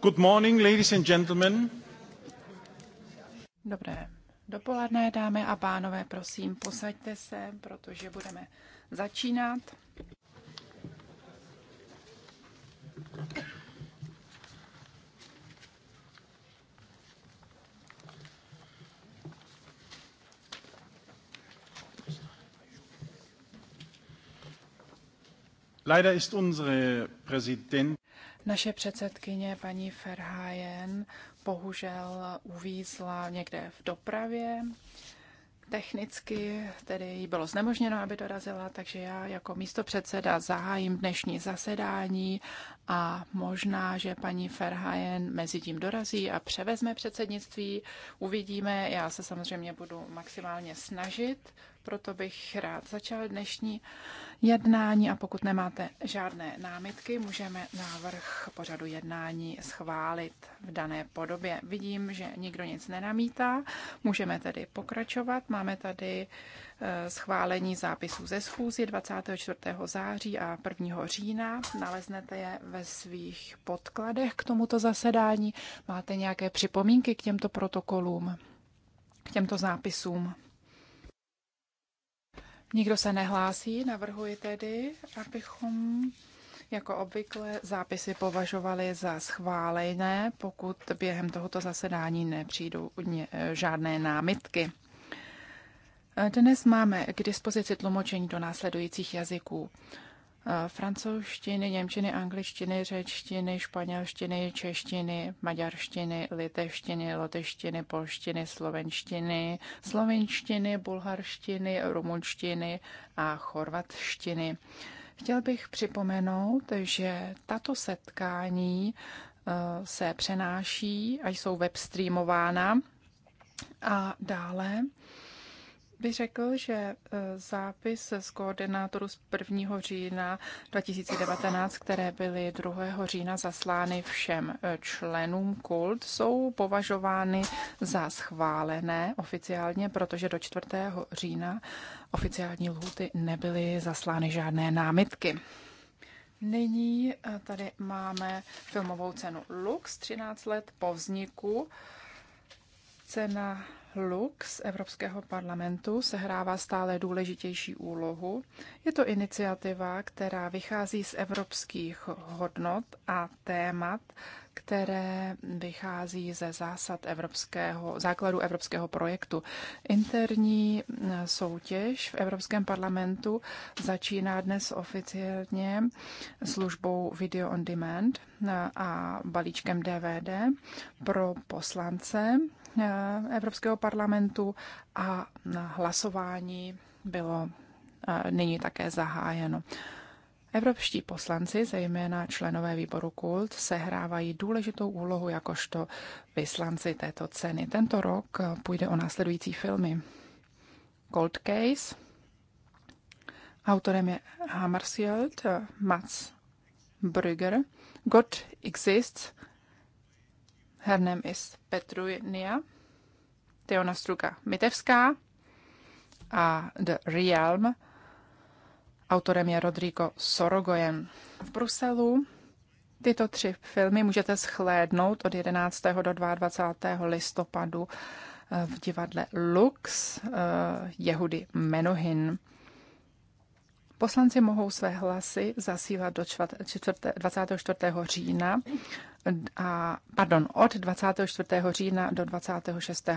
Good morning, ladies and gentlemen. Dobré dopoledne, dámy a pánové, prosím, posaďte se, protože budeme začínat. Leider ist unsere Präsidentin naše předsedkyně paní Ferhajen bohužel uvízla někde v dopravě. Technicky tedy jí bylo znemožněno, aby dorazila, takže já jako místo předseda zahájím dnešní zasedání a možná, že paní Ferhajen mezi tím dorazí a převezme předsednictví. Uvidíme, já se samozřejmě budu maximálně snažit proto bych rád začal dnešní jednání a pokud nemáte žádné námitky, můžeme návrh pořadu jednání schválit v dané podobě. Vidím, že nikdo nic nenamítá, můžeme tedy pokračovat. Máme tady e, schválení zápisů ze schůzy 24. září a 1. října. Naleznete je ve svých podkladech k tomuto zasedání. Máte nějaké připomínky k těmto protokolům, k těmto zápisům? Nikdo se nehlásí, navrhuji tedy, abychom jako obvykle zápisy považovali za schválené, pokud během tohoto zasedání nepřijdou žádné námitky. Dnes máme k dispozici tlumočení do následujících jazyků francouzštiny, němčiny, angličtiny, řečtiny, španělštiny, češtiny, maďarštiny, liteštiny, loteštiny, polštiny, slovenštiny, slovenštiny, bulharštiny, rumunštiny a chorvatštiny. Chtěl bych připomenout, že tato setkání eh, se přenáší a jsou webstreamována a dále bych řekl, že e, zápis z koordinátoru z 1. října 2019, které byly 2. října zaslány všem e, členům kult, jsou považovány za schválené oficiálně, protože do 4. října oficiální lhuty nebyly zaslány žádné námitky. Nyní e, tady máme filmovou cenu Lux 13 let po vzniku. Cena Lux Evropského parlamentu sehrává stále důležitější úlohu. Je to iniciativa, která vychází z evropských hodnot a témat, které vychází ze zásad evropského, základu evropského projektu. Interní soutěž v Evropském parlamentu začíná dnes oficiálně službou Video on Demand a balíčkem DVD pro poslance Eh, Evropského parlamentu a hlasování bylo eh, nyní také zahájeno. Evropští poslanci, zejména členové výboru KULT, sehrávají důležitou úlohu jakožto vyslanci této ceny. Tento rok půjde o následující filmy. Cold Case, autorem je Hammarskjöld, Mats Brügger, God Exists, hernem is Petrunia, Teona Struka Mitevská a The Realm. Autorem je Rodrigo Sorogoyen. V Bruselu tyto tři filmy můžete schlédnout od 11. do 22. listopadu eh, v divadle Lux eh, Jehudy Menuhin. Poslanci mohou své hlasy zasílat do 24. října a, pardon, od 24. října do 26.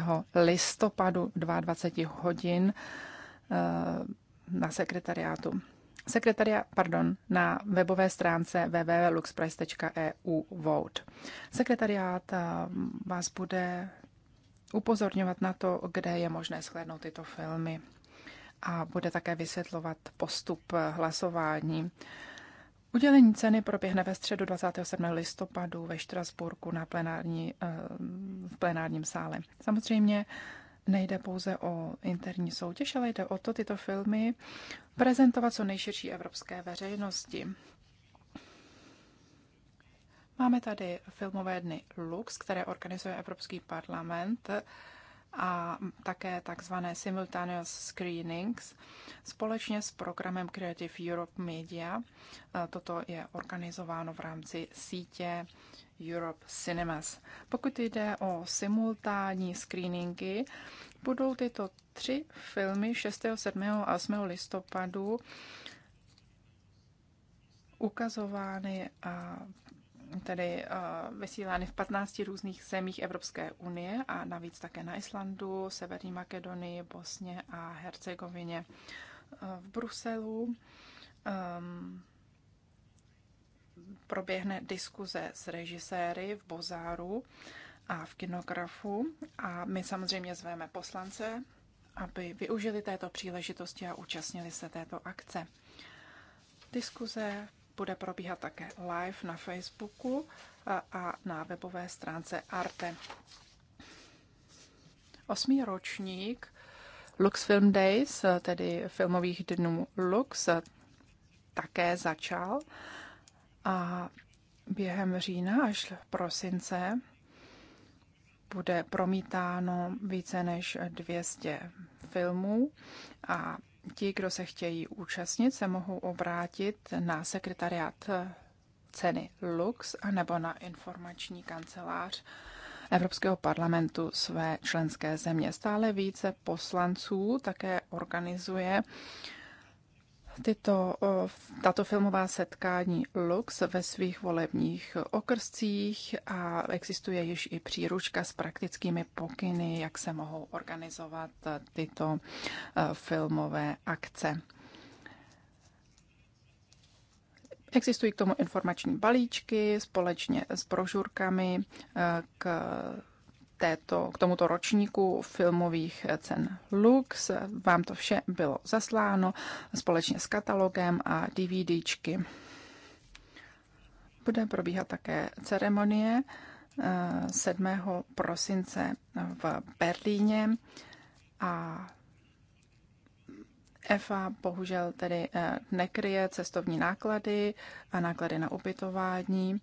listopadu 22 hodin eh, na sekretariátu. Sekretaria, pardon, na webové stránce www.luxprice.eu vote. Sekretariát eh, vás bude upozorňovat na to, kde je možné shlédnout tyto filmy a bude také vysvětlovat postup hlasování. Udělení ceny proběhne ve středu 27. listopadu ve Štrasburku na plenární, eh, v plenárním sále. Samozřejmě nejde pouze o interní soutěž, ale jde o to tyto filmy prezentovat co nejširší evropské veřejnosti. Máme tady filmové dny Lux, které organizuje Evropský parlament a také takzvané simultaneous screenings společně s programem Creative Europe Media. E, toto je organizováno v rámci sítě Europe Cinemas. Pokud jde o simultánní screeningy, budou tyto tři filmy 6., 7. a 8. listopadu ukazovány tedy eh, vysílány v 15 různých zemích Evropské unie a navíc také na Islandu, Severní Makedonii, Bosně a Hercegovině eh, v Bruselu. Um, proběhne diskuze s režiséry v Bozáru a v kinografu a my samozřejmě zveme poslance, aby využili této příležitosti a účastnili se této akce. Diskuze bude probíhat také live na Facebooku a na webové stránce Arte. Osmý ročník Lux Film Days, tedy filmových dnů Lux, také začal a během října až prosince bude promítáno více než 200 filmů a ti, kdo se chtějí účastnit, se mohou obrátit na sekretariát ceny Lux a nebo na informační kancelář Evropského parlamentu své členské země. Stále více poslanců také organizuje tyto, tato filmová setkání Lux ve svých volebních okrscích a existuje již i příručka s praktickými pokyny, jak se mohou organizovat tyto filmové akce. Existují k tomu informační balíčky společně s brožurkami e, k této, k tomuto ročníku filmových cen Lux. Vám to vše bylo zasláno společně s katalogem a DVDčky. Bude probíhat také ceremonie 7. Eh, prosince v Berlíně a EFA bohužel tedy eh, nekryje cestovní náklady a náklady na ubytování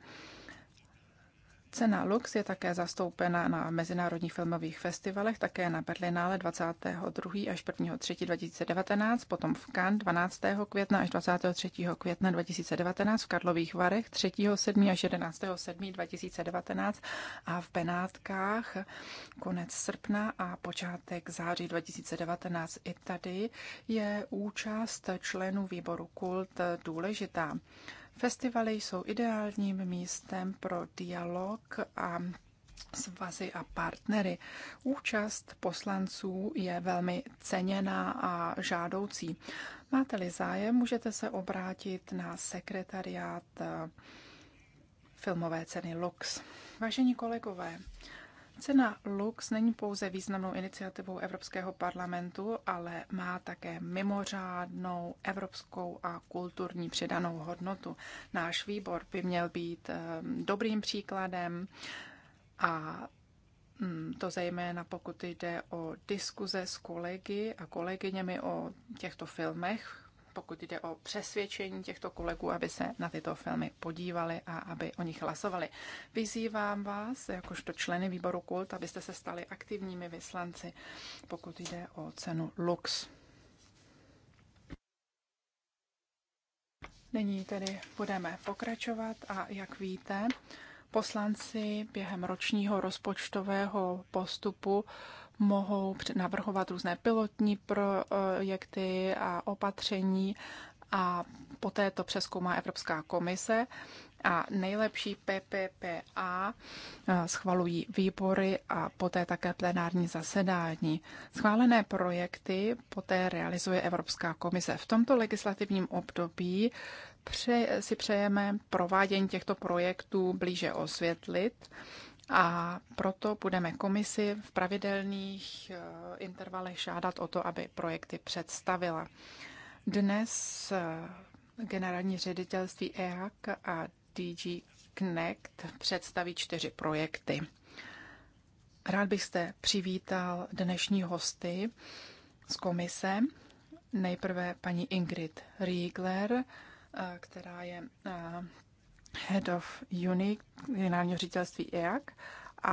Cena Lux je také zastoupena na mezinárodních filmových festivalech, také na Berlinále 22. až 1. 3. 2019, potom v Cannes 12. května až 23. května 2019, v Karlových Varech 3. 7. až 11. 7. 2019 a v Benátkách konec srpna a počátek září 2019. I tady je účast členů výboru Kult důležitá. Festivaly jsou ideálním místem pro dialog a svazy a partnery. Účast poslanců je velmi ceněná a žádoucí. Máte-li zájem, můžete se obrátit na sekretariát eh, filmové ceny Lux. Vážení kolegové, Cena Lux není pouze významnou iniciativou Evropského parlamentu, ale má také mimořádnou evropskou a kulturní přidanou hodnotu. Náš výbor by měl být eh, dobrým příkladem a hm, to zejména pokud jde o diskuze s kolegy a kolegyněmi o těchto filmech, pokud jde o přesvědčení těchto kolegů, aby se na tyto filmy podívali a aby o nich hlasovali. Vyzývám vás, jakožto členy výboru Kult, abyste se stali aktivními vyslanci, pokud jde o cenu Lux. Nyní tedy budeme pokračovat a jak víte, poslanci během ročního rozpočtového postupu mohou navrhovat různé pilotní projekty a opatření a poté to přeskoumá Evropská komise a nejlepší PPPA eh, schvalují výbory a poté také plenární zasedání. Schválené projekty poté realizuje Evropská komise. V tomto legislativním období si přejeme provádění těchto projektů blíže osvětlit a proto budeme komisi v pravidelných eh, intervalech žádat o to, aby projekty představila. Dnes eh, generální ředitelství EHAC a DG Connect představí čtyři projekty. Rád bych jste přivítal dnešní hosty z komise. Nejprve paní Ingrid Riegler, eh, která je head of uni, generálního ředitelství IAC e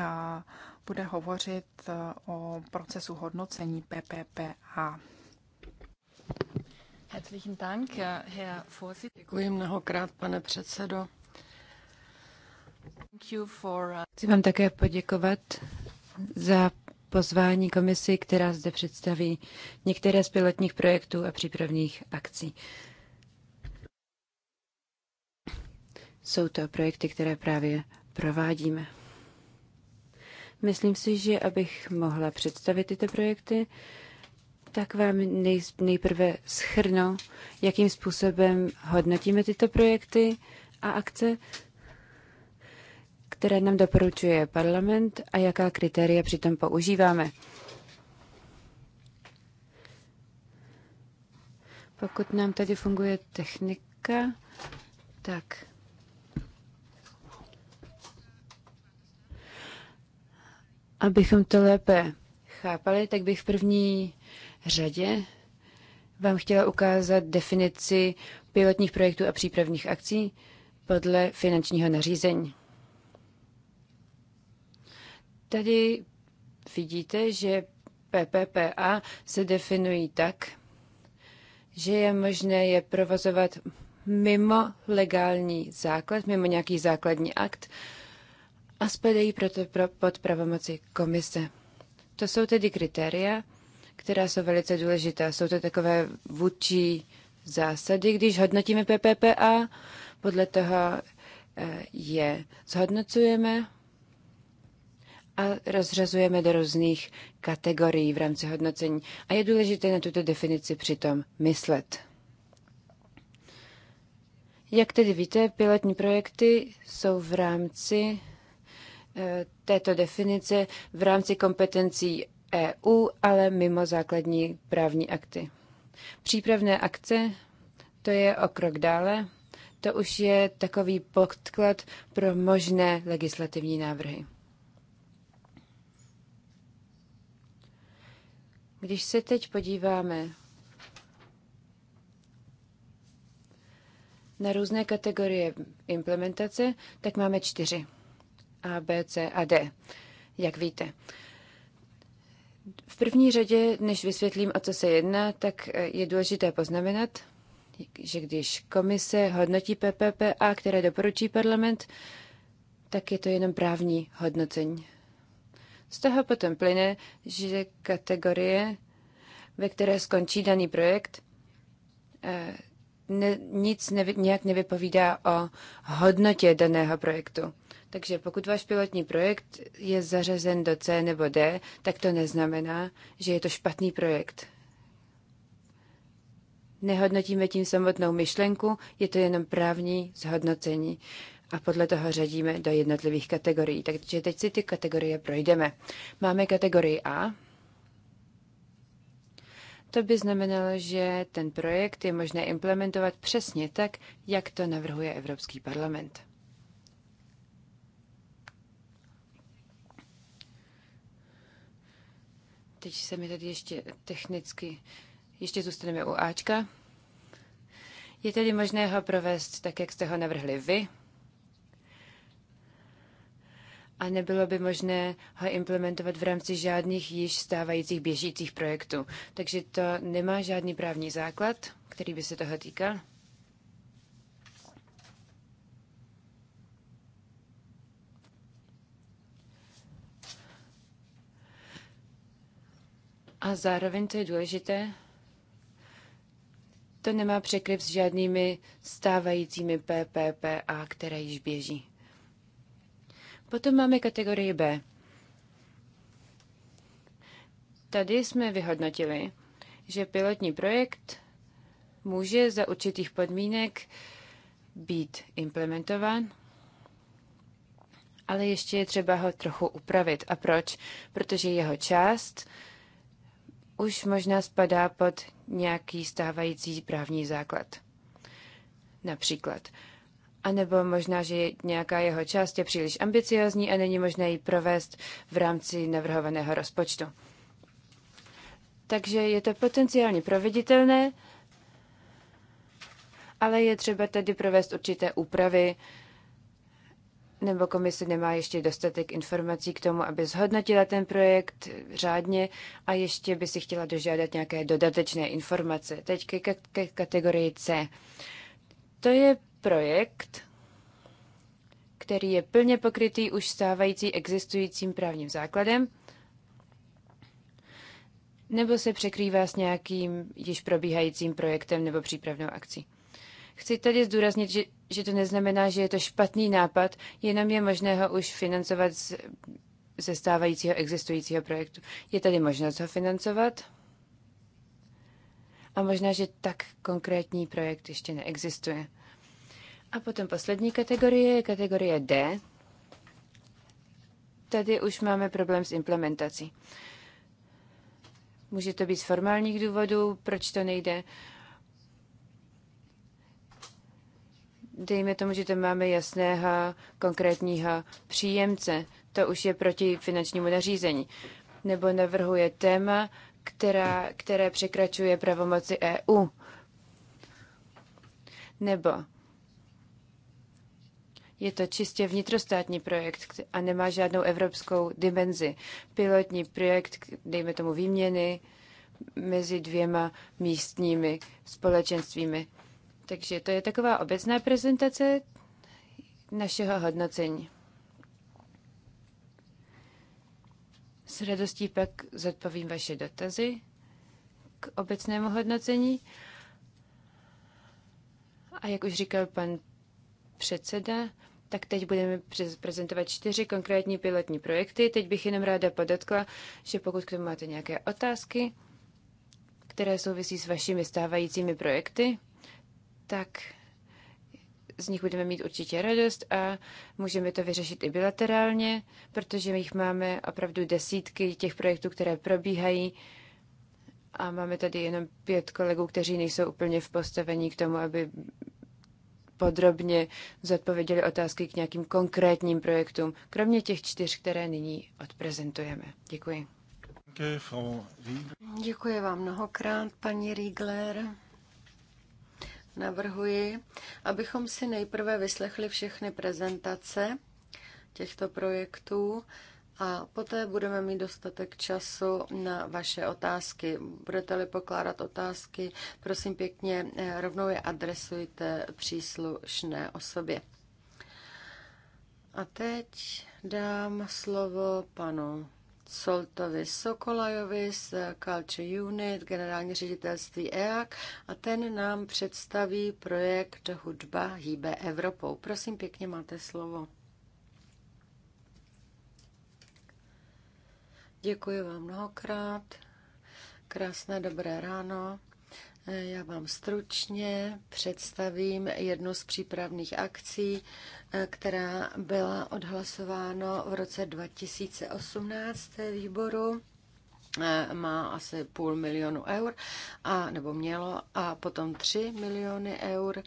a, bude hovořit e, o procesu hodnocení PPPA. Herzlichen Dank, e, Herr Vorsitz. Děkuji mnohokrát, pane předsedo. Chci vám také poděkovat za pozvání komisi, která zde představí některé z pilotních projektů a přípravných akcí. Jsou to projekty, které právě provádíme. Myslím si, že abych mohla představit tyto projekty, tak vám nej, nejprve schrnu, jakým způsobem hodnotíme tyto projekty a akce, které nám doporučuje parlament a jaká kritéria přitom používáme. Pokud nám tady funguje technika, tak Abychom to lépe chápali, tak bych v první řadě vám chtěla ukázat definici pilotních projektů a přípravných akcí podle finančního nařízení. Tady vidíte, že PPPA se definují tak, že je možné je provozovat mimo legální základ, mimo nějaký základní akt, a spadají proto pro, pod pravomoci komise. To jsou tedy kritéria, která jsou velice důležitá. Jsou to takové vůči zásady, když hodnotíme PPPA, podle toho eh, je zhodnocujeme a rozřazujeme do různých kategorií v rámci hodnocení. A je důležité na tuto definici přitom myslet. Jak tedy víte, pilotní projekty jsou v rámci Eh, této definice v rámci kompetencí EU, ale mimo základní právní akty. Přípravné akce, to je o krok dále, to už je takový podklad pro možné legislativní návrhy. Když se teď podíváme na různé kategorie implementace, tak máme čtyři. A, B, C a D, jak víte. V první řadě, než vysvětlím, o co se jedná, tak eh, je důležité poznamenat, že když komise hodnotí PPP, a které doporučí parlament, tak je to jenom právní hodnocení. Z toho potom plyne, že kategorie, ve které skončí daný projekt, eh, ne, nic nevy, nějak nevypovídá o hodnotě daného projektu. Takže pokud váš pilotní projekt je zařazen do C nebo D, tak to neznamená, že je to špatný projekt. Nehodnotíme tím samotnou myšlenku, je to jenom právní zhodnocení a podle toho řadíme do jednotlivých kategorií. Takže teď si ty kategorie projdeme. Máme kategorii A. To by znamenalo, že ten projekt je možné implementovat přesně tak, jak to navrhuje Evropský parlament. Teď se mi tady ještě technicky, ještě zůstaneme u Ačka. Je tedy možné ho provést tak, jak jste ho navrhli vy? A nebylo by možné ho implementovat v rámci žádných již stávajících běžících projektů. Takže to nemá žádný právní základ, který by se toho týkal. A zároveň, to je důležité, to nemá překryv s žádnými stávajícími PPPA, které již běží. Potom máme kategorii B. Tady jsme vyhodnotili, že pilotní projekt může za určitých podmínek být implementován, ale ještě je třeba ho trochu upravit. A proč? Protože jeho část už možná spadá pod nějaký stávající právní základ. Například. A nebo možná, že nějaká jeho část je příliš ambiciozní a není možné ji provést v rámci navrhovaného rozpočtu. Takže je to potenciálně proveditelné, ale je třeba tedy provést určité úpravy nebo komise nemá ještě dostatek informací k tomu, aby zhodnotila ten projekt řádně a ještě by si chtěla dožádat nějaké dodatečné informace. Teď ke, ke kategorii C. To je projekt, který je plně pokrytý už stávající existujícím právním základem nebo se překrývá s nějakým již probíhajícím projektem nebo přípravnou akcí. Chci tady zdůraznit, že, že to neznamená, že je to špatný nápad, jenom je možné ho už financovat z, ze stávajícího existujícího projektu. Je tady možnost ho financovat? A možná, že tak konkrétní projekt ještě neexistuje. A potom poslední kategorie je kategorie D. Tady už máme problém s implementací. Může to být z formálních důvodů, proč to nejde. dejme tomu, že tam máme jasného konkrétního příjemce. To už je proti finančnímu nařízení. Nebo navrhuje téma, která, které překračuje pravomoci EU. Nebo je to čistě vnitrostátní projekt a nemá žádnou evropskou dimenzi. Pilotní projekt, dejme tomu výměny, mezi dvěma místními společenstvími. Takže to je taková obecná prezentace našeho hodnocení. S radostí pak zodpovím vaše dotazy k obecnému hodnocení. A jak už říkal pan předseda, tak teď budeme prezentovat čtyři konkrétní pilotní projekty. Teď bych jenom ráda podotkla, že pokud k tomu máte nějaké otázky, které souvisí s vašimi stávajícími projekty, tak z nich budeme mít určitě radost a můžeme to vyřešit i bilaterálně, protože my jich máme opravdu desítky těch projektů, které probíhají a máme tady jenom pět kolegů, kteří nejsou úplně v postavení k tomu, aby podrobně zodpověděli otázky k nějakým konkrétním projektům, kromě těch čtyř, které nyní odprezentujeme. Děkuji. Děkuji vám mnohokrát, paní Riegler. Navrhuji, abychom si nejprve vyslechli všechny prezentace těchto projektů a poté budeme mít dostatek času na vaše otázky. Budete-li pokládat otázky, prosím pěkně, eh, rovnou je adresujte příslušné osobě. A teď dám slovo panu Soltovi Sokolajovi z Culture Unit, generální ředitelství EAC a ten nám představí projekt Hudba hýbe Evropou. Prosím, pěkně máte slovo. Děkuji vám mnohokrát. Krásné dobré ráno. Já vám stručně představím jednu z přípravných akcí, která byla odhlasována v roce 2018 výboru má asi půl milionu eur, a, nebo mělo, a potom tři miliony eur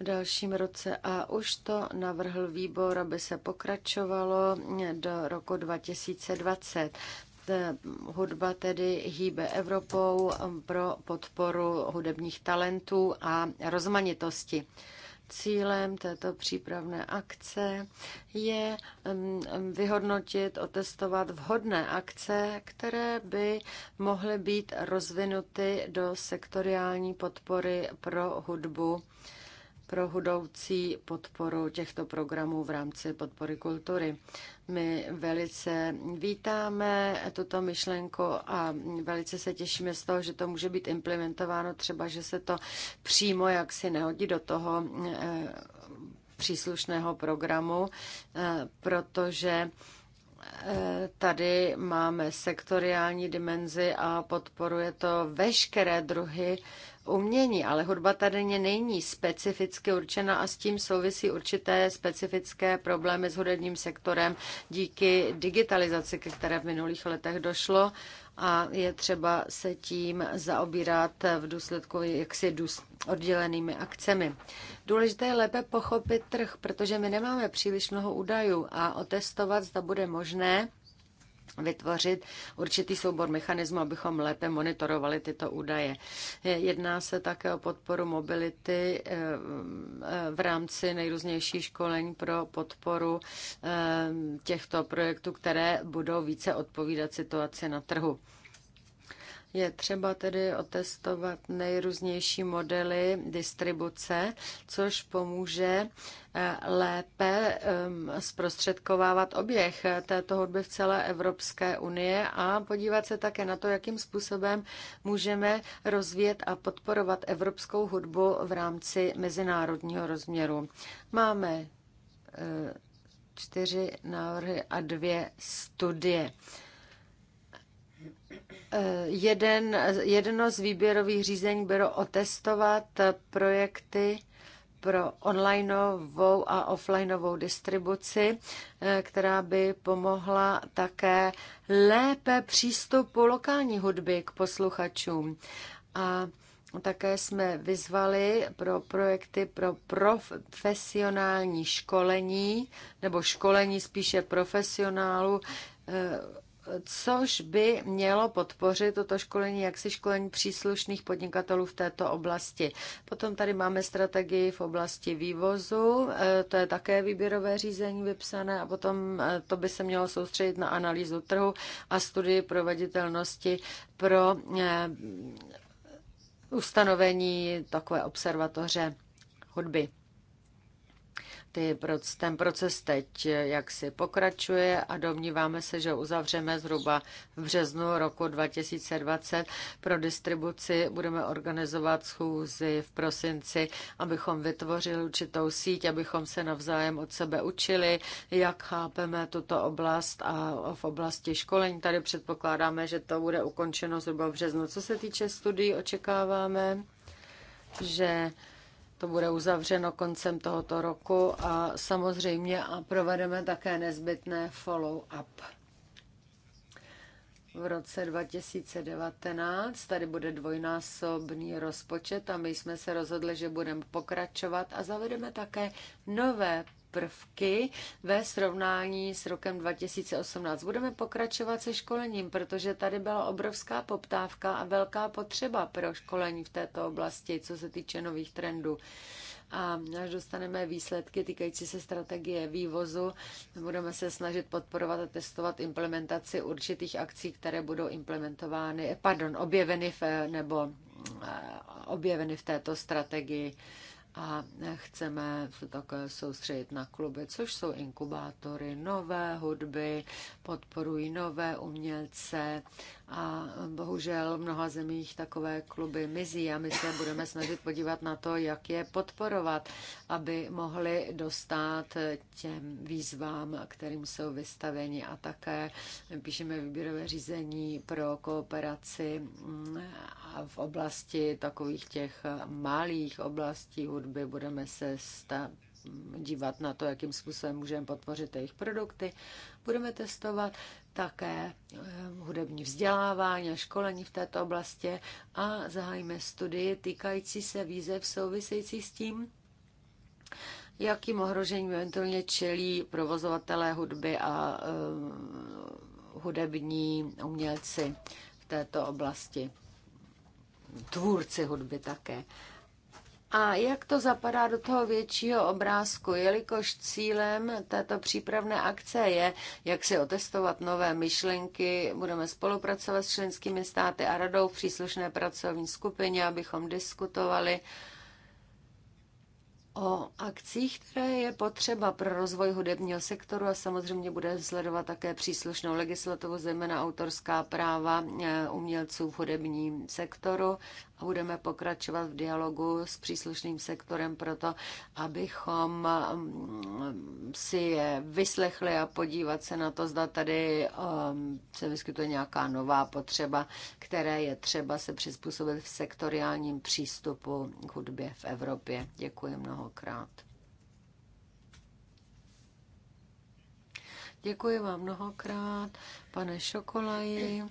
v dalším roce a už to navrhl výbor, aby se pokračovalo do roku 2020. Eh, hudba tedy hýbe Evropou eh, pro podporu hudebních talentů a rozmanitosti. Cílem této přípravné akce je mm, vyhodnotit, otestovat vhodné akce, které by mohly být rozvinuty do sektoriální podpory pro hudbu pro hudoucí podporu těchto programů v rámci podpory kultury. My velice vítáme tuto myšlenku a velice se těšíme z toho, že to může být implementováno, třeba že se to přímo jaksi nehodí do toho eh, příslušného programu, eh, protože eh, tady máme sektoriální dimenzi a podporuje to veškeré druhy umění, ale hudba tady není specificky určena a s tím souvisí určité specifické problémy s hudebním sektorem díky digitalizaci, ke které v minulých letech došlo a je třeba se tím zaobírat v důsledku jaksi důs- oddělenými akcemi. Důležité je lépe pochopit trh, protože my nemáme příliš mnoho údajů a otestovat, zda bude možné vytvořit určitý soubor mechanismů, abychom lépe monitorovali tyto údaje. Jedná se také o podporu mobility eh, eh, v rámci nejrůznějších školení pro podporu eh, těchto projektů, které budou více odpovídat situaci na trhu. Je třeba tedy otestovat nejrůznější modely distribuce, což pomůže eh, lépe ehm, zprostředkovávat oběh této hudby v celé Evropské unie a podívat se také na to, jakým způsobem můžeme rozvíjet a podporovat evropskou hudbu v rámci mezinárodního rozměru. Máme eh, čtyři návrhy a dvě studie jeden, jedno z výběrových řízení bylo otestovat projekty pro onlineovou a offlineovou distribuci, eh, která by pomohla také lépe přístupu lokální hudby k posluchačům. A také jsme vyzvali pro projekty pro profesionální školení, nebo školení spíše profesionálu, eh, což by mělo podpořit toto školení, jak si školení příslušných podnikatelů v této oblasti. Potom tady máme strategii v oblasti vývozu, eh, to je také výběrové řízení vypsané a potom eh, to by se mělo soustředit na analýzu trhu a studii proveditelnosti pro eh, ustanovení takové observatoře hudby ty, ten proces teď jak si pokračuje a domníváme se, že uzavřeme zhruba v březnu roku 2020. Pro distribuci budeme organizovat schůzy v prosinci, abychom vytvořili určitou síť, abychom se navzájem od sebe učili, jak chápeme tuto oblast a v oblasti školení. Tady předpokládáme, že to bude ukončeno zhruba v březnu. Co se týče studií, očekáváme, že to bude uzavřeno koncem tohoto roku a samozřejmě a provedeme také nezbytné follow-up. V roce 2019 tady bude dvojnásobný rozpočet a my jsme se rozhodli, že budeme pokračovat a zavedeme také nové prvky ve srovnání s rokem 2018. Budeme pokračovat se školením, protože tady byla obrovská poptávka a velká potřeba pro školení v této oblasti, co se týče nových trendů. A až dostaneme výsledky týkající se strategie vývozu, budeme se snažit podporovat a testovat implementaci určitých akcí, které budou implementovány, pardon, objeveny v, nebo eh, objeveny v této strategii a chceme se také soustředit na kluby, což jsou inkubátory nové hudby, podporují nové umělce, a bohužel v mnoha zemích takové kluby mizí a my se budeme snažit podívat na to, jak je podporovat, aby mohli dostat těm výzvám, kterým jsou vystaveni a také píšeme výběrové řízení pro kooperaci mm, v oblasti takových těch malých oblastí hudby budeme se dívat na to, jakým způsobem můžeme podpořit jejich produkty. Budeme testovat také eh, hudební vzdělávání a školení v této oblasti a zahájíme studii týkající se výzev související s tím, jakým ohrožením eventuálně čelí provozovatelé hudby a uh, hudební umělci v této oblasti, tvůrci hudby také. Uh, a jak to zapadá do toho většího obrázku, jelikož cílem této přípravné akce je, jak si otestovat nové myšlenky, budeme spolupracovat s členskými státy a radou v příslušné pracovní skupině, abychom diskutovali o akcích, které je potřeba pro rozvoj hudebního sektoru a samozřejmě bude sledovat také příslušnou legislativu, zejména autorská práva e, umělců v hudebním sektoru a budeme pokračovat v dialogu s příslušným sektorem proto, abychom mm, si je vyslechli a podívat se na to, zda tady um, se vyskytuje nějaká nová potřeba, které je třeba se přizpůsobit v sektoriálním přístupu k hudbě v Evropě. Děkuji mnohokrát. Děkuji vám mnohokrát, pane Šokolaji.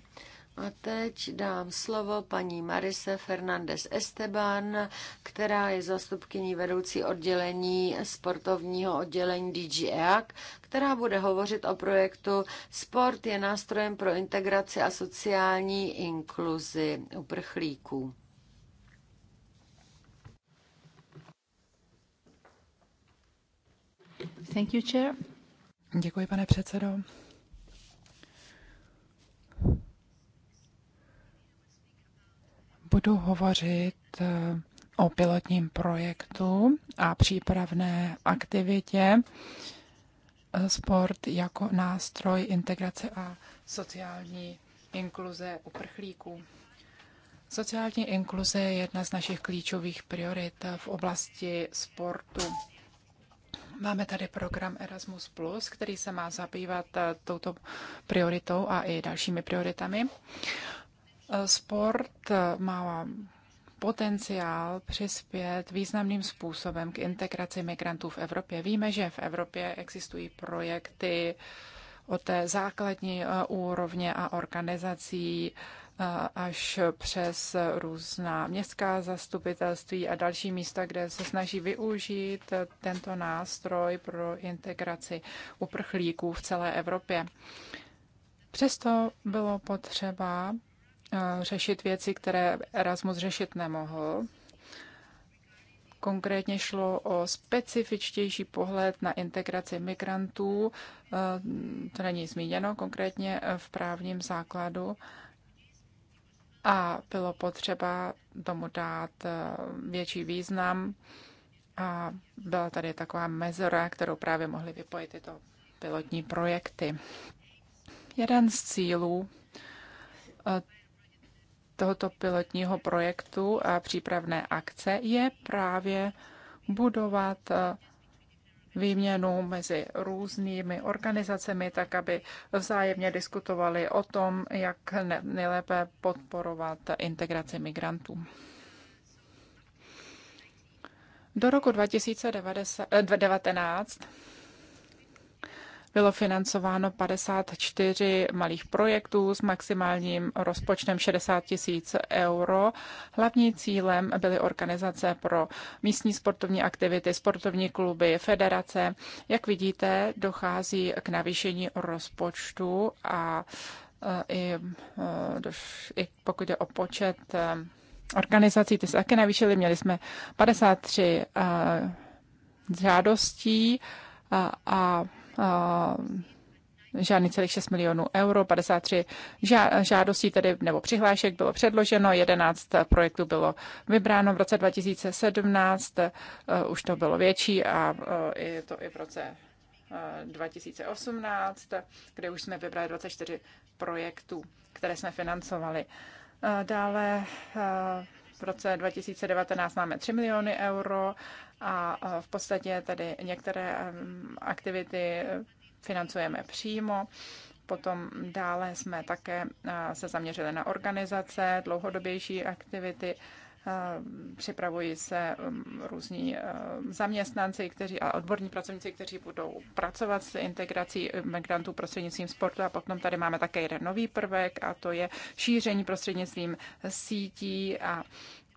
A teď dám slovo paní Marise Fernandez Esteban, která je zastupkyní vedoucí oddělení sportovního oddělení DG EAC, která bude hovořit o projektu Sport je nástrojem pro integraci a sociální inkluzi uprchlíků. Thank you, chair. Děkuji, pane předsedo. budu hovořit eh, o pilotním projektu a přípravné aktivitě sport jako nástroj integrace a sociální inkluze uprchlíků. Sociální inkluze je jedna z našich klíčových priorit v oblasti sportu. Máme tady program Erasmus, který se má zabývat eh, touto prioritou a i dalšími prioritami. Sport má potenciál přispět významným způsobem k integraci migrantů v Evropě. Víme, že v Evropě existují projekty od té základní eh, úrovně a organizací eh, až přes různá městská zastupitelství a další místa, kde se snaží využít tento nástroj pro integraci uprchlíků v celé Evropě. Přesto bylo potřeba Eh, řešit věci, které Erasmus řešit nemohl. Konkrétně šlo o specifičtější pohled na integraci migrantů, eh, to není zmíněno konkrétně v právním základu, a bylo potřeba tomu dát eh, větší význam. A byla tady taková mezora, kterou právě mohly vypojit tyto pilotní projekty. Jeden z cílů tohoto pilotního projektu a přípravné akce je právě budovat eh, výměnu mezi různými organizacemi, tak aby vzájemně diskutovali o tom, jak nejlépe podporovat integraci migrantů. Do roku 2019 bylo financováno 54 malých projektů s maximálním rozpočtem 60 tisíc euro. Hlavní cílem byly organizace pro místní sportovní aktivity, sportovní kluby, federace. Jak vidíte, dochází k navýšení rozpočtu a e, i, e, i pokud je o počet e, organizací, ty se také navýšily. Měli jsme 53 žádostí a, a Eh, žádný celých 6 milionů euro, 53 žádostí tedy nebo přihlášek bylo předloženo, 11 projektů bylo vybráno v roce 2017, eh, už to bylo větší a eh, je to i v roce 2018, kde už jsme vybrali 24 projektů, které jsme financovali. Dále v roce 2019 máme 3 miliony euro a v podstatě tedy některé aktivity financujeme přímo. Potom dále jsme také se zaměřili na organizace, dlouhodobější aktivity Eh, připravují se mm, různí eh, zaměstnanci kteří, a odborní pracovníci, kteří budou pracovat s integrací migrantů prostřednictvím sportu. A potom tady máme také jeden nový prvek a to je šíření prostřednictvím sítí a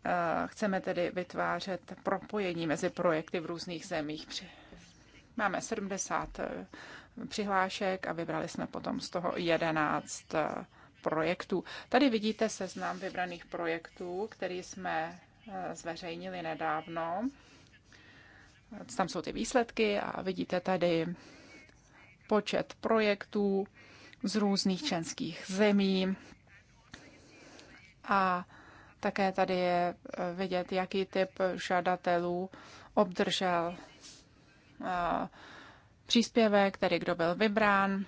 eh, chceme tedy vytvářet propojení mezi projekty v různých zemích. Máme 70 přihlášek a vybrali jsme potom z toho 11 projektů. Tady vidíte seznam vybraných projektů, který jsme eh, zveřejnili nedávno. Tam jsou ty výsledky a vidíte tady počet projektů z různých členských zemí. A také tady je eh, vidět, jaký typ žadatelů obdržel eh, příspěvek, tedy kdo byl vybrán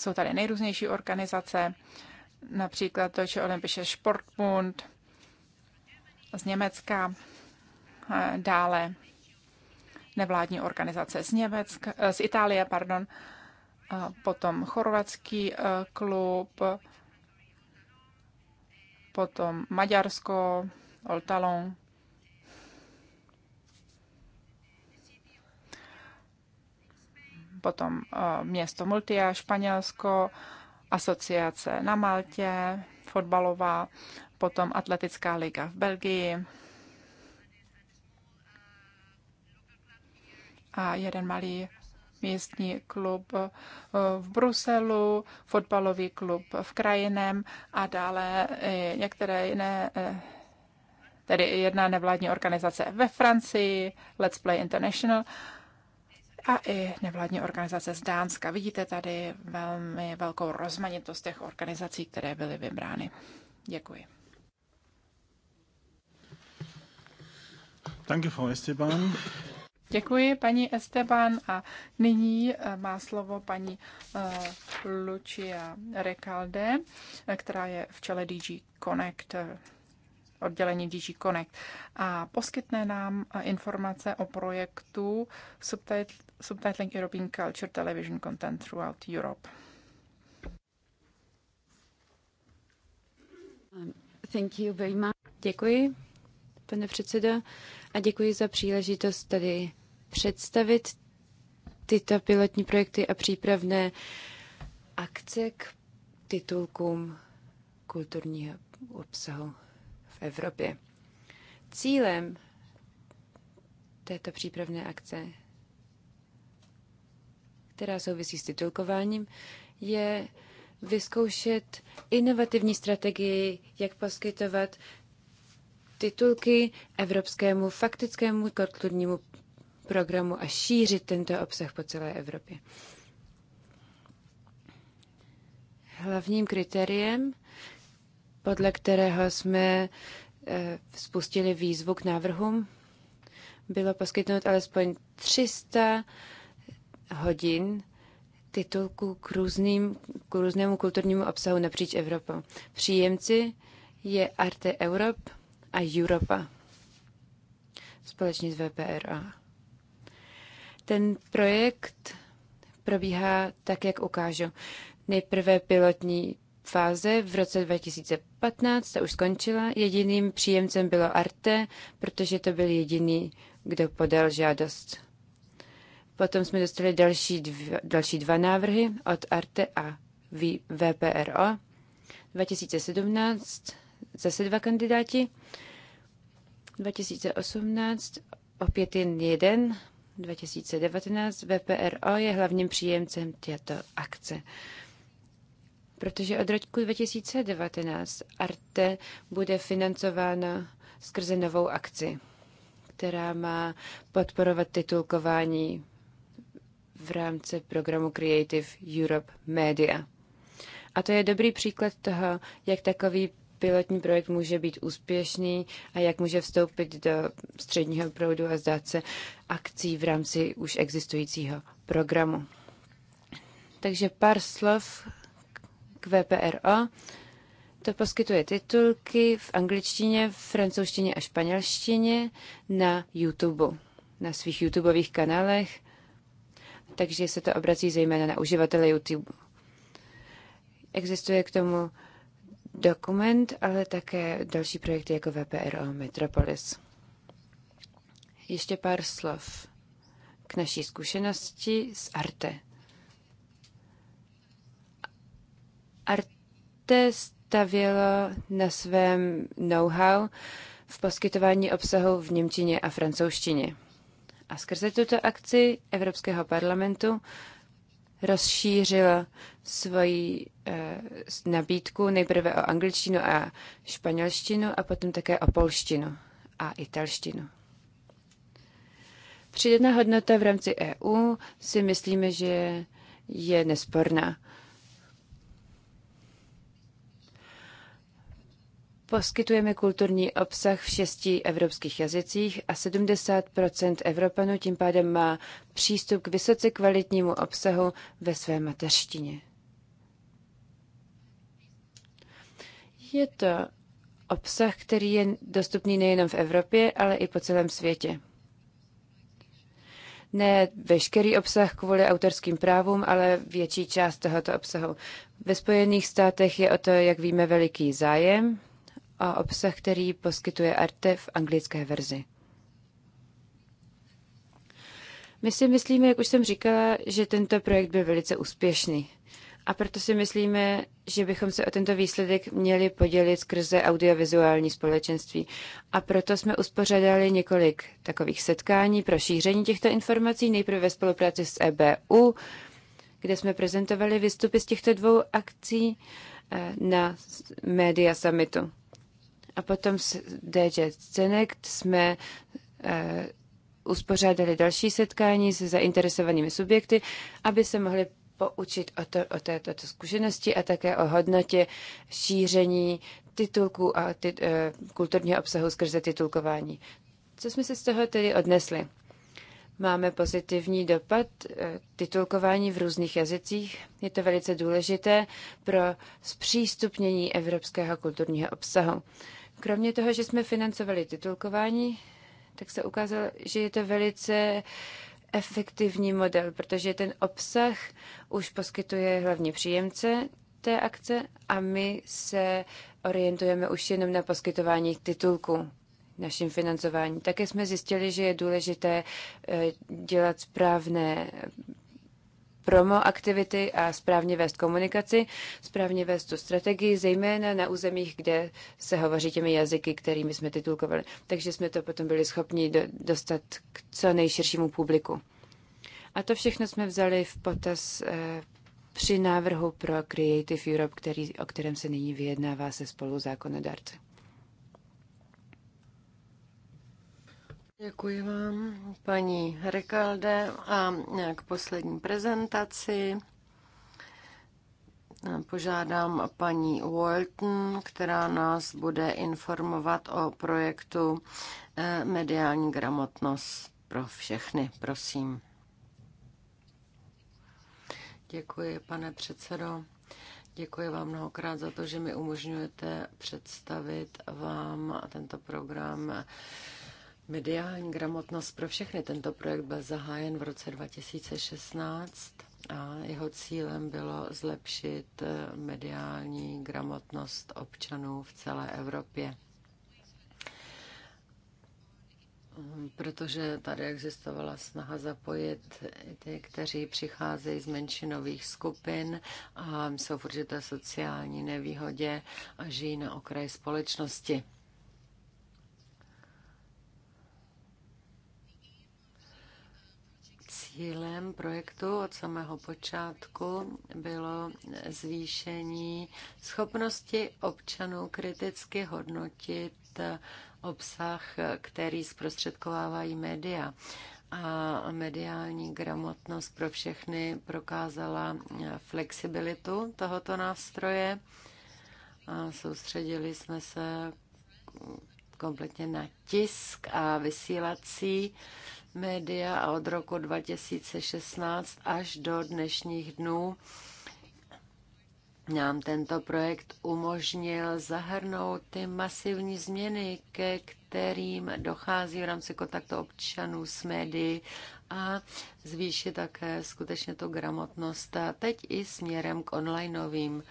Jsou tady nejrůznější organizace, například Deutsche Olympische Sportbund z Německa, eh, dále nevládní organizace z, Německa, eh, z Itálie, pardon, potom chorvatský eh, klub, potom Maďarsko, Oltalon, potom eh, město Multia, Španělsko, asociace na Maltě, fotbalová, potom atletická liga v Belgii a jeden malý místní klub eh, v Bruselu, fotbalový klub v Krajinem a dále eh, některé jiné, tedy jedna nevládní organizace ve Francii, Let's Play International a i nevládní organizace z Dánska. Vidíte tady velmi velkou rozmanitost těch organizací, které byly vybrány. Děkuji. Danke, Frau Esteban. Děkuji, paní Esteban. A nyní eh, má slovo paní eh, Lucia Recalde, eh, která je v čele DG Connect oddělení DG Connect a poskytne nám informace o projektu subtitling European Culture Television Content Throughout Europe. Um, thank you very much. Děkuji, pane předsedo, a děkuji za příležitost tady představit tyto pilotní projekty a přípravné akce k titulkům kulturního obsahu v Evropě. Cílem této přípravné akce která souvisí s titulkováním, je vyzkoušet inovativní strategii, jak poskytovat titulky evropskému faktickému kulturnímu programu a šířit tento obsah po celé Evropě. Hlavním kritériem, podle kterého jsme eh, spustili výzvu k návrhům, bylo poskytnout alespoň 300 hodin titulku k, různým, k různému kulturnímu obsahu napříč Evropou. Příjemci je Arte Europe a Europa společně s VPRA. Ten projekt probíhá tak, jak ukážu. Nejprve pilotní fáze v roce 2015, ta už skončila. Jediným příjemcem bylo Arte, protože to byl jediný, kdo podal žádost. Potom jsme dostali další, dv, další dva návrhy od Arte a VPRO. 2017 zase dva kandidáti. 2018 opět jen jeden. 2019 VPRO je hlavním příjemcem této akce. Protože od roku 2019 Arte bude financována skrze novou akci, která má podporovat titulkování v rámci programu Creative Europe Media. A to je dobrý příklad toho, jak takový pilotní projekt může být úspěšný a jak může vstoupit do středního proudu a zdát se akcí v rámci už existujícího programu. Takže pár slov k VPRO. To poskytuje titulky v angličtině, francouzštině a španělštině na YouTube, na svých YouTubeových kanálech takže se to obrací zejména na uživatele YouTube. Existuje k tomu dokument, ale také další projekty jako VPRO Metropolis. Ještě pár slov k naší zkušenosti s Arte. Arte stavělo na svém know-how v poskytování obsahu v Němčině a francouzštině. A skrze tuto akci Evropského parlamentu rozšířil svoji eh, nabídku nejprve o angličtinu a španělštinu a potom také o polštinu a italštinu. Přidaná hodnota v rámci EU si myslíme, že je nesporná. Poskytujeme kulturní obsah v šesti evropských jazycích a 70 Evropanů tím pádem má přístup k vysoce kvalitnímu obsahu ve své mateřštině. Je to obsah, který je dostupný nejenom v Evropě, ale i po celém světě. Ne veškerý obsah kvůli autorským právům, ale větší část tohoto obsahu. Ve Spojených státech je o to, jak víme, veliký zájem a obsah, který poskytuje Arte v anglické verzi. My si myslíme, jak už jsem říkala, že tento projekt byl velice úspěšný. A proto si myslíme, že bychom se o tento výsledek měli podělit skrze audiovizuální společenství. A proto jsme uspořádali několik takových setkání pro šíření těchto informací, nejprve ve spolupráci s EBU, kde jsme prezentovali výstupy z těchto dvou akcí eh, na Media Summitu. A potom s DJ Connect jsme eh, uspořádali další setkání se zainteresovanými subjekty, aby se mohli poučit o, to, o této zkušenosti a také o hodnotě šíření titulků a ty, uh, eh, kulturního obsahu skrze titulkování. Co jsme se z toho tedy odnesli? Máme pozitivní dopad eh, titulkování v různých jazycích. Je to velice důležité pro zpřístupnění evropského kulturního obsahu. Kromě toho, že jsme financovali titulkování, tak se ukázalo, že je to velice efektivní model, protože ten obsah už poskytuje hlavně příjemce té akce a my se orientujeme už jenom na poskytování titulku našim financování. Také jsme zjistili, že je důležité eh, dělat správné promo aktivity a správně vést komunikaci, správně vést tu strategii, zejména na územích, kde se hovoří těmi jazyky, kterými jsme titulkovali. Takže jsme to potom byli schopni do, dostat k co nejširšímu publiku. A to všechno jsme vzali v potaz eh, při návrhu pro Creative Europe, který, o kterém se nyní vyjednává se spolu zákonodárce. Děkuji vám, paní Rekalde. A k poslední prezentaci požádám paní Walton, která nás bude informovat o projektu eh, Mediální gramotnost pro všechny. Prosím. Děkuji, pane předsedo. Děkuji vám mnohokrát za to, že mi umožňujete představit vám tento program Mediální gramotnost pro všechny. Tento projekt byl zahájen v roce 2016 a jeho cílem bylo zlepšit eh, mediální gramotnost občanů v celé Evropě. Mm, protože tady existovala snaha zapojit ty, kteří přicházejí z menšinových skupin a jsou v určité sociální nevýhodě a žijí na okraji společnosti. Cílem projektu od samého počátku bylo zvýšení schopnosti občanů kriticky hodnotit obsah, který zprostředkovávají média. A mediální gramotnost pro všechny prokázala flexibilitu tohoto nástroje. A soustředili jsme se kompletně na tisk a vysílací média a od roku 2016 až do dnešních dnů nám tento projekt umožnil zahrnout ty masivní změny, ke kterým dochází v rámci kontaktu občanů s médií a zvýšit také skutečně tu gramotnost a teď i směrem k onlineovým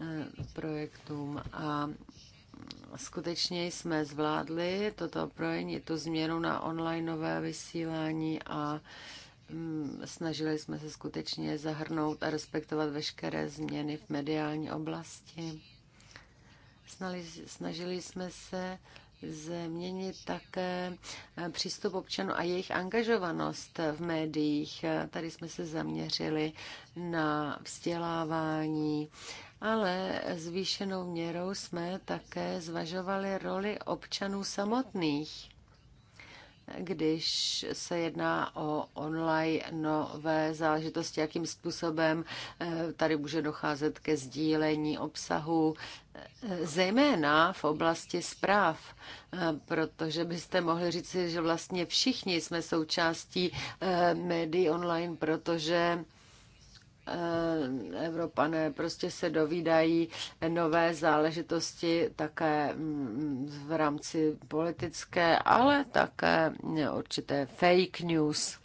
eh, projektům a skutečně jsme zvládli toto projení, tu změnu na onlineové vysílání a mm, snažili jsme se skutečně zahrnout a respektovat veškeré změny v mediální oblasti. Snažili jsme se změnit také eh, přístup občanů a jejich angažovanost v médiích. Tady jsme se zaměřili na vzdělávání, ale zvýšenou měrou jsme také zvažovali roli občanů samotných když se jedná o online nové záležitosti, jakým způsobem eh, tady může docházet ke sdílení obsahu, eh, zejména v oblasti zpráv, eh, protože byste mohli říct, že vlastně všichni jsme součástí médií online, protože Eh, Evropané prostě se dovídají nové záležitosti také mm, v rámci politické, ale také určité fake news.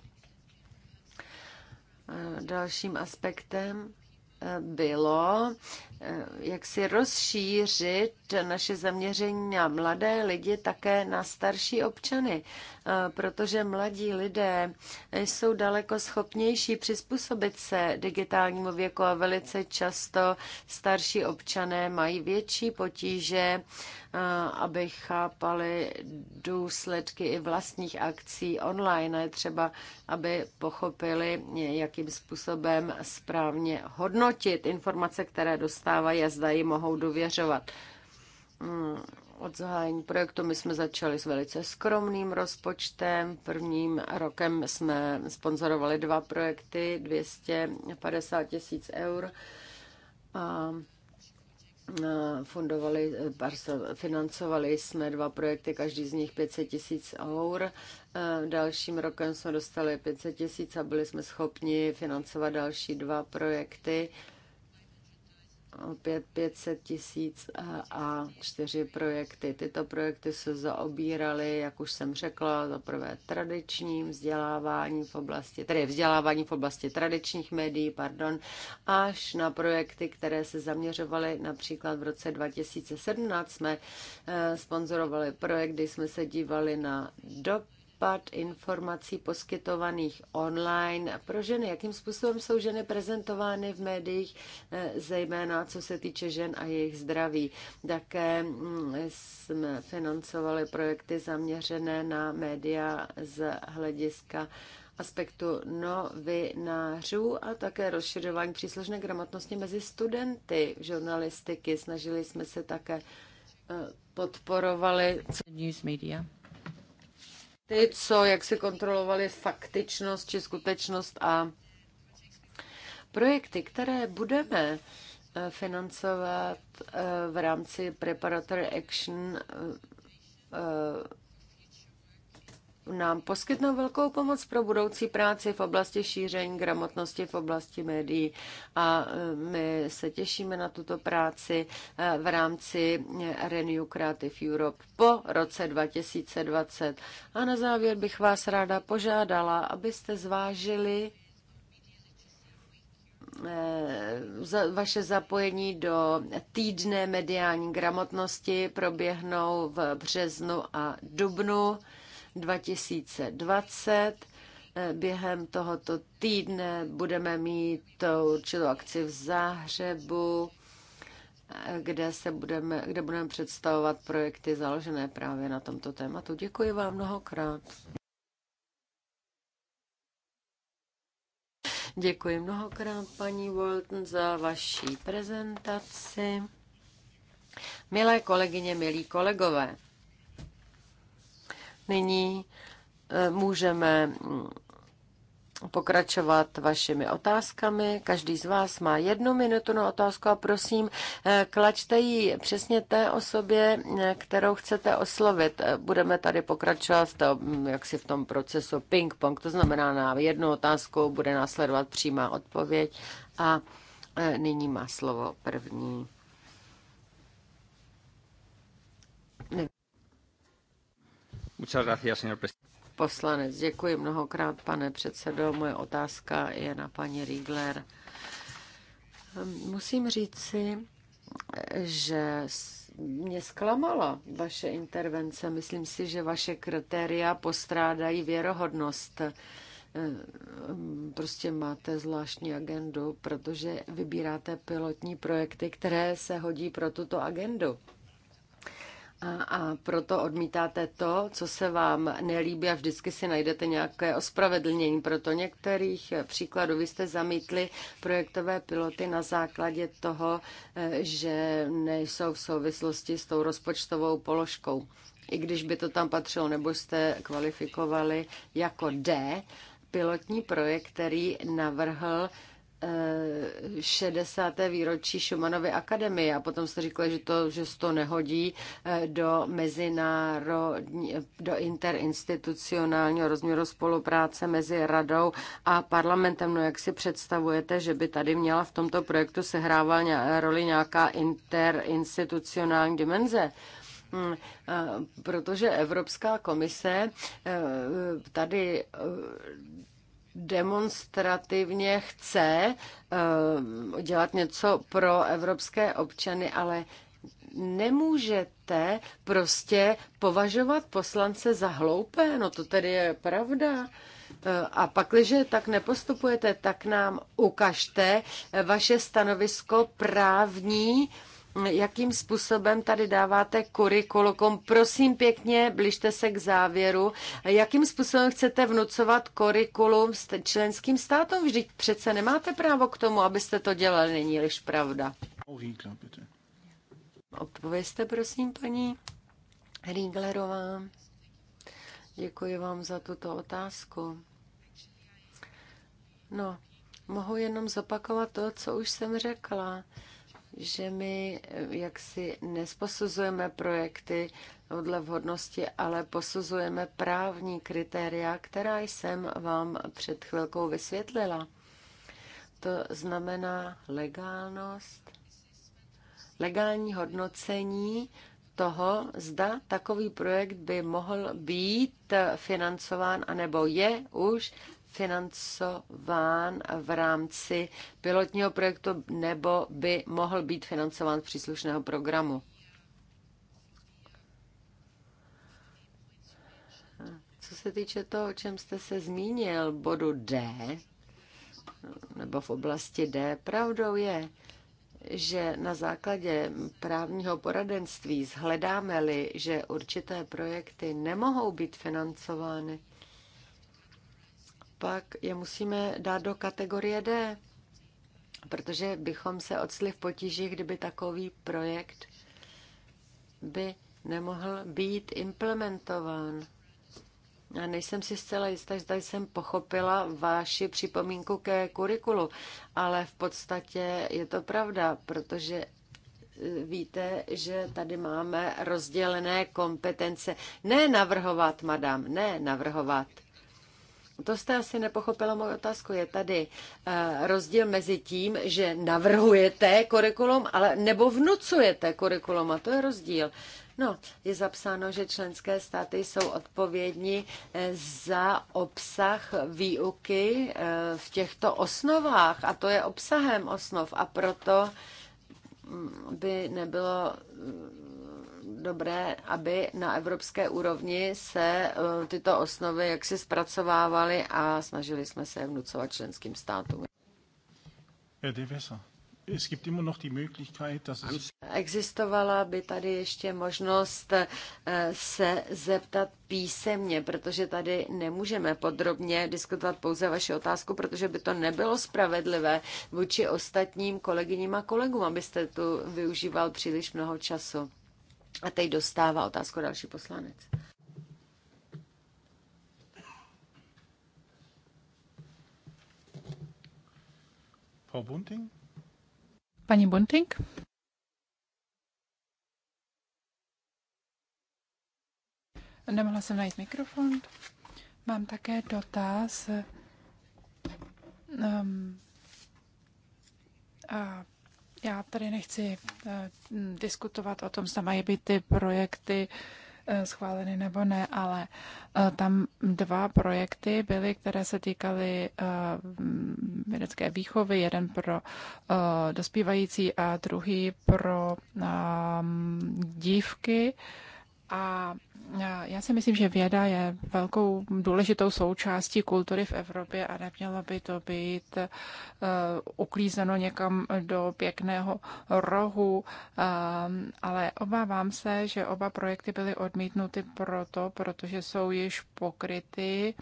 Eh, dalším aspektem eh, bylo Eh, jak si rozšířit naše zaměření na mladé lidi také na starší občany, eh, protože mladí lidé jsou daleko schopnější přizpůsobit se digitálnímu věku a velice často starší občané mají větší potíže, eh, aby chápali důsledky i vlastních akcí online. Je třeba, aby pochopili, jakým způsobem správně hodnotit informace, které dostávají očekávají a zda ji mohou dověřovat. Mm, od zahájení projektu my jsme začali s velice skromným rozpočtem. Prvním rokem jsme sponzorovali dva projekty, 250 tisíc eur. A fundovali, financovali jsme dva projekty, každý z nich 500 tisíc eur. E, dalším rokem jsme dostali 500 tisíc a byli jsme schopni financovat další dva projekty pět 500 tisíc a čtyři projekty. Tyto projekty se zaobíraly, jak už jsem řekla, za prvé tradičním vzdělávání v oblasti, tedy vzdělávání v oblasti tradičních médií, pardon, až na projekty, které se zaměřovaly například v roce 2017 jsme eh, sponzorovali projekt, kdy jsme se dívali na dop případ informací poskytovaných online pro ženy. Jakým způsobem jsou ženy prezentovány v médiích, eh, zejména co se týče žen a jejich zdraví. Také mm, jsme financovali projekty zaměřené na média z hlediska aspektu novinářů a také rozšiřování příslušné gramotnosti mezi studenty žurnalistiky. Snažili jsme se také eh, podporovali news media ty, co jak si kontrolovali faktičnost či skutečnost a projekty, které budeme eh, financovat eh, v rámci Preparatory Action eh, nám poskytnou velkou pomoc pro budoucí práci v oblasti šíření gramotnosti, v oblasti médií. A e, my se těšíme na tuto práci e, v rámci Renew Creative Europe po roce 2020. A na závěr bych vás ráda požádala, abyste zvážili e, vaše zapojení do týdne mediální gramotnosti proběhnou v březnu a dubnu. 2020. Eh, Během tohoto týdne budeme mít určitou akci v Záhřebu, eh, kde, se budeme, kde budeme představovat projekty založené právě na tomto tématu. Děkuji vám mnohokrát. Děkuji mnohokrát, paní Walton, za vaší prezentaci. Milé kolegyně, milí kolegové, Nyní eh, můžeme mm, pokračovat vašimi otázkami. Každý z vás má jednu minutu na otázku a prosím, eh, klačte ji přesně té osobě, eh, kterou chcete oslovit. Budeme tady pokračovat to, mm, jak si v tom procesu ping-pong, to znamená na jednu otázku bude následovat přímá odpověď a nyní má slovo první. Nevím. Poslanec, děkuji mnohokrát, pane předsedo. Moje otázka je na paní Riegler. Musím říci, že mě zklamala vaše intervence. Myslím si, že vaše kritéria postrádají věrohodnost. Prostě máte zvláštní agendu, protože vybíráte pilotní projekty, které se hodí pro tuto agendu. A proto odmítáte to, co se vám nelíbí a vždycky si najdete nějaké ospravedlnění. Proto některých příkladů vy jste zamítli projektové piloty na základě toho, e, že nejsou v souvislosti s tou rozpočtovou položkou. I když by to tam patřilo, nebo jste kvalifikovali jako D, pilotní projekt, který navrhl 60. Eh, výročí Šumanovy akademie a potom jste říkali, že to, že to nehodí eh, do mezinárodní, do interinstitucionálního rozměru spolupráce mezi radou a parlamentem. No jak si představujete, že by tady měla v tomto projektu sehrávat roli nějaká interinstitucionální dimenze? Hmm, eh, protože Evropská komise tady demonstrativně chce eh, dělat něco pro evropské občany, ale nemůžete prostě považovat poslance za hloupé, no to tedy je pravda. Eh, a pak, když tak nepostupujete, tak nám ukažte vaše stanovisko právní, jakým způsobem tady dáváte kurikulukum. Prosím pěkně, bližte se k závěru. Jakým způsobem chcete vnucovat kurikulum s členským státům? Vždyť přece nemáte právo k tomu, abyste to dělali, není-liž pravda. Odpovězte, prosím, paní Rieglerová. Děkuji vám za tuto otázku. No, mohu jenom zopakovat to, co už jsem řekla že my eh, jaksi nesposuzujeme projekty podle vhodnosti, ale posuzujeme právní kritéria, která jsem vám před chvilkou vysvětlila. To znamená legálnost, legální hodnocení toho, zda takový projekt by mohl být financován anebo je už financován v rámci pilotního projektu nebo by mohl být financován z příslušného programu. Co se týče toho, o čem jste se zmínil, bodu D, nebo v oblasti D, pravdou je, že na základě právního poradenství zhledáme-li, že určité projekty nemohou být financovány, pak je musíme dát do kategorie D, protože bychom se odsli v potíži, kdyby takový projekt by nemohl být implementován. Já nejsem si zcela jistá, zda jsem pochopila váši připomínku ke kurikulu, ale v podstatě je to pravda, protože eh, víte, že tady máme rozdělené kompetence. Ne navrhovat, madam, ne navrhovat. To jste asi nepochopila Moje otázku. Je tady eh, rozdíl mezi tím, že navrhujete kurikulum, ale nebo vnucujete kurikulum a to je rozdíl. No, je zapsáno, že členské státy jsou odpovědní eh, za obsah výuky eh, v těchto osnovách a to je obsahem osnov a proto mm, by nebylo dobré, aby na evropské úrovni se eh, tyto osnovy jaksi zpracovávaly a snažili jsme se je vnucovat členským státům. Existovala by tady ještě možnost eh, se zeptat písemně, protože tady nemůžeme podrobně diskutovat pouze vaši otázku, protože by to nebylo spravedlivé vůči ostatním kolegyním a kolegům, abyste tu využíval příliš mnoho času. A teď dostává otázku další poslanec. Frau Bunting? Paní Bunting? Nemohla jsem najít mikrofon. Mám také dotaz. Um, a já tady nechci eh, diskutovat o tom, zda mají být ty projekty eh, schváleny nebo ne, ale eh, tam dva projekty byly, které se týkaly vědecké výchovy, jeden pro dospívající a druhý pro dívky. A já si myslím, že věda je velkou důležitou součástí kultury v Evropě a nemělo by to být eh, uklízeno někam do pěkného rohu, eh, ale obávám se, že oba projekty byly odmítnuty proto, protože jsou již pokryty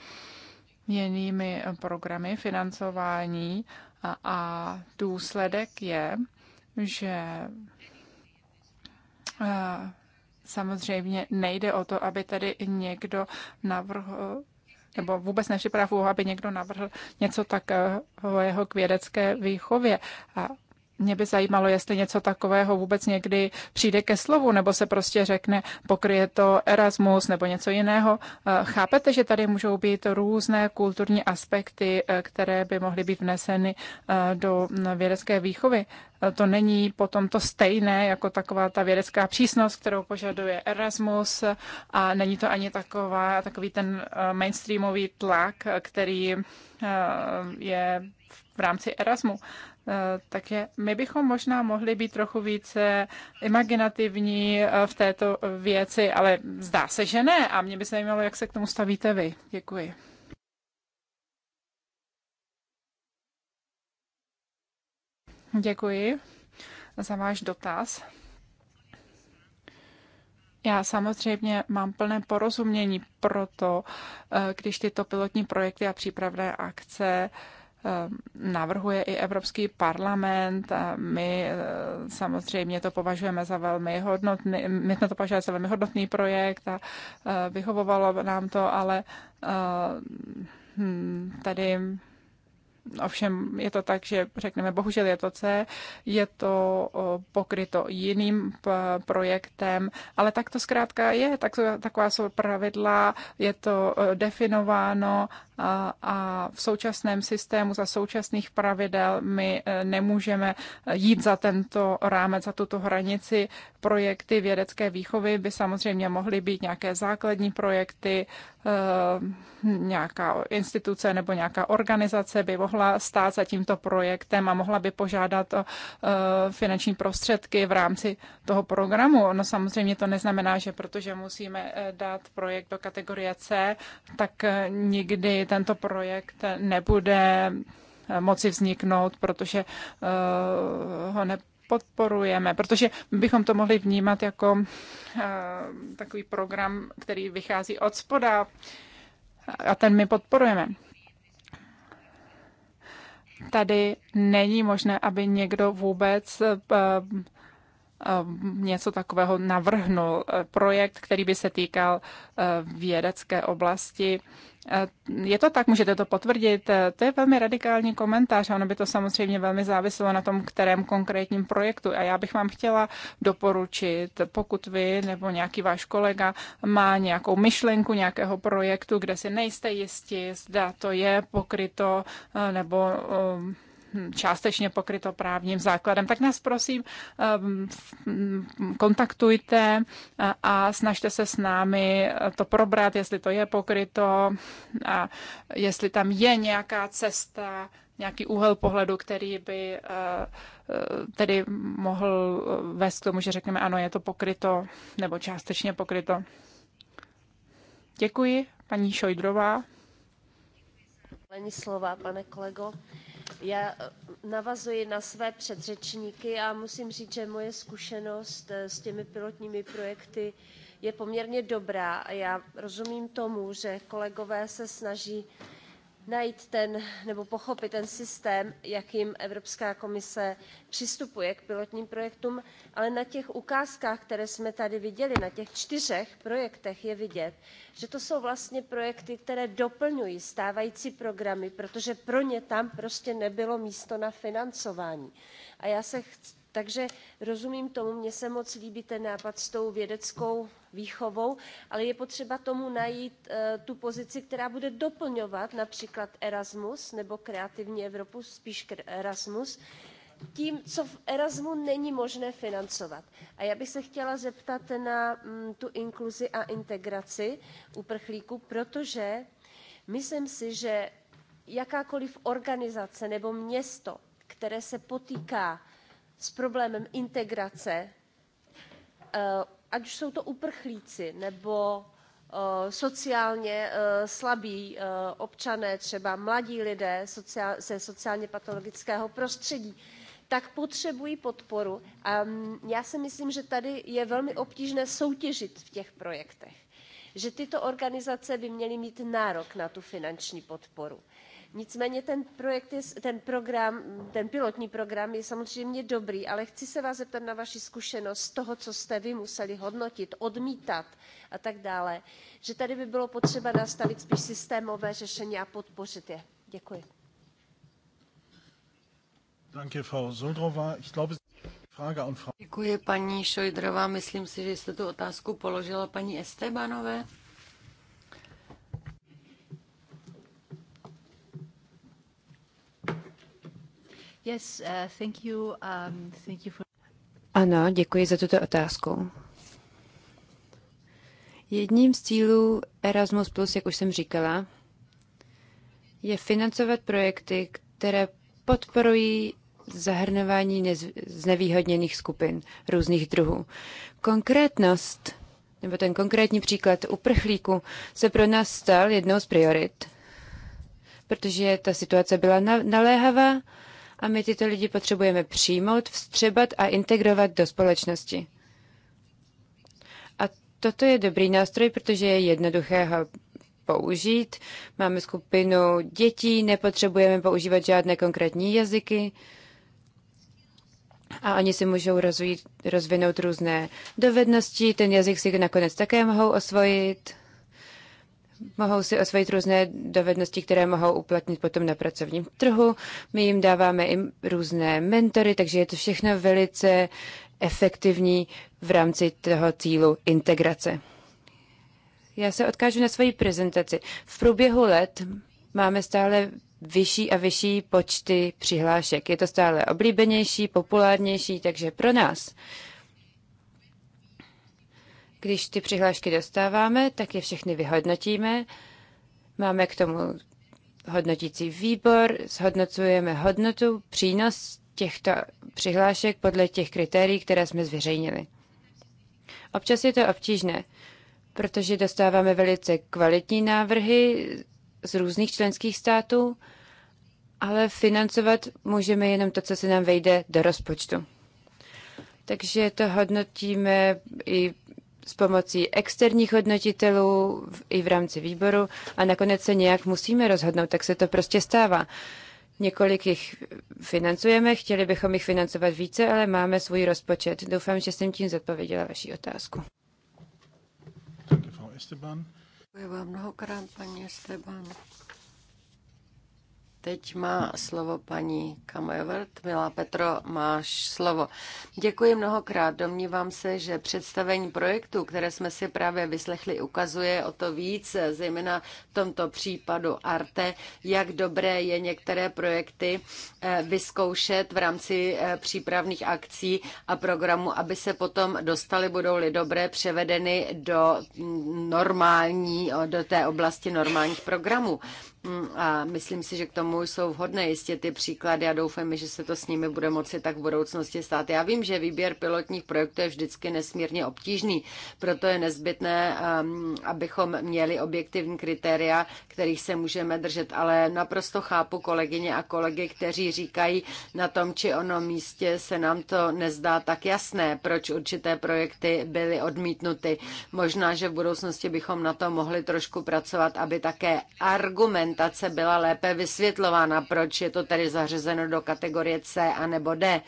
jinými programy financování a, a důsledek je, že eh, samozřejmě nejde o to, aby tady někdo navrhl nebo vůbec nepřipravu, aby někdo navrhl něco takového k vědecké výchově. A mě by zajímalo, jestli něco takového vůbec někdy přijde ke slovu, nebo se prostě řekne, pokryje to Erasmus nebo něco jiného. Eh, chápete, že tady můžou být různé kulturní aspekty, eh, které by mohly být vneseny eh, do mm, vědecké výchovy. To není potom to stejné jako taková ta vědecká přísnost, kterou požaduje Erasmus a není to ani taková, takový ten mainstreamový tlak, který je v rámci Erasmu. Eh, takže my bychom možná mohli být trochu více imaginativní eh, v této věci, ale zdá se, že ne. A mě by se zajímalo, jak se k tomu stavíte vy. Děkuji. Děkuji za váš dotaz. Já samozřejmě mám plné porozumění pro to, eh, když tyto pilotní projekty a přípravné akce uh, Ehm, navrhuje i Evropský parlament. A my eh, samozřejmě to považujeme za velmi hodnotný, my jsme to považujeme za velmi hodnotný projekt a eh, vyhovovalo nám to, ale eh, hm, tady Ovšem je to tak, že řekneme, bohužel je to C, je to pokryto jiným projektem, ale tak to zkrátka je, tak, taková jsou pravidla, je to definováno a, a v současném systému za současných pravidel my e, nemůžeme jít za tento rámec, za tuto hranici. Projekty vědecké výchovy by samozřejmě mohly být nějaké základní projekty, e, nějaká instituce nebo nějaká organizace by mohla mohla stát za tímto projektem a mohla by požádat o eh, finanční prostředky v rámci toho programu. No samozřejmě to neznamená, že protože musíme eh, dát projekt do kategorie C, tak eh, nikdy tento projekt nebude moci vzniknout, protože ho ne podporujeme, protože bychom to mohli vnímat jako uh, takový program, který vychází od spoda a ten my podporujeme tady není možné, aby někdo vůbec eh, Um, něco takového navrhnul. Eh, projekt, který by se týkal eh, vědecké oblasti. Eh, je to tak, můžete to potvrdit. To je velmi radikální komentář a ono by to samozřejmě velmi záviselo na tom, kterém konkrétním projektu. A já bych vám chtěla doporučit, pokud vy nebo nějaký váš kolega má nějakou myšlenku nějakého projektu, kde si nejste jisti, zda to je pokryto nebo Hm, částečně pokryto právním základem, tak nás prosím ehm, hm, kontaktujte a snažte se s námi eh, to probrat, jestli to je pokryto a jestli tam je nějaká cesta, nějaký úhel pohledu, který by eh, eh, tedy mohl vést k tomu, že řekneme, ano, je to pokryto nebo částečně pokryto. Děkuji, paní Šojdrová. Není slova, pane kolego. Já eh, navazuji na své předřečníky a musím říct, že moje zkušenost eh, s těmi pilotními projekty je poměrně dobrá a já rozumím tomu, že kolegové se snaží najít ten nebo pochopit ten systém jakým evropská komise přistupuje k pilotním projektům ale na těch ukázkách které jsme tady viděli na těch čtyřech projektech je vidět že to jsou vlastně projekty které doplňují stávající programy protože pro ně tam prostě nebylo místo na financování. a já se takže rozumím tomu mně se moc líbí ten nápad s tou vědeckou výchovou ale je potřeba tomu najít eh, tu pozici která bude doplňovat například erasmus nebo kreativní evropu spíš erasmus tím co v erasmu není možné financovat. a já bych se chtěla zeptat na mm, tu inkluzi a integraci uprchlíků protože myslím si že jakákoliv organizace nebo město které se potýká s problémem integrace eh, ať už jsou to uprchlíci nebo eh, sociálně eh, slabí občané třeba mladí lidé ze sociálně patologického prostředí tak potřebují podporu a mm, já si myslím že tady je velmi obtížné soutěžit v těch projektech že tyto organizace by měly mít nárok na tu finanční podporu nicméně ten, projekt ten, program, ten pilotní program je samozřejmě dobrý ale chci se vás zeptat na vaši zkušenost z toho co jste vy museli hodnotit odmítat a tak dále že tady by bylo potřeba nastavit spíš systémové řešení a podpořit je. děkuji. Děkuji paní Šojdrová. Myslím si, že jste tu otázku položila paní Estebanové. Uh, um, ano, děkuji za tuto otázku. Jedním z cílů Erasmus, jak už jsem říkala, je financovat projekty, které podporují zahrnování znevýhodněných skupin různých druhů. Konkrétnost, nebo ten konkrétní příklad uprchlíku, se pro nás stal jednou z priorit, protože ta situace byla naléhavá a my tyto lidi potřebujeme přijmout, vstřebat a integrovat do společnosti. A toto je dobrý nástroj, protože je jednoduché ho použít. Máme skupinu dětí, nepotřebujeme používat žádné konkrétní jazyky a oni si můžou rozvít, rozvinout různé dovednosti. Ten jazyk si nakonec také mohou osvojit mohou si osvojit různé dovednosti, které mohou uplatnit potom na pracovním trhu. My jim dáváme i různé mentory, takže je to všechno velice efektivní v rámci toho cílu integrace. Já se odkážu na svoji prezentaci. V průběhu let máme stále vyšší a vyšší počty přihlášek. Je to stále oblíbenější, populárnější, takže pro nás když ty přihlášky dostáváme, tak je všechny vyhodnotíme. Máme k tomu hodnotící výbor, zhodnocujeme hodnotu, přínos těchto přihlášek podle těch kritérií, které jsme zveřejnili. Občas je to obtížné, protože dostáváme velice kvalitní návrhy z různých členských států, ale financovat můžeme jenom to, co se nám vejde do rozpočtu. Takže to hodnotíme i s pomocí externích hodnotitelů i v rámci výboru a nakonec se nějak musíme rozhodnout, tak se to prostě stává. Několik jich financujeme, chtěli bychom jich financovat více, ale máme svůj rozpočet. Doufám, že jsem tím zodpověděla vaši otázku. Děkuji vám mnohokrát, paní Esteban. Teď má slovo paní Kamojovert. Milá Petro, máš slovo. Děkuji mnohokrát. Domnívám se, že představení projektu, které jsme si právě vyslechli, ukazuje o to víc, zejména v tomto případu Arte, jak dobré je některé projekty eh, vyzkoušet v rámci eh, přípravných akcí a programů, aby se potom dostaly, budou-li dobré, převedeny do mm, normální, do té oblasti normálních programů. Mm, a myslím si, že k tomu jsou vhodné jistě ty příklady a doufám, že se to s nimi bude moci tak v budoucnosti stát. Já vím, že výběr pilotních projektů je vždycky nesmírně obtížný, proto je nezbytné, um, abychom měli objektivní kritéria, kterých se můžeme držet. Ale naprosto chápu kolegyně a kolegy, kteří říkají, na tom či onom místě se nám to nezdá tak jasné, proč určité projekty byly odmítnuty. Možná, že v budoucnosti bychom na to mohli trošku pracovat, aby také argument argumentace byla lépe vysvětlována, proč je to tedy zařazeno do kategorie C a nebo D.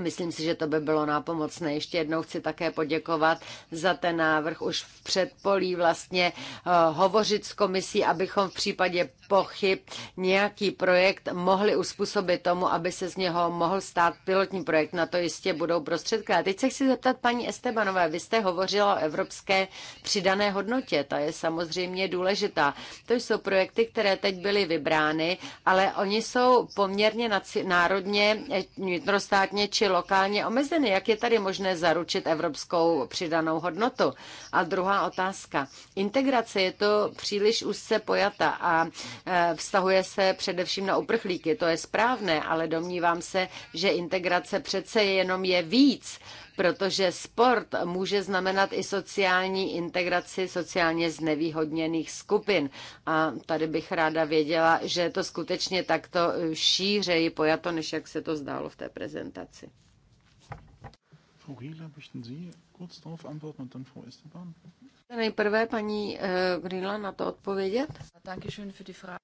Myslím si, že to by bylo nápomocné. Ještě jednou chci také poděkovat za ten návrh už v předpolí vlastně eh, hovořit s komisí, abychom v případě pochyb nějaký projekt mohli uspůsobit tomu, aby se z něho mohl stát pilotní projekt. Na to jistě budou prostředky. A teď se chci zeptat paní Estebanové, vy jste hovořila o evropské přidané hodnotě, ta je samozřejmě důležitá. To jsou projekty, které teď byly vybrány, ale oni jsou poměrně národně, eh, vnitrostátně či či lokálně omezeny. Jak je tady možné zaručit evropskou přidanou hodnotu? A druhá otázka. Integrace je to příliš úzce pojata a e, vztahuje se především na uprchlíky. To je správné, ale domnívám se, že integrace přece jenom je víc protože sport může znamenat i sociální integraci sociálně znevýhodněných skupin. A tady bych ráda věděla, že je to skutečně takto šířeji pojato, než jak se to zdálo v té prezentaci. Frau möchten Sie kurz darauf antworten und dann Frau Esteban? Nejprve paní eh, Grinla na to odpovědět.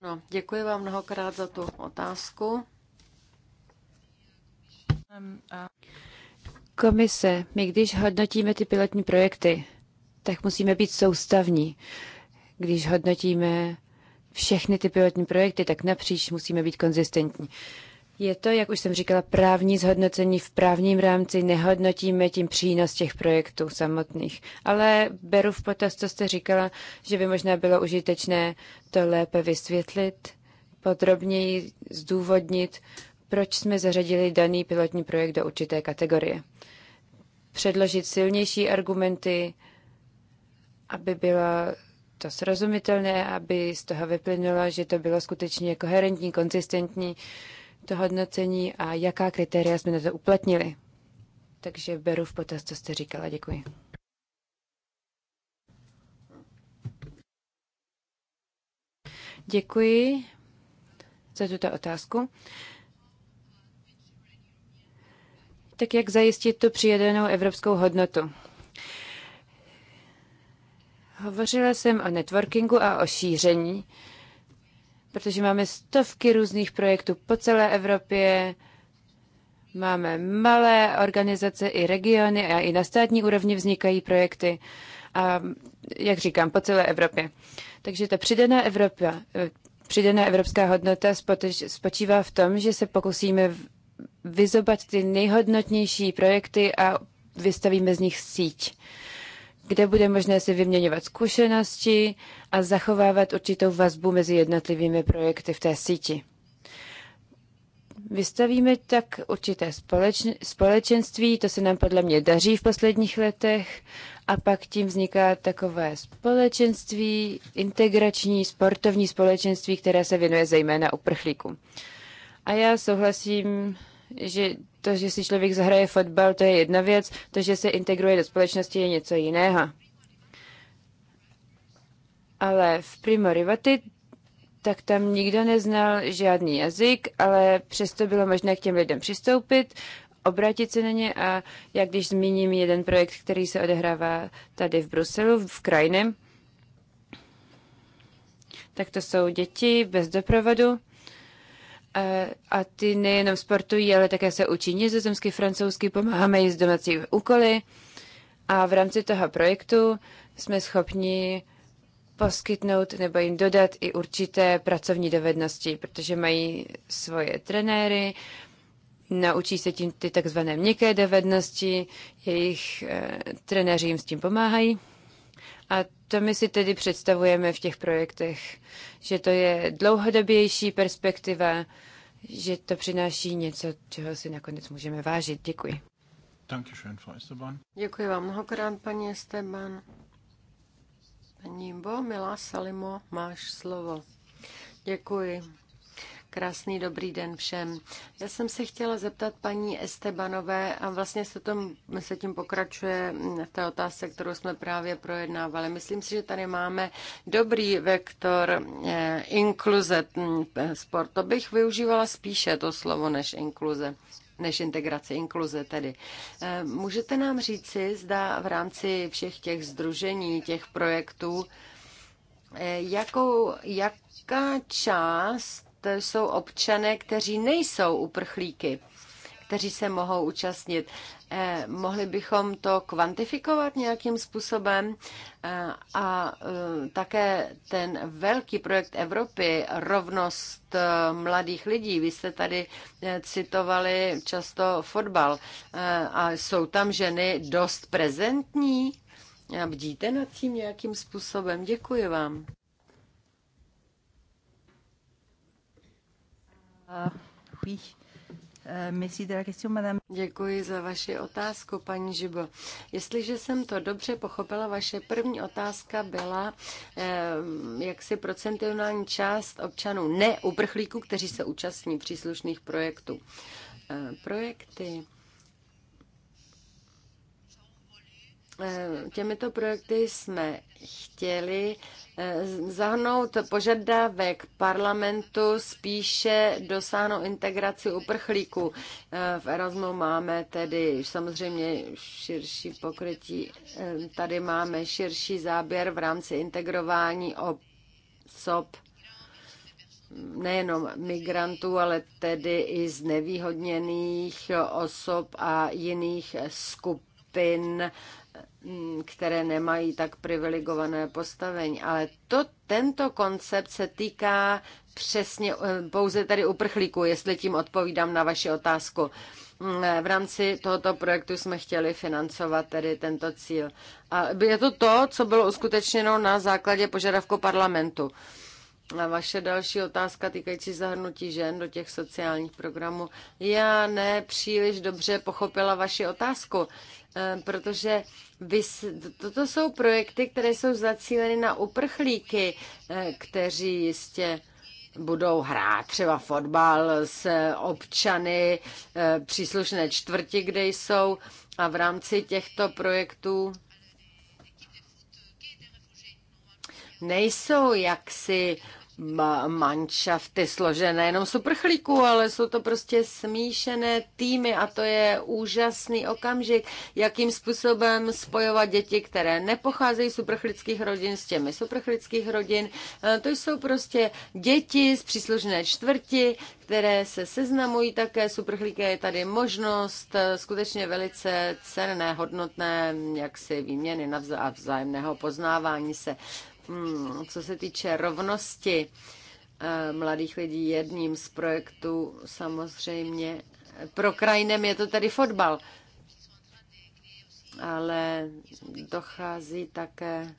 No, děkuji vám mnohokrát za tu otázku. Um, Komise, my když hodnotíme ty pilotní projekty, tak musíme být soustavní. Když hodnotíme všechny ty pilotní projekty, tak napříč musíme být konzistentní. Je to, jak už jsem říkala, právní zhodnocení v právním rámci, nehodnotíme tím přínos těch projektů samotných. Ale beru v potaz, co jste říkala, že by možná bylo užitečné to lépe vysvětlit, podrobněji zdůvodnit, proč jsme zařadili daný pilotní projekt do určité kategorie. Předložit silnější argumenty, aby bylo to srozumitelné, aby z toho vyplynulo, že to bylo skutečně koherentní, konzistentní to hodnocení a jaká kritéria jsme na to uplatnili. Takže beru v potaz, co jste říkala. Děkuji. Děkuji za tuto otázku. tak jak zajistit tu přijedenou evropskou hodnotu? Hovořila jsem o networkingu a o šíření, protože máme stovky různých projektů po celé Evropě, máme malé organizace i regiony a i na státní úrovni vznikají projekty a jak říkám, po celé Evropě. Takže ta přidaná Evropa, eh, přidaná evropská hodnota spočívá v tom, že se pokusíme vyzobat ty nejhodnotnější projekty a vystavíme z nich síť, kde bude možné si vyměňovat zkušenosti a zachovávat určitou vazbu mezi jednotlivými projekty v té síti. Vystavíme tak určité společenství, to se nám podle mě daří v posledních letech, a pak tím vzniká takové společenství, integrační, sportovní společenství, které se věnuje zejména uprchlíkům. A já souhlasím že to, že si člověk zahraje fotbal, to je jedna věc, to, že se integruje do společnosti, je něco jiného. Ale v Primo Rivati, tak tam nikdo neznal žádný jazyk, ale přesto bylo možné k těm lidem přistoupit, obrátit se na ně a jak když zmíním jeden projekt, který se odehrává tady v Bruselu, v Krajinem, tak to jsou děti bez doprovodu, a ty nejenom sportují, ale také se učí nizozemsky, francouzsky, pomáháme jí s domácí úkoly a v rámci toho projektu jsme schopni poskytnout nebo jim dodat i určité pracovní dovednosti, protože mají svoje trenéry, naučí se tím ty takzvané měkké dovednosti, jejich e, trenéři jim s tím pomáhají. A to my si tedy představujeme v těch projektech, že to je dlouhodobější perspektiva, že to přináší něco, čeho si nakonec můžeme vážit. Děkuji. Děkuji vám mnohokrát, paní Esteban. Paní Bo, milá Salimo, máš slovo. Děkuji. Krásný dobrý den všem. Já jsem se chtěla zeptat paní Estebanové a vlastně se, tom, se tím pokračuje v té otázce, kterou jsme právě projednávali. Myslím si, že tady máme dobrý vektor eh, inkluze mm, sport. To bych využívala spíše to slovo než inkluze než integrace, inkluze tedy. Eh, můžete nám říci, zda v rámci všech těch združení, těch projektů, eh, jakou, jaká část to jsou občané, kteří nejsou uprchlíky, kteří se mohou účastnit. Eh, mohli bychom to kvantifikovat nějakým způsobem eh, a eh, také ten velký projekt Evropy, rovnost eh, mladých lidí, vy jste tady eh, citovali často fotbal eh, a jsou tam ženy dost prezentní? Eh, bdíte nad tím nějakým způsobem? Děkuji vám. Eh, Děkuji za vaši otázku, paní Žibo. Jestliže jsem to dobře pochopila, vaše první otázka byla, eh, jak si procentuální část občanů, neuprchlíků, kteří se účastní příslušných projektů. Eh, projekty Eh, těmito projekty jsme chtěli eh, zahrnout požadavek parlamentu spíše dosáhnout integraci uprchlíků. Eh, v Erasmu máme tedy samozřejmě širší pokrytí, tady máme širší záběr v rámci integrování osob nejenom migrantů, ale tedy i znevýhodněných osob a jiných skupin Mm, které nemají tak privilegované postavení. Ale to, tento koncept se týká přesně eh, pouze tady uprchlíků, jestli tím odpovídám na vaši otázku. Mm, eh, v rámci tohoto projektu jsme chtěli financovat tedy tento cíl. A je to to, co bylo uskutečněno na základě požadavku parlamentu. A vaše další otázka týkající zahrnutí žen do těch sociálních programů. Já ne dobře pochopila vaši otázku. Ehm, protože toto jsou projekty, které jsou zacíleny na uprchlíky, eh, kteří jistě budou hrát třeba fotbal s občany eh, příslušné čtvrti, kde jsou a v rámci těchto projektů nejsou jaksi manšafty složené jenom z uprchlíků, ale jsou to prostě smíšené týmy a to je úžasný okamžik, jakým způsobem spojovat děti, které nepocházejí z uprchlických rodin s těmi z uprchlických rodin. E, to jsou prostě děti z příslušné čtvrti, které se seznamují také s uprchlíky. Je tady možnost e, skutečně velice cenné, hodnotné jaksi výměny a vzájemného poznávání se. Hmm, co se týče rovnosti eh, mladých lidí, jedním z projektů samozřejmě pro krajinem je to tedy fotbal, ale dochází také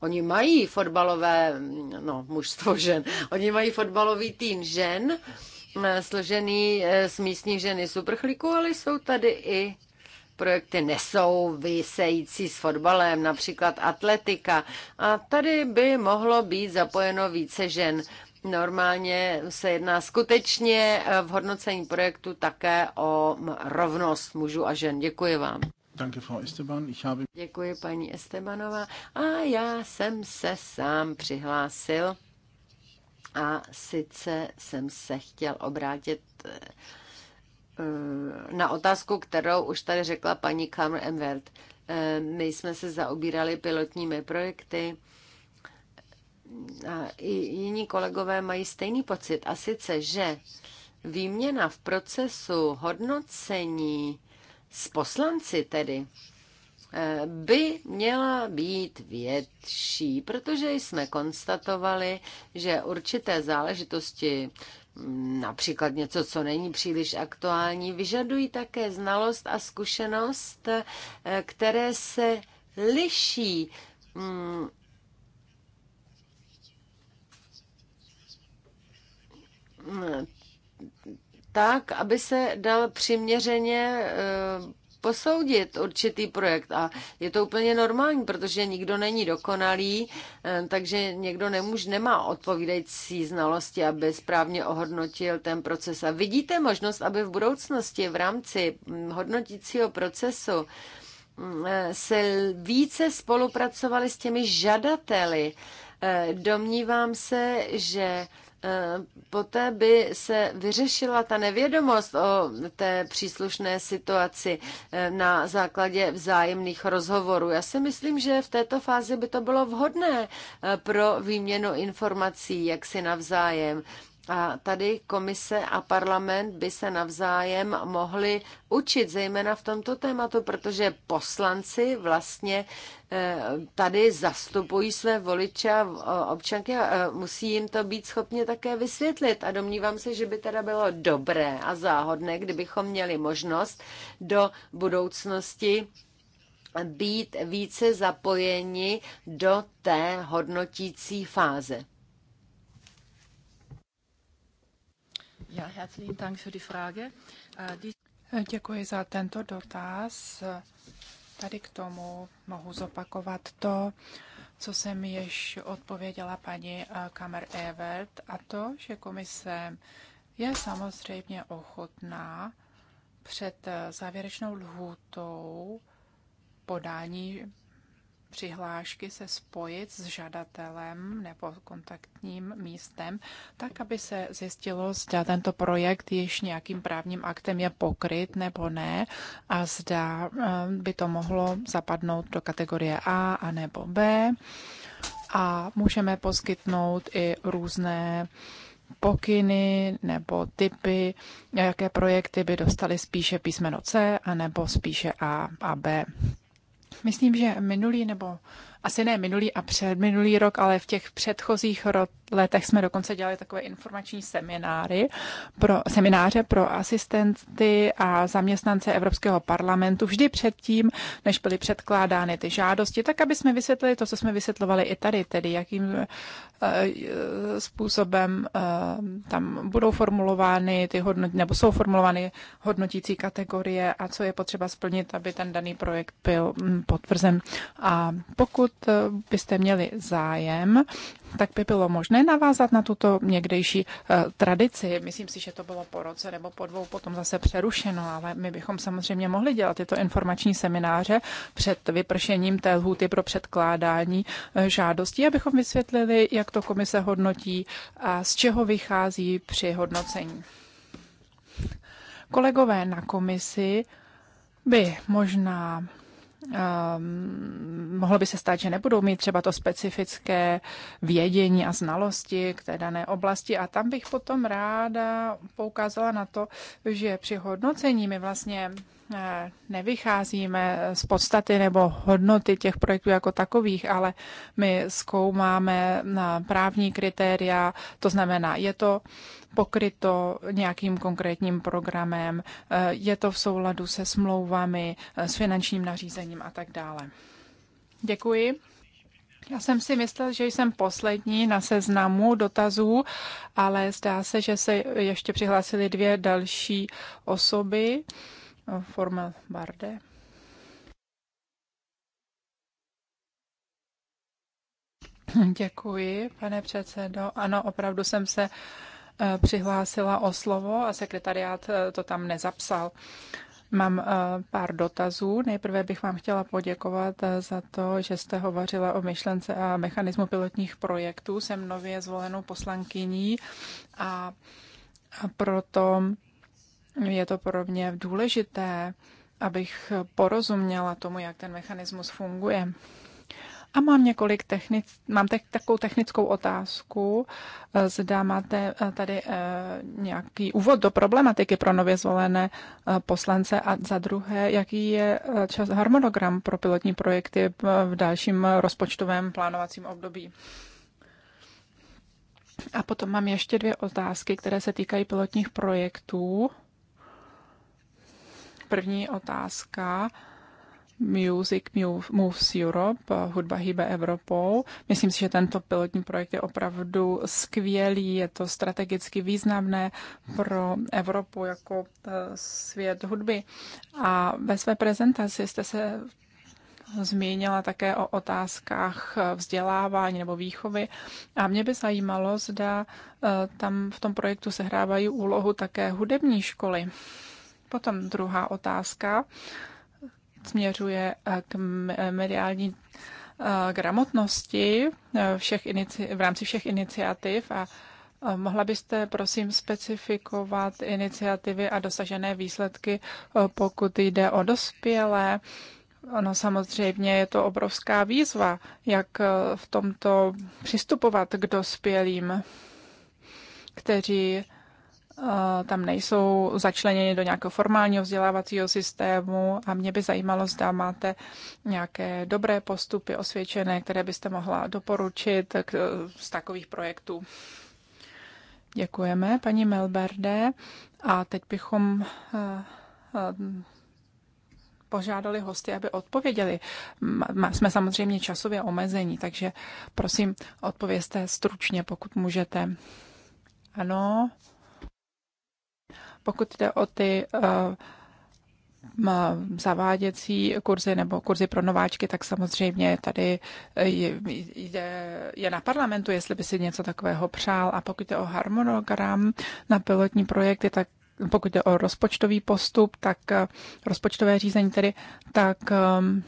Oni mají fotbalové, no mužstvo žen, oni mají fotbalový tým žen, eh, složený eh, z místních ženy i ale jsou tady i projekty nesouvisející s fotbalem, například atletika. A tady by mohlo být zapojeno více žen. Normálně se jedná skutečně eh, v hodnocení projektu také o rovnost mužů a žen. Děkuji vám. Danke, Frau Esteban. Ich habe... Děkuji, paní Estebanová. A já jsem se sám přihlásil a sice jsem se chtěl obrátit eh, Eh, na otázku, kterou už tady řekla paní Kamr Envert. Eh, my jsme se zaobírali pilotními projekty a i jiní kolegové mají stejný pocit. A sice, že výměna v procesu hodnocení s poslanci tedy eh, by měla být větší, protože jsme konstatovali, že určité záležitosti například něco, co není příliš aktuální, vyžadují také znalost a zkušenost, eh, které se liší. Mm, mm, tak, aby se dal přiměřeně eh, posoudit určitý projekt a je to úplně normální, protože nikdo není dokonalý, eh, takže někdo nemůže, nemá odpovídající znalosti, aby správně ohodnotil ten proces. A vidíte možnost, aby v budoucnosti v rámci mm, hodnotícího procesu mm, eh, se více spolupracovali s těmi žadateli. Eh, domnívám se, že Eh, poté by se vyřešila ta nevědomost o té příslušné situaci eh, na základě vzájemných rozhovorů. Já si myslím, že v této fázi by to bylo vhodné eh, pro výměnu informací, jak si navzájem. A tady komise a parlament by se navzájem mohli učit, zejména v tomto tématu, protože poslanci vlastně eh, tady zastupují své voliče a občanky a eh, musí jim to být schopně také vysvětlit. A domnívám se, že by teda bylo dobré a záhodné, kdybychom měli možnost do budoucnosti být více zapojeni do té hodnotící fáze. Äh, Děkuji za tento dotaz. Tady k tomu mohu zopakovat to, co jsem již odpověděla paní eh, Kamer Evert, a to, že komise je samozřejmě ochotná před eh, závěrečnou lhůtou podání přihlášky se spojit s žadatelem nebo kontaktním místem, tak aby se zjistilo, zda tento projekt již nějakým právním aktem je pokryt nebo ne a zda eh, by to mohlo zapadnout do kategorie A a nebo B. A můžeme poskytnout i různé pokyny nebo typy, jaké projekty by dostaly spíše písmeno C a nebo spíše A a B. Myslím, že minulý nebo asi ne minulý a předminulý rok, ale v těch předchozích letech jsme dokonce dělali takové informační semináry pro, semináře pro asistenty a zaměstnance Evropského parlamentu vždy předtím, než byly předkládány ty žádosti, tak aby jsme vysvětlili to, co jsme vysvětlovali i tady, tedy jakým eh, eh, způsobem eh, tam budou formulovány ty hodnot, nebo jsou formulovány hodnotící kategorie a co je potřeba splnit, aby ten daný projekt byl mm, potvrzen. A pokud pokud eh, byste měli zájem, tak by bylo možné navázat na tuto někdejší eh, tradici. Myslím si, že to bylo po roce nebo po dvou potom zase přerušeno, ale my bychom samozřejmě mohli dělat tyto informační semináře před vypršením té lhůty pro předkládání eh, žádostí, abychom vysvětlili, jak to komise hodnotí a z čeho vychází při hodnocení. Kolegové na komisi by možná Ehm, mohlo by se stát, že nebudou mít třeba to specifické vědění a znalosti k té dané oblasti. A tam bych potom ráda poukázala na to, že při hodnocení my vlastně Eh, nevycházíme z podstaty nebo hodnoty těch projektů jako takových, ale my zkoumáme na eh, právní kritéria, to znamená, je to pokryto nějakým konkrétním programem, eh, je to v souladu se smlouvami, s finančním nařízením a tak dále. Děkuji. Já jsem si myslel, že jsem poslední na seznamu dotazů, ale zdá se, že se ještě přihlásily dvě další osoby. Forma Barde. Děkuji, pane předsedo. Ano, opravdu jsem se eh, přihlásila o slovo a sekretariát eh, to tam nezapsal. Mám eh, pár dotazů. Nejprve bych vám chtěla poděkovat za to, že jste hovořila o myšlence a mechanismu pilotních projektů. Jsem nově zvolenou poslankyní a, a proto je to pro mě důležité, abych porozuměla tomu, jak ten mechanismus funguje. A mám několik technic, mám te- takovou technickou otázku. Eh, zda máte eh, tady eh, nějaký úvod do problematiky pro nově zvolené poslance a za druhé, jaký je čas harmonogram pro pilotní projekty v dalším rozpočtovém plánovacím období. A potom mám ještě dvě otázky, které se týkají pilotních projektů. První otázka. Music Moves Europe, hudba hýbe Evropou. Myslím si, že tento pilotní projekt je opravdu skvělý, je to strategicky významné pro Evropu jako eh, svět hudby. A ve své prezentaci jste se zmínila také o otázkách vzdělávání nebo výchovy. A mě by zajímalo, zda eh, tam v tom projektu sehrávají úlohu také hudební školy. Potom druhá otázka směřuje eh, k eh, mediální eh, gramotnosti všech inici- v rámci všech iniciativ a Mohla byste prosím specifikovat iniciativy a dosažené výsledky, pokud jde o dospělé? Ono samozřejmě je to obrovská výzva, jak v tomto přistupovat k dospělým, kteří tam nejsou začleněni do nějakého formálního vzdělávacího systému a mě by zajímalo, zda máte nějaké dobré postupy osvědčené, které byste mohla doporučit z takových projektů. Děkujeme, paní Melberde. A teď bychom eh, eh, požádali hosty, aby odpověděli. Jsme samozřejmě časově omezení, takže prosím, odpovězte stručně, pokud můžete. Ano. Pokud jde o ty eh, zaváděcí kurzy nebo kurzy pro nováčky, tak samozřejmě tady eh, je, je na parlamentu, jestli by si něco takového přál. A pokud jde o harmonogram na pilotní projekty, tak pokud jde o rozpočtový postup, tak eh, rozpočtové řízení tedy, tak ehm,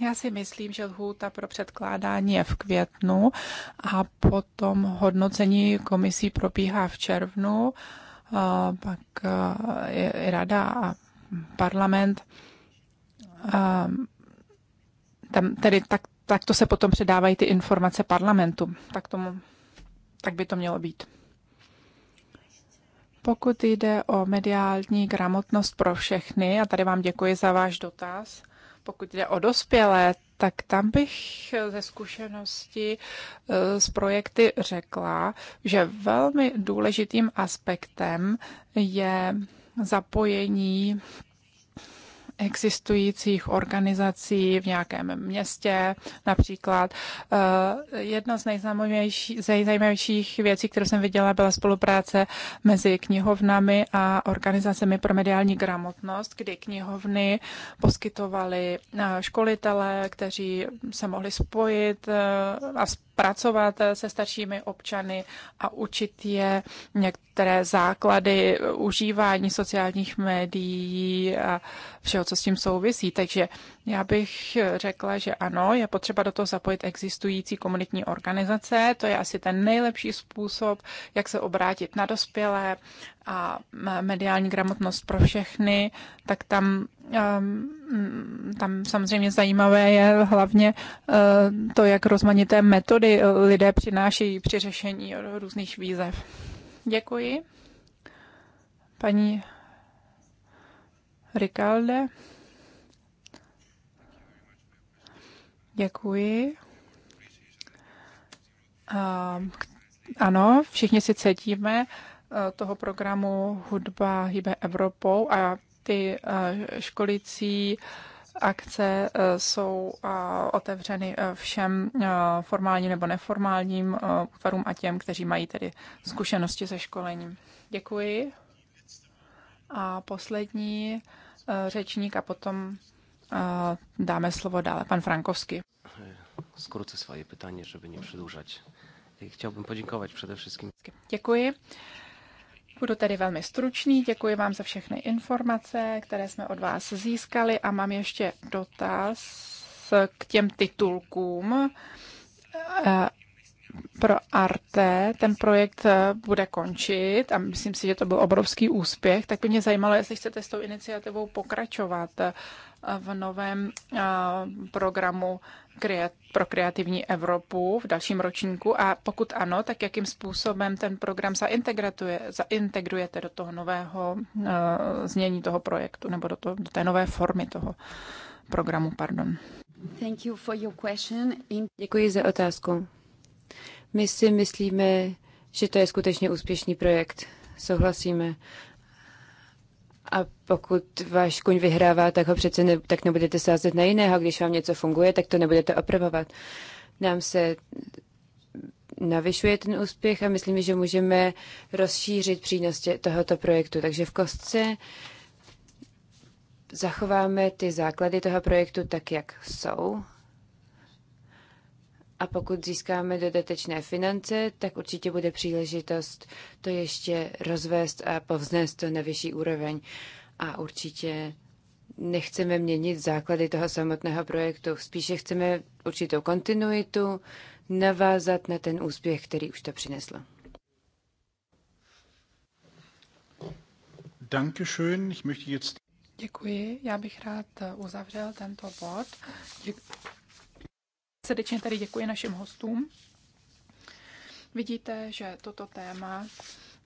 já si myslím, že lhůta pro předkládání je v květnu a potom hodnocení komisí probíhá v červnu. Uh, pak je rada a parlament. Tam tedy tak, tak to se potom předávají ty informace parlamentu. Tak, tomu, tak by to mělo být. Pokud jde o mediální gramotnost pro všechny, a tady vám děkuji za váš dotaz, pokud jde o dospělé, tak tam bych eh, ze zkušenosti eh, z projekty řekla, že velmi důležitým aspektem je zapojení existujících organizací v nějakém městě. Například eh, jedna z nejzajímavějších věcí, kterou jsem viděla, byla spolupráce mezi knihovnami a organizacemi pro mediální gramotnost, kdy knihovny poskytovaly eh, školitele, kteří se mohli spojit eh, a pracovat se staršími občany a učit je některé základy užívání sociálních médií a všeho, co s tím souvisí. Takže já bych řekla, že ano, je potřeba do toho zapojit existující komunitní organizace. To je asi ten nejlepší způsob, jak se obrátit na dospělé a mediální gramotnost pro všechny, tak tam, um, tam samozřejmě zajímavé je hlavně uh, to, jak rozmanité metody lidé přinášejí při řešení různých výzev. Děkuji. Paní Rikalde. Děkuji. A, ano, všichni si cedíme e, toho programu Hudba hýbe Evropou a ty e, školicí akce e, jsou otevřeny všem formálním nebo neformálním útvarům a těm, kteří mají tedy zkušenosti se školením. Děkuji. A poslední Eh, řečník a potom eh, dáme slovo dále. Pan Frankovský. Eh, skrócę svoje pytanie, żeby nie przedłużać. Chciałbym podziękować przede wszystkim. Děkuji. Budu tedy velmi stručný. Děkuji vám za všechny informace, které jsme od vás získali a mám ještě dotaz k těm titulkům pro Arte ten projekt eh, bude končit a myslím si, že to byl obrovský úspěch, tak by mě zajímalo, jestli chcete s tou iniciativou pokračovat eh, v novém eh, programu pro kreativní Evropu v dalším ročníku a pokud ano, tak jakým způsobem ten program zaintegruje, zaintegrujete do toho nového znění toho projektu nebo do, to, do té nové formy toho programu, pardon. Děkuji za otázku. My si myslíme, že to je skutečně úspěšný projekt. Souhlasíme. A pokud váš kuň vyhrává, tak ho přece ne, tak nebudete sázet na jiného. Když vám něco funguje, tak to nebudete opravovat. Nám se navyšuje ten úspěch a myslím, že můžeme rozšířit přínos tohoto projektu. Takže v kostce zachováme ty základy toho projektu tak, jak jsou. A pokud získáme dodatečné finance, tak určitě bude příležitost to ještě rozvést a povznést to na vyšší úroveň. A určitě nechceme měnit základy toho samotného projektu. Spíše chceme určitou kontinuitu navázat na ten úspěch, který už to přineslo. Dankeschön. Ich möchte jetzt Děkuji. Já bych rád uzavřel tento bod. Děkuji Srdečně tady děkuji našim hostům. Vidíte, že toto téma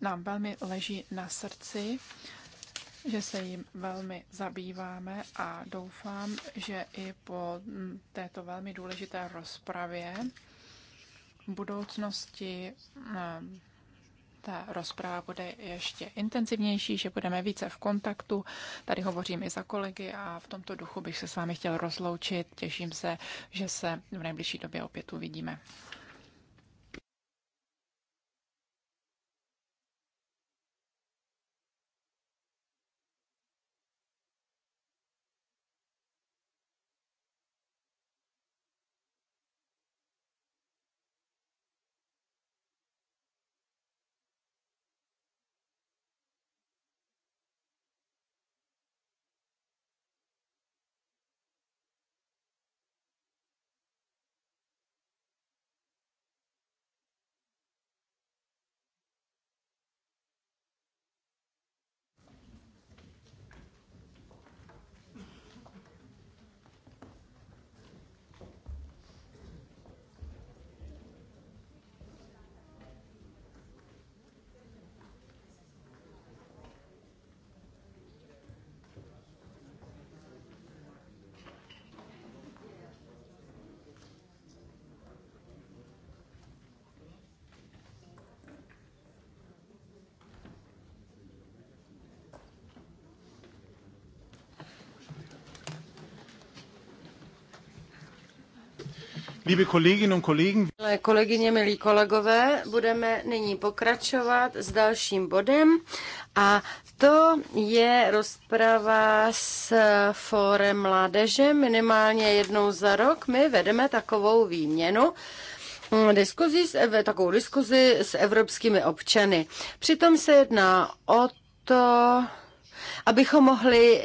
nám velmi leží na srdci, že se jim velmi zabýváme a doufám, že i po této velmi důležité rozpravě v budoucnosti eh, ta rozprava bude ještě intenzivnější, že budeme více v kontaktu. Tady hovořím i za kolegy a v tomto duchu bych se s vámi chtěl rozloučit. Těším se, že se v nejbližší době opět uvidíme. Liebe Kolleginnen und Kollegen, Milé kolegyně, milí kolegové, budeme nyní pokračovat s dalším bodem a to je rozprava s Fórem mládeže minimálně jednou za rok. My vedeme takovou výměnu mm, diskuzi, takovou diskuzi s evropskými občany. Přitom se jedná o to, abychom mohli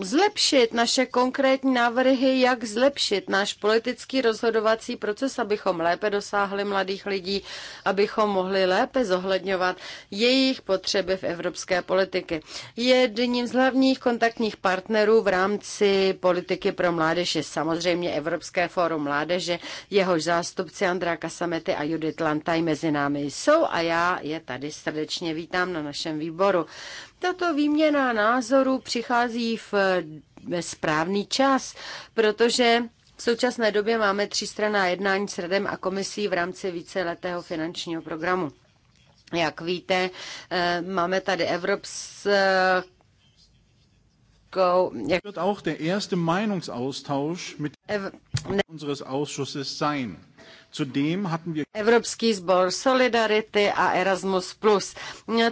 zlepšit naše konkrétní návrhy, jak zlepšit náš politický rozhodovací proces, abychom lépe dosáhli mladých lidí, abychom mohli lépe zohledňovat jejich potřeby v evropské politiky. Jedním z hlavních kontaktních partnerů v rámci politiky pro mládež je samozřejmě Evropské fórum mládeže, jehož zástupci Andrá Kasamety a Judith Lantaj mezi námi jsou a já je tady srdečně vítám na našem výboru. Tato výměna názorů přichází v správný čas, protože v současné době máme třístranná jednání s Radem a komisí v rámci víceletého finančního programu. Jak víte, eh, máme tady Evropskou Wird auch der erste Meinungsaustausch mit unseres Ausschusses sein. Evropský sbor Solidarity a Erasmus+. Plus.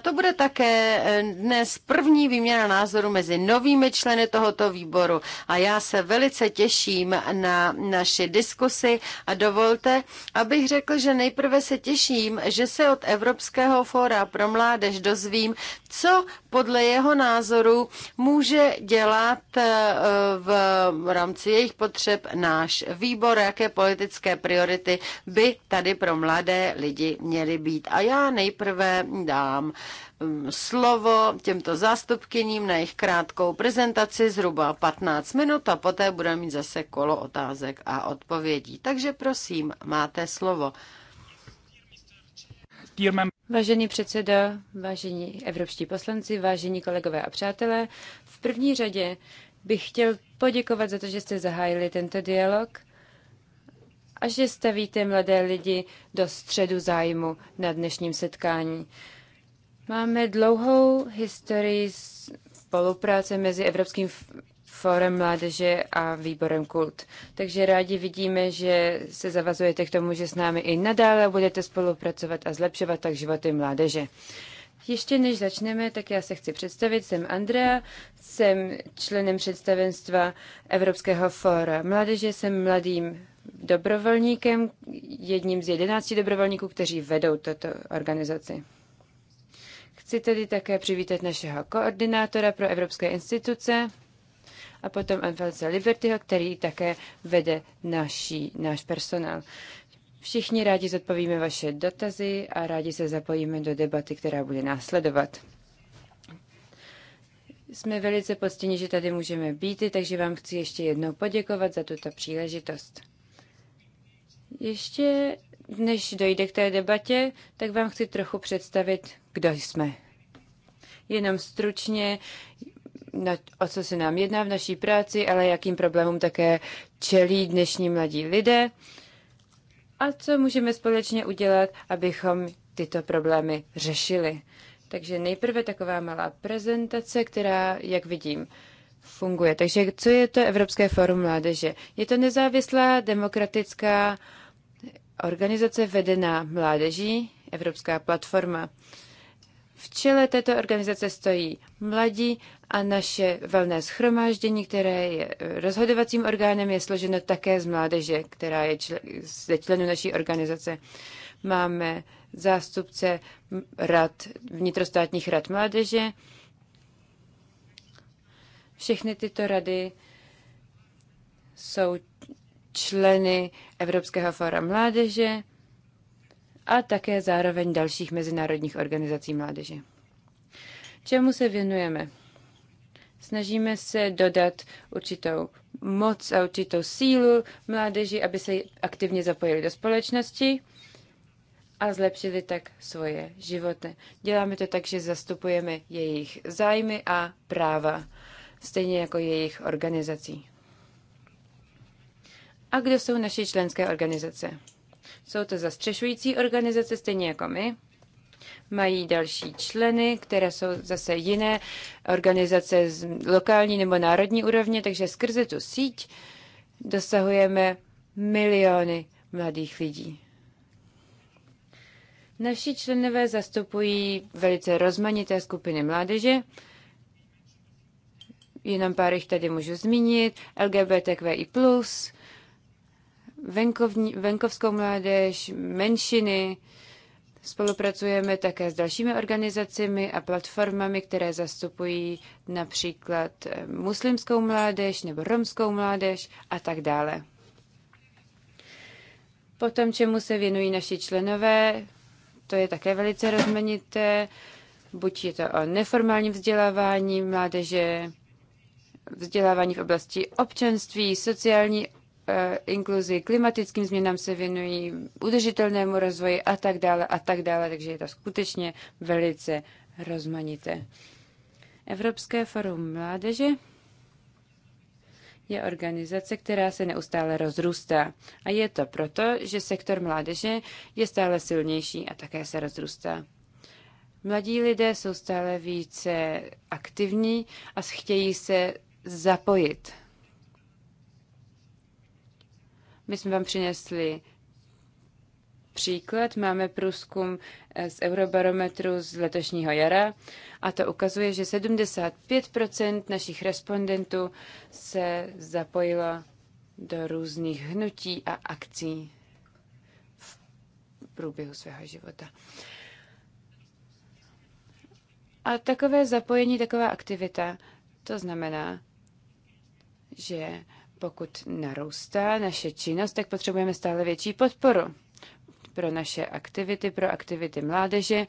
To bude také eh, dnes první výměna názoru mezi novými členy tohoto výboru a já se velice těším na naši diskusy a dovolte, abych řekl, že nejprve se těším, že se od Evropského fóra pro mládež dozvím, co podle jeho názoru může dělat eh, v rámci jejich potřeb náš výbor, jaké politické priority aktivity by tady pro mladé lidi měly být. A já nejprve dám mm, slovo těmto zástupkyním na jejich krátkou prezentaci zhruba 15 minut a poté budeme mít zase kolo otázek a odpovědí. Takže prosím, máte slovo. Vážený předseda, vážení evropští poslanci, vážení kolegové a přátelé, v první řadě bych chtěl poděkovat za to, že jste zahájili tento dialog a že stavíte mladé lidi do středu zájmu na dnešním setkání. Máme dlouhou historii spolupráce mezi Evropským Fórem mládeže a výborem kult. Takže rádi vidíme, že se zavazujete k tomu, že s námi i nadále budete spolupracovat a zlepšovat tak životy mládeže. Ještě než začneme, tak já se chci představit. Jsem Andrea, jsem členem představenstva Evropského fóra mládeže, jsem mladým dobrovolníkem, jedním z jedenácti dobrovolníků, kteří vedou tuto organizaci. Chci tedy také přivítat našeho koordinátora pro evropské instituce a potom Anfalce Libertyho, který také vede naší, náš personál. Všichni rádi zodpovíme vaše dotazy a rádi se zapojíme do debaty, která bude následovat. Jsme velice poctěni, že tady můžeme být, takže vám chci ještě jednou poděkovat za tuto příležitost. Ještě než dojde k té debatě, tak vám chci trochu představit, kdo jsme. Jenom stručně, na, o co se nám jedná v naší práci, ale jakým problémům také čelí dnešní mladí lidé a co můžeme společně udělat, abychom tyto problémy řešili. Takže nejprve taková malá prezentace, která, jak vidím, funguje. Takže co je to Evropské fórum mládeže? Je to nezávislá demokratická organizace vedená mládeží, Evropská platforma. V čele této organizace stojí mladí a naše valné schromáždění, které je eh, rozhodovacím orgánem, je složeno také z mládeže, která je čl- ze členů naší organizace. Máme zástupce rad, vnitrostátních rad mládeže. Všechny tyto rady jsou členy Evropského fóra mládeže a také zároveň dalších mezinárodních organizací mládeže. Čemu se věnujeme? Snažíme se dodat určitou moc a určitou sílu mládeži, aby se aktivně zapojili do společnosti a zlepšili tak svoje životy. Děláme to tak, že zastupujeme jejich zájmy a práva, stejně jako jejich organizací. A kdo jsou naše členské organizace? Jsou to zastřešující organizace, stejně jako my. Mají další členy, které jsou zase jiné organizace z lokální nebo národní úrovně, takže skrze tu síť dosahujeme miliony mladých lidí. Naši členové zastupují velice rozmanité skupiny mládeže. Jenom pár jich tady můžu zmínit. LGBTQI+, venkovní, venkovskou mládež, menšiny. Spolupracujeme také s dalšími organizacemi a platformami, které zastupují například eh, muslimskou mládež nebo romskou mládež a tak dále. Potom, čemu se věnují naši členové, to je také velice rozmanité. Buď je to o neformálním vzdělávání mládeže, vzdělávání v oblasti občanství, sociální E, inkluzi, klimatickým změnám se věnují, udržitelnému rozvoji a tak dále a tak dále, takže je to skutečně velice rozmanité. Evropské forum mládeže je organizace, která se neustále rozrůstá. A je to proto, že sektor mládeže je stále silnější a také se rozrůstá. Mladí lidé jsou stále více aktivní a chtějí se zapojit my jsme vám přinesli příklad. Máme průzkum eh, z Eurobarometru z letošního jara a to ukazuje, že 75 našich respondentů se zapojilo do různých hnutí a akcí v průběhu svého života. A takové zapojení, taková aktivita, to znamená, že pokud narůstá naše činnost, tak potřebujeme stále větší podporu pro naše aktivity, pro aktivity mládeže.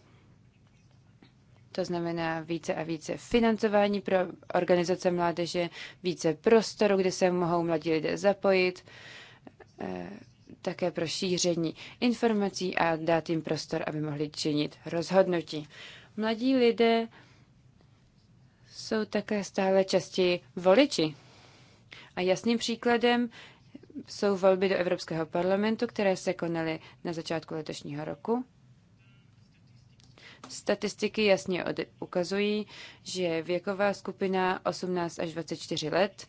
To znamená více a více financování pro organizace mládeže, více prostoru, kde se mohou mladí lidé zapojit, eh, také pro šíření informací a dát jim prostor, aby mohli činit rozhodnutí. Mladí lidé jsou také stále častěji voliči. A jasným příkladem jsou volby do Evropského parlamentu, které se konaly na začátku letošního roku. Statistiky jasně ukazují, že věková skupina 18 až 24 let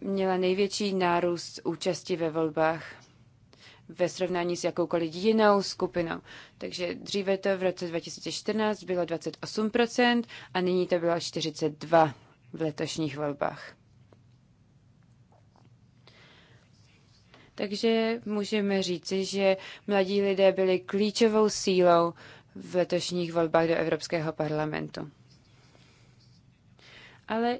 měla největší nárůst účasti ve volbách ve srovnání s jakoukoliv jinou skupinou. Takže dříve to v roce 2014 bylo 28% a nyní to bylo 42% v letošních volbách. Takže můžeme říci, že mladí lidé byli klíčovou sílou v letošních volbách do Evropského parlamentu. Ale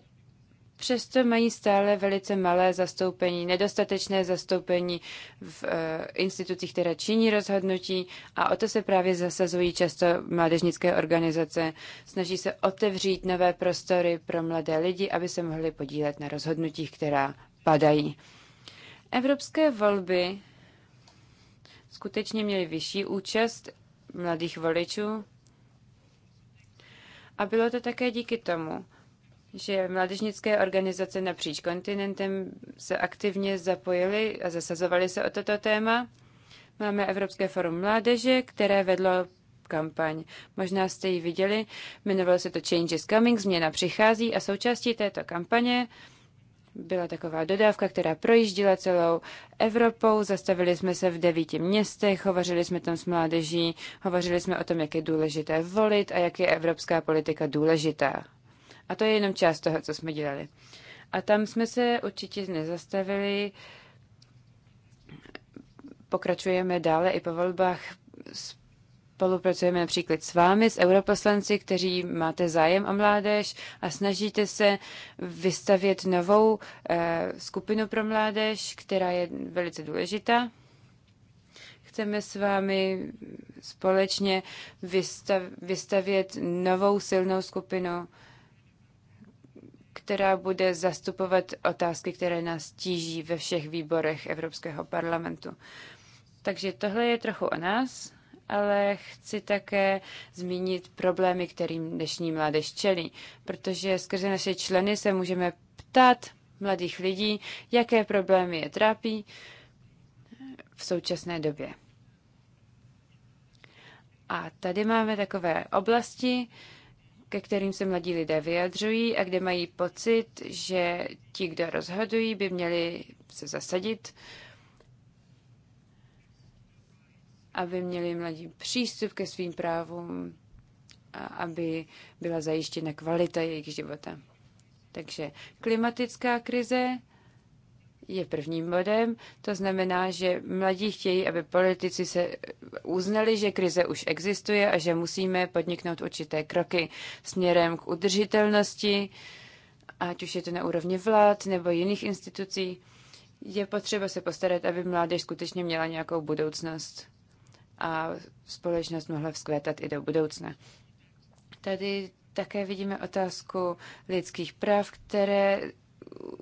přesto mají stále velice malé zastoupení, nedostatečné zastoupení v eh, institucích, které činí rozhodnutí a o to se právě zasazují často mládežnické organizace. Snaží se otevřít nové prostory pro mladé lidi, aby se mohli podílet na rozhodnutích, která padají. Evropské volby skutečně měly vyšší účast mladých voličů a bylo to také díky tomu, že mládežnické organizace napříč kontinentem se aktivně zapojily a zasazovaly se o toto téma. Máme Evropské forum mládeže, které vedlo kampaň. Možná jste ji viděli, jmenovalo se to Change is Coming, změna přichází a součástí této kampaně byla taková dodávka, která projíždila celou Evropou. Zastavili jsme se v devíti městech, hovořili jsme tam s mládeží, hovořili jsme o tom, jak je důležité volit a jak je evropská politika důležitá. A to je jenom část toho, co jsme dělali. A tam jsme se určitě nezastavili. Pokračujeme dále i po volbách s Spolupracujeme například s vámi, s europoslanci, kteří máte zájem o mládež a snažíte se vystavět novou eh, skupinu pro mládež, která je velice důležitá chceme s vámi společně vystav, vystavět novou silnou skupinu, která bude zastupovat otázky, které nás tíží ve všech výborech Evropského parlamentu. Takže tohle je trochu o nás ale chci také zmínit problémy, kterým dnešní mládež čelí, protože skrze naše členy se můžeme ptát mladých lidí, jaké problémy je trápí v současné době. A tady máme takové oblasti, ke kterým se mladí lidé vyjadřují a kde mají pocit, že ti, kdo rozhodují, by měli se zasadit aby měli mladí přístup ke svým právům a aby byla zajištěna kvalita jejich života. Takže klimatická krize je prvním bodem. To znamená, že mladí chtějí, aby politici se uznali, že krize už existuje a že musíme podniknout určité kroky směrem k udržitelnosti, ať už je to na úrovni vlád nebo jiných institucí. Je potřeba se postarat, aby mládež skutečně měla nějakou budoucnost a společnost mohla vzkvétat i do budoucna. Tady také vidíme otázku lidských práv, které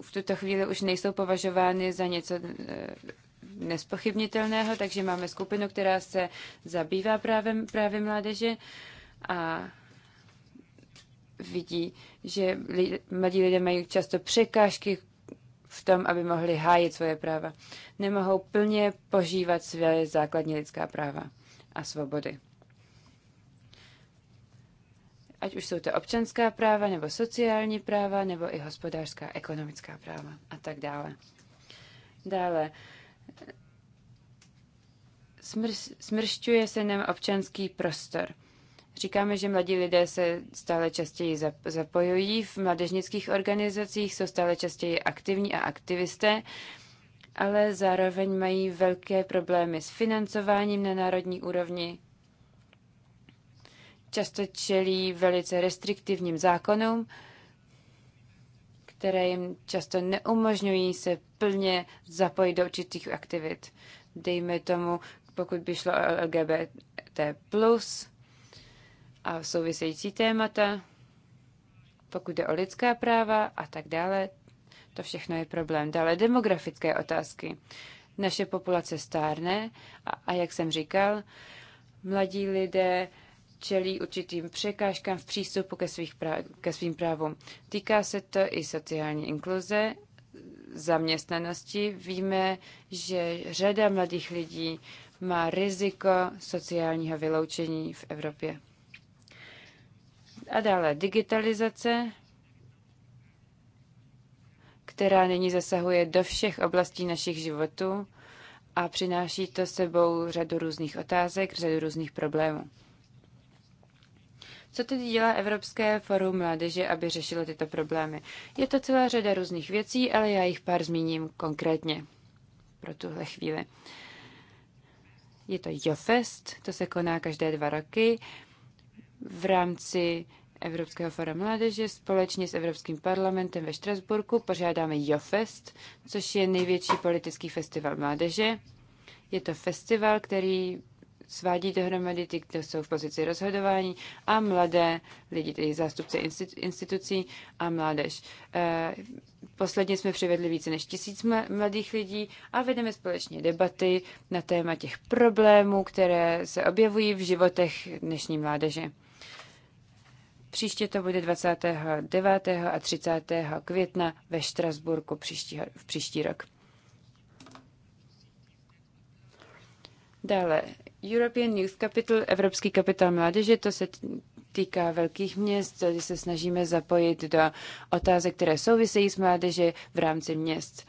v tuto chvíli už nejsou považovány za něco eh, nespochybnitelného, takže máme skupinu, která se zabývá právem, právě mládeže a vidí, že mladí lidé mají často překážky, v tom, aby mohli hájit svoje práva. Nemohou plně požívat své základní lidská práva a svobody. Ať už jsou to občanská práva, nebo sociální práva, nebo i hospodářská, ekonomická práva a tak dále. Dále. Smr- smršťuje se nám občanský prostor. Říkáme, že mladí lidé se stále častěji zapojují v mládežnických organizacích, jsou stále častěji aktivní a aktivisté, ale zároveň mají velké problémy s financováním na národní úrovni. Často čelí velice restriktivním zákonům, které jim často neumožňují se plně zapojit do určitých aktivit. Dejme tomu, pokud by šlo o LGBT+, a související témata, pokud jde o lidská práva a tak dále, to všechno je problém. Dále demografické otázky. Naše populace stárne a, a jak jsem říkal, mladí lidé čelí určitým překážkám v přístupu ke, svých práv, ke svým právům. Týká se to i sociální inkluze, zaměstnanosti. Víme, že řada mladých lidí má riziko sociálního vyloučení v Evropě. A dále digitalizace, která nyní zasahuje do všech oblastí našich životů a přináší to sebou řadu různých otázek, řadu různých problémů. Co tedy dělá Evropské forum mládeže, aby řešilo tyto problémy? Je to celá řada různých věcí, ale já jich pár zmíním konkrétně pro tuhle chvíli. Je to JoFest, to se koná každé dva roky v rámci Evropského fora mládeže společně s Evropským parlamentem ve Štrasburku pořádáme JoFest, což je největší politický festival mládeže. Je to festival, který svádí dohromady ty, kdo jsou v pozici rozhodování a mladé lidi, tedy zástupce institucí a mládež. Eh, posledně jsme přivedli více než tisíc mladých lidí a vedeme společně debaty na téma těch problémů, které se objevují v životech dnešní mládeže. Příště to bude 29. a 30. května ve Štrasburku příští, v příští rok. Dále European Youth Capital, Evropský kapitál mládeže, to se týká velkých měst, kde se snažíme zapojit do otázek, které souvisejí s mládeže v rámci měst.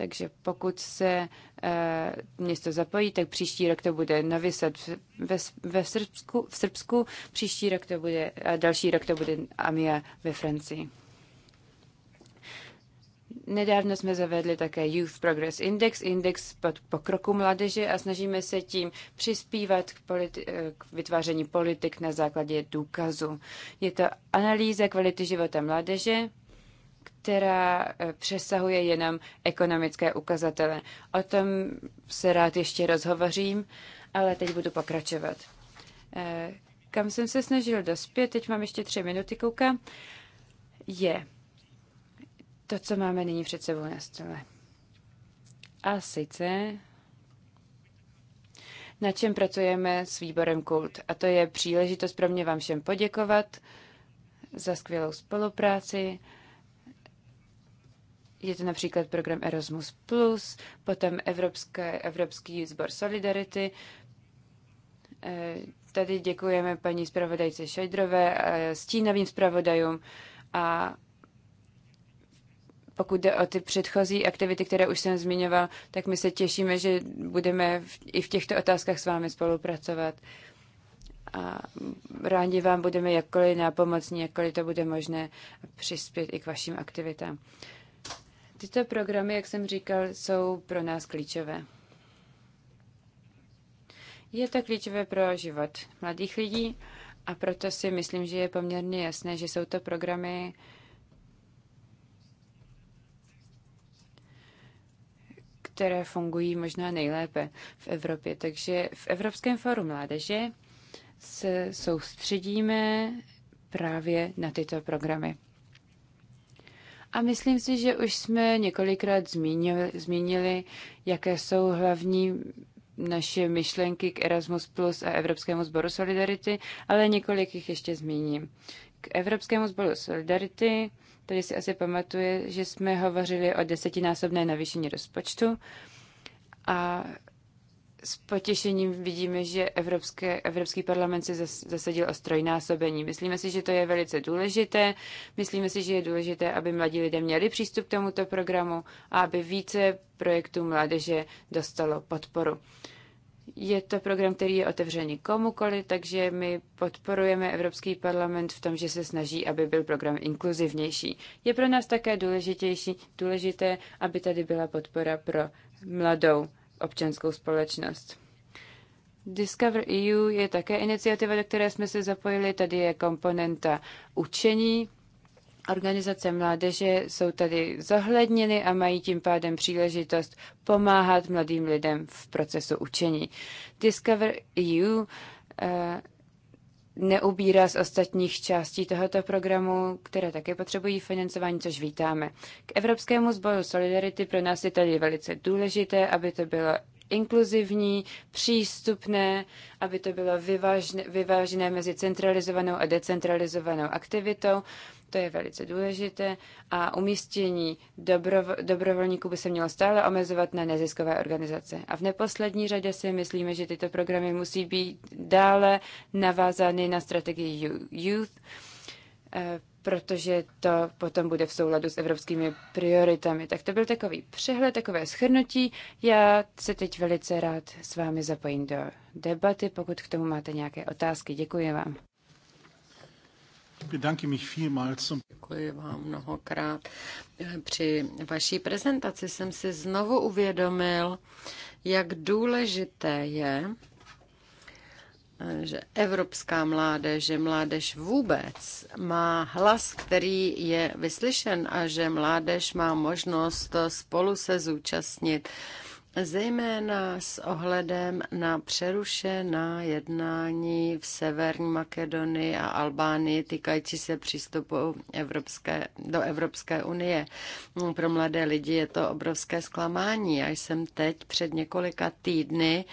Takže pokud se uh, město zapojí, tak příští rok to bude na ve, ve Srbsku, v Srbsku, příští rok to bude, a další rok to bude Amia ve Francii. Nedávno jsme zavedli také Youth Progress Index, index pod pokroku mládeže a snažíme se tím přispívat k, politi- k vytváření politik na základě důkazu. Je to analýza kvality života mládeže která eh, přesahuje jenom ekonomické ukazatele. O tom se rád ještě rozhovořím, ale teď budu pokračovat. Eh, kam jsem se snažil dospět, teď mám ještě tři minuty, kouka, je to, co máme nyní před sebou na stole. A sice na čem pracujeme s výborem Kult. A to je příležitost pro mě vám všem poděkovat za skvělou spolupráci je to například program Erasmus+, potom Evropské, Evropský sbor Solidarity. Eh, tady děkujeme paní zpravodajce Šajdrové, eh, stínovým zpravodajům a pokud jde o ty předchozí aktivity, které už jsem zmiňoval, tak my se těšíme, že budeme v, i v těchto otázkách s vámi spolupracovat. A rádi vám budeme jakkoliv nápomocní, jakkoliv to bude možné přispět i k vašim aktivitám. Tyto programy, jak jsem říkal, jsou pro nás klíčové. Je to klíčové pro život mladých lidí a proto si myslím, že je poměrně jasné, že jsou to programy, které fungují možná nejlépe v Evropě. Takže v Evropském fóru mládeže se soustředíme právě na tyto programy. A myslím si, že už jsme několikrát zmínili, zmínili jaké jsou hlavní naše myšlenky k Erasmus Plus a Evropskému sboru Solidarity, ale několik jich ještě zmíním. K Evropskému sboru Solidarity, tady si asi pamatuje, že jsme hovořili o desetinásobné navýšení rozpočtu a s potěšením vidíme, že Evropské, Evropský parlament se zasadil o strojnásobení. Myslíme si, že to je velice důležité. Myslíme si, že je důležité, aby mladí lidé měli přístup k tomuto programu a aby více projektů mládeže dostalo podporu. Je to program, který je otevřený komukoli, takže my podporujeme Evropský parlament v tom, že se snaží, aby byl program inkluzivnější. Je pro nás také důležitější, důležité, aby tady byla podpora pro mladou občanskou společnost. Discover EU je také iniciativa, do které jsme se zapojili. Tady je komponenta učení. Organizace mládeže jsou tady zohledněny a mají tím pádem příležitost pomáhat mladým lidem v procesu učení. Discover EU eh, neubírá z ostatních částí tohoto programu, které také potřebují financování, což vítáme. K Evropskému sboru Solidarity pro nás je tady velice důležité, aby to bylo inkluzivní, přístupné, aby to bylo vyvážné, vyvážené mezi centralizovanou a decentralizovanou aktivitou. To je velice důležité. A umístění dobrov, dobrovolníků by se mělo stále omezovat na neziskové organizace. A v neposlední řadě si myslíme, že tyto programy musí být dále navázány na strategii Youth eh, protože to potom bude v souladu s evropskými prioritami. Tak to byl takový přehled, takové schrnutí. Já se teď velice rád s vámi zapojím do debaty, pokud k tomu máte nějaké otázky. Děkuji vám. Děkuji vám mnohokrát. Při vaší prezentaci jsem si znovu uvědomil, jak důležité je, že evropská mládež, že mládež vůbec má hlas, který je vyslyšen a že mládež má možnost spolu se zúčastnit, zejména s ohledem na přerušená jednání v Severní Makedonii a Albánii týkající se přístupu Evropské, do Evropské unie. Pro mladé lidi je to obrovské zklamání. Já jsem teď před několika týdny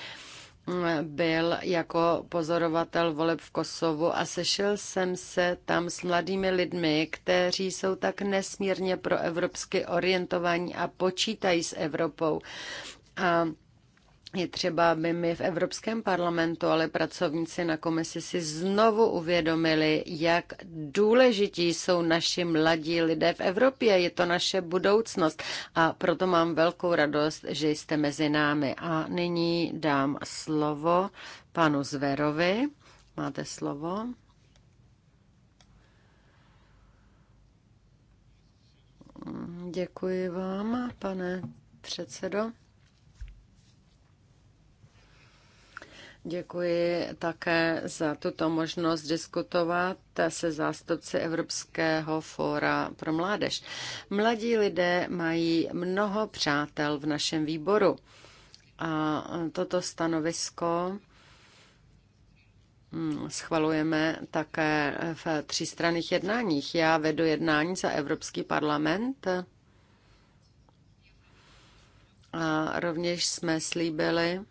byl jako pozorovatel voleb v Kosovu a sešel jsem se tam s mladými lidmi, kteří jsou tak nesmírně pro evropsky orientovaní a počítají s Evropou. A je třeba, aby my v Evropském parlamentu, ale pracovníci na komisi si znovu uvědomili, jak důležití jsou naši mladí lidé v Evropě. Je to naše budoucnost a proto mám velkou radost, že jste mezi námi. A nyní dám slovo panu Zverovi. Máte slovo. Děkuji vám, pane předsedo. Děkuji také za tuto možnost diskutovat se zástupci Evropského fóra pro mládež. Mladí lidé mají mnoho přátel v našem výboru a toto stanovisko hm, schvalujeme také v třístranných jednáních. Já vedu jednání za Evropský parlament a rovněž jsme slíbili,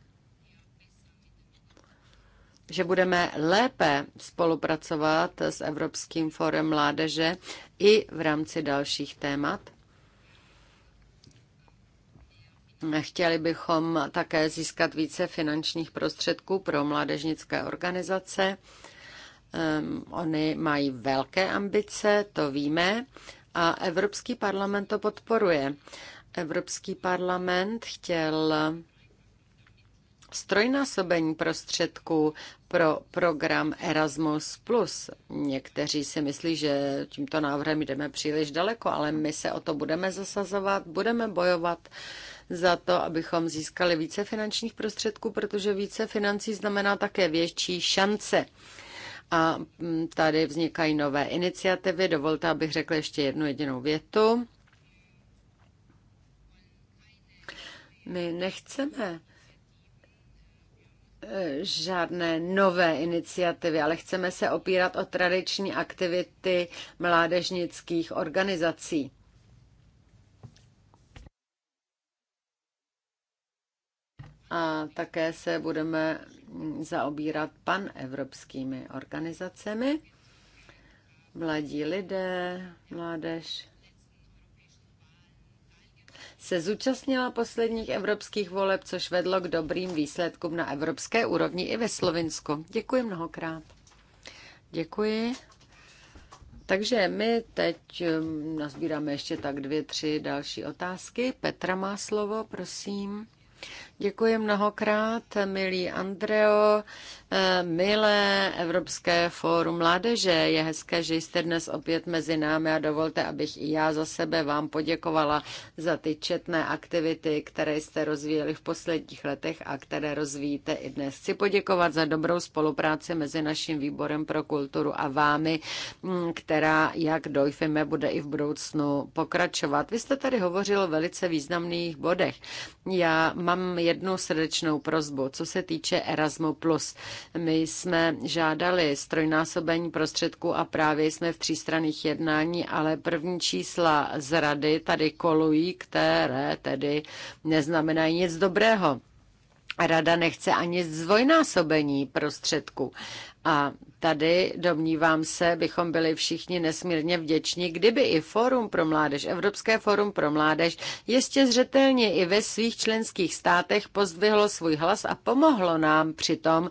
že budeme lépe spolupracovat s Evropským fórem mládeže i v rámci dalších témat. Chtěli bychom také získat více finančních prostředků pro mládežnické organizace. Um, oni mají velké ambice, to víme, a Evropský parlament to podporuje. Evropský parlament chtěl strojnásobení prostředků pro program Erasmus+. Někteří si myslí, že tímto návrhem jdeme příliš daleko, ale my se o to budeme zasazovat, budeme bojovat za to, abychom získali více finančních prostředků, protože více financí znamená také větší šance. A mm, tady vznikají nové iniciativy. Dovolte, abych řekl ještě jednu jedinou větu. My nechceme žádné nové iniciativy, ale chceme se opírat o tradiční aktivity mládežnických organizací. A také se budeme zaobírat pan evropskými organizacemi. Mladí lidé, mládež, se zúčastnila posledních evropských voleb, což vedlo k dobrým výsledkům na evropské úrovni i ve Slovinsku. Děkuji mnohokrát. Děkuji. Takže my teď um, nazbíráme ještě tak dvě, tři další otázky. Petra má slovo, prosím. Děkuji mnohokrát, milý Andreo. Eh, milé Evropské fórum mládeže, je hezké, že jste dnes opět mezi námi a dovolte, abych i já za sebe vám poděkovala za ty četné aktivity, které jste rozvíjeli v posledních letech a které rozvíjíte i dnes. Chci poděkovat za dobrou spolupráci mezi naším výborem pro kulturu a vámi, mm, která, jak doufíme, bude i v budoucnu pokračovat. Vy jste tady hovořil o velice významných bodech. Já mám jednu srdečnou prozbu, co se týče Erasmus+. My jsme žádali strojnásobení prostředků a právě jsme v přístraných jednání, ale první čísla z rady tady kolují, které tedy neznamenají nic dobrého. Rada nechce ani zdvojnásobení prostředků. A tady, domnívám se, bychom byli všichni nesmírně vděční, kdyby i Fórum pro mládež, Evropské fórum pro mládež, ještě zřetelně i ve svých členských státech pozdvihlo svůj hlas a pomohlo nám přitom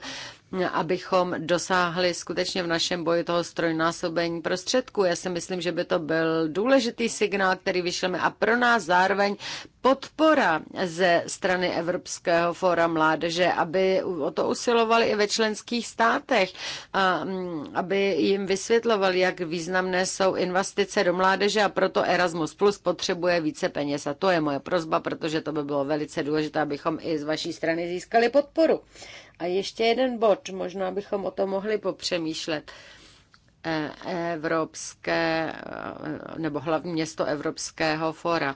abychom dosáhli skutečně v našem boji toho strojnásobení prostředků. Já si myslím, že by to byl důležitý signál, který vyšleme a pro nás zároveň podpora ze strany Evropského fóra mládeže, aby o to usilovali i ve členských státech, a, mm, aby jim vysvětlovali, jak významné jsou investice do mládeže a proto Erasmus Plus potřebuje více peněz. A to je moje prozba, protože to by bylo velice důležité, abychom i z vaší strany získali podporu. A ještě jeden bod, možná bychom o tom mohli popřemýšlet. E, evropské, e, nebo hlavní město Evropského fora.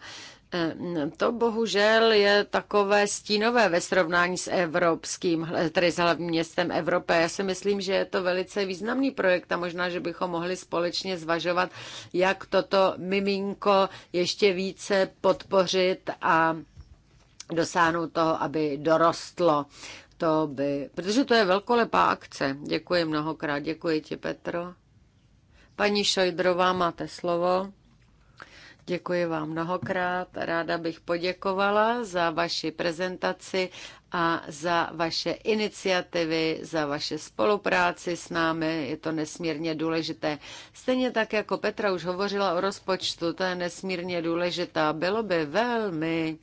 E, to bohužel je takové stínové ve srovnání s evropským, tedy s hlavním městem Evropy. Já si myslím, že je to velice významný projekt a možná, že bychom mohli společně zvažovat, jak toto miminko ještě více podpořit a dosáhnout toho, aby dorostlo to by, protože to je velkolepá akce. Děkuji mnohokrát, děkuji ti Petro. Paní Šojdrová, máte slovo. Děkuji vám mnohokrát. Ráda bych poděkovala za vaši prezentaci a za vaše iniciativy, za vaše spolupráci s námi. Je to nesmírně důležité. Stejně tak, jako Petra už hovořila o rozpočtu, to je nesmírně důležité. Bylo by velmi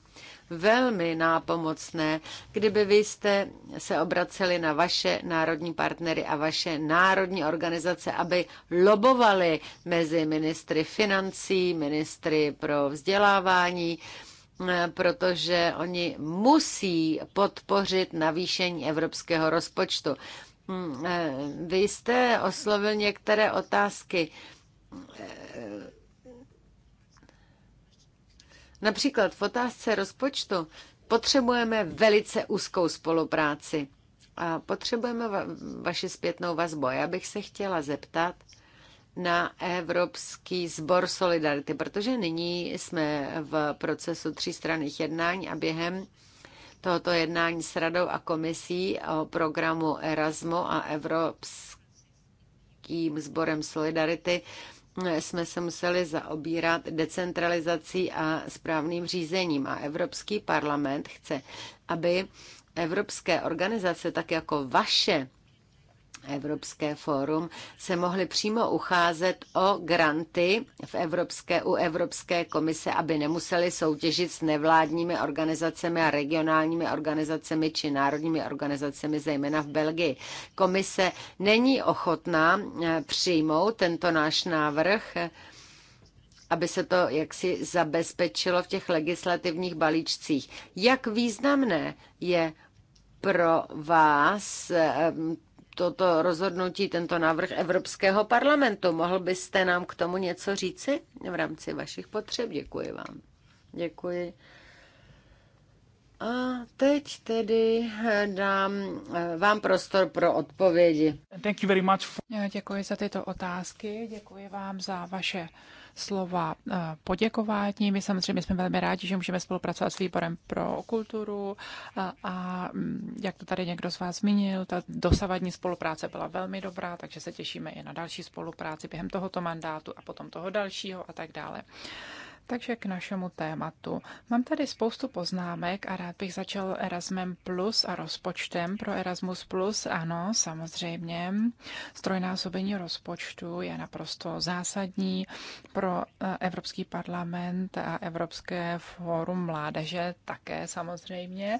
velmi nápomocné, kdyby vy jste se obraceli na vaše národní partnery a vaše národní organizace, aby lobovali mezi ministry financí, ministry pro vzdělávání, protože oni musí podpořit navýšení evropského rozpočtu. Hm, eh, vy jste oslovil některé otázky Například v otázce rozpočtu potřebujeme velice úzkou spolupráci a potřebujeme va- vaši zpětnou vazbu. Já bych se chtěla zeptat na Evropský sbor Solidarity, protože nyní jsme v procesu třístranných jednání a během tohoto jednání s Radou a komisí o programu Erasmo a Evropským sborem Solidarity jsme se museli zaobírat decentralizací a správným řízením. A Evropský parlament chce, aby evropské organizace, tak jako vaše, Evropské fórum se mohli přímo ucházet o granty v Evropské, u Evropské komise, aby nemuseli soutěžit s nevládními organizacemi a regionálními organizacemi či národními organizacemi, zejména v Belgii. Komise není ochotná eh, přijmout tento náš návrh, aby se to jaksi zabezpečilo v těch legislativních balíčcích. Jak významné je pro vás eh, toto rozhodnutí, tento návrh Evropského parlamentu. Mohl byste nám k tomu něco říci v rámci vašich potřeb? Děkuji vám. Děkuji. A teď tedy eh, dám eh, vám prostor pro odpovědi. Děkuji za tyto otázky, děkuji vám za vaše slova eh, poděkování. My samozřejmě jsme velmi rádi, že můžeme spolupracovat s výborem pro kulturu a, a mm, jak to tady někdo z vás zmínil, ta dosavadní spolupráce byla velmi dobrá, takže se těšíme i na další spolupráci během tohoto mandátu a potom toho dalšího a tak dále. Takže k našemu tématu. Mám tady spoustu poznámek a rád bych začal Erasmem Plus a rozpočtem pro Erasmus Plus. Ano, samozřejmě. Strojnásobení rozpočtu je naprosto zásadní pro eh, Evropský parlament a Evropské fórum mládeže také samozřejmě.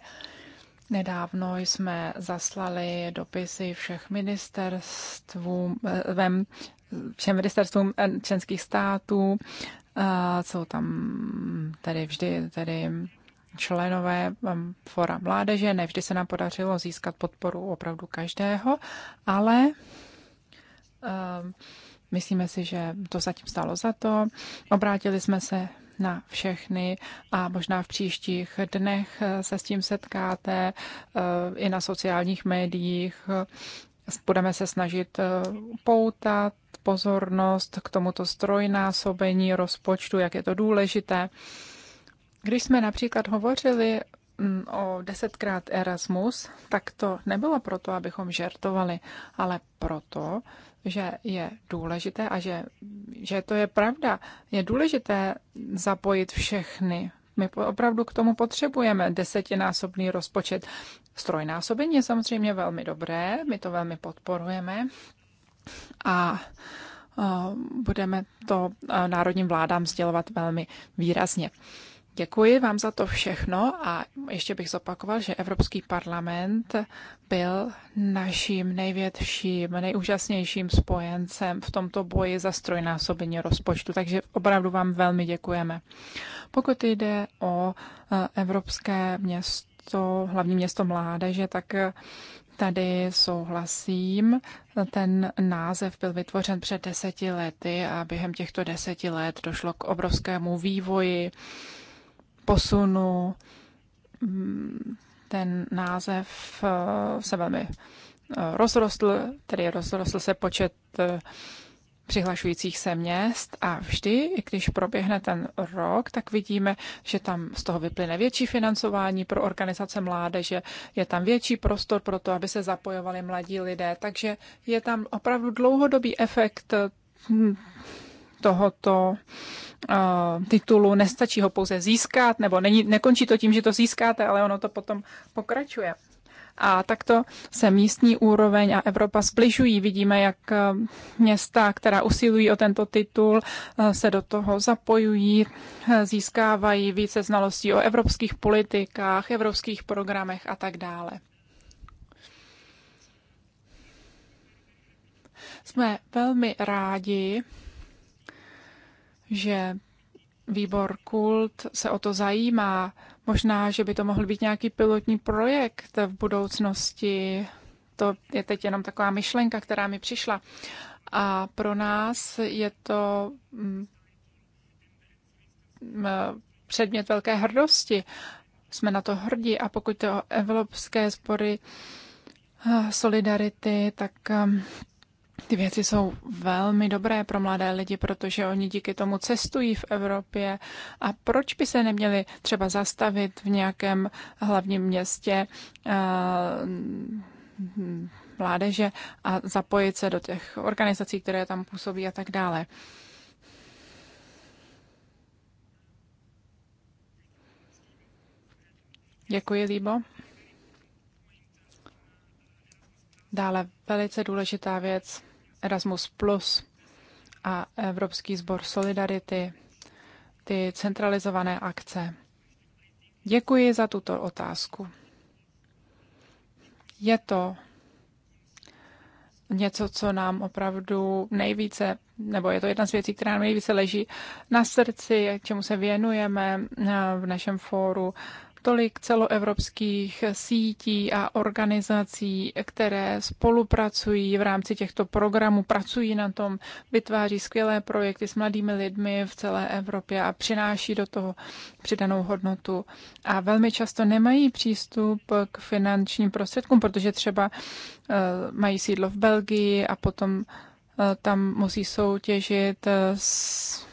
Nedávno jsme zaslali dopisy všech ministerstvům, eh, eh, všem ministerstvům členských států jsou tam tady vždy tady členové um, Fora mládeže. Nevždy se nám podařilo získat podporu opravdu každého, ale um, myslíme si, že to zatím stálo za to. Obrátili jsme se na všechny a možná v příštích dnech se s tím setkáte uh, i na sociálních médiích budeme se snažit eh, poutat pozornost k tomuto strojnásobení rozpočtu, jak je to důležité. Když jsme například hovořili mm, o desetkrát Erasmus, tak to nebylo proto, abychom žertovali, ale proto, že je důležité a že, že to je pravda. Je důležité zapojit všechny. My opravdu k tomu potřebujeme desetinásobný rozpočet strojnásobení je samozřejmě velmi dobré, my to velmi podporujeme a budeme to národním vládám sdělovat velmi výrazně. Děkuji vám za to všechno a ještě bych zopakoval, že Evropský parlament byl naším největším, nejúžasnějším spojencem v tomto boji za strojnásobení rozpočtu, takže opravdu vám velmi děkujeme. Pokud jde o Evropské město, to hlavní město mládeže, tak tady souhlasím. Ten název byl vytvořen před deseti lety a během těchto deseti let došlo k obrovskému vývoji, posunu. Ten název eh, se velmi eh, rozrostl, tedy rozrostl se počet eh, přihlašujících se měst a vždy, i když proběhne ten rok, tak vidíme, že tam z toho vyplyne větší financování pro organizace mládeže, je tam větší prostor pro to, aby se zapojovali mladí lidé, takže je tam opravdu dlouhodobý efekt hm, tohoto uh, titulu. Nestačí ho pouze získat, nebo není, nekončí to tím, že to získáte, ale ono to potom pokračuje. A takto se místní úroveň a Evropa zbližují. Vidíme, jak eh, města, která usilují o tento titul, eh, se do toho zapojují, eh, získávají více znalostí o evropských politikách, evropských programech a tak dále. Jsme velmi rádi, že výbor Kult se o to zajímá. Možná, že by to mohl být nějaký pilotní projekt v budoucnosti. To je teď jenom taková myšlenka, která mi přišla. A pro nás je to mm, mm, předmět velké hrdosti. Jsme na to hrdí a pokud to evropské spory eh, solidarity, tak mm, ty věci jsou velmi dobré pro mladé lidi, protože oni díky tomu cestují v Evropě. A proč by se neměli třeba zastavit v nějakém hlavním městě eh, mládeže a zapojit se do těch organizací, které tam působí a tak dále? Děkuji, Líbo. Dále velice důležitá věc Erasmus Plus a Evropský sbor Solidarity, ty centralizované akce. Děkuji za tuto otázku. Je to něco, co nám opravdu nejvíce, nebo je to jedna z věcí, která nám nejvíce leží na srdci, čemu se věnujeme eh, v našem fóru tolik celoevropských sítí a organizací, které spolupracují v rámci těchto programů, pracují na tom, vytváří skvělé projekty s mladými lidmi v celé Evropě a přináší do toho přidanou hodnotu. A velmi často nemají přístup k finančním prostředkům, protože třeba eh, mají sídlo v Belgii a potom eh, tam musí soutěžit eh, s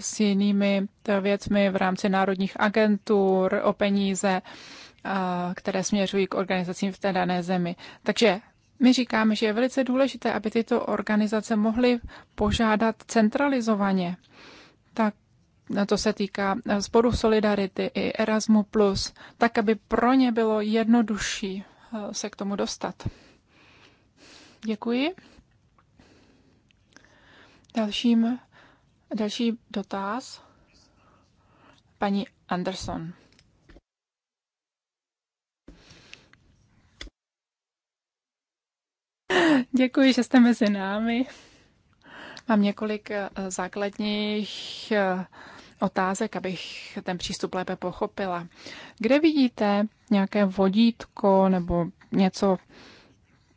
s jinými e, věcmi v rámci národních agentur o peníze, které směřují k organizacím v té dané zemi. Takže my říkáme, že je velice důležité, aby tyto organizace mohly požádat centralizovaně. Tak na to se týká e, sporu Solidarity i Erasmu+, tak aby pro ně bylo jednodušší e, se k tomu dostat. Děkuji. Dalším Další dotaz. Paní Anderson. Děkuji, že jste mezi námi. Mám několik eh, základních eh, otázek, abych ten přístup lépe pochopila. Kde vidíte nějaké vodítko nebo něco,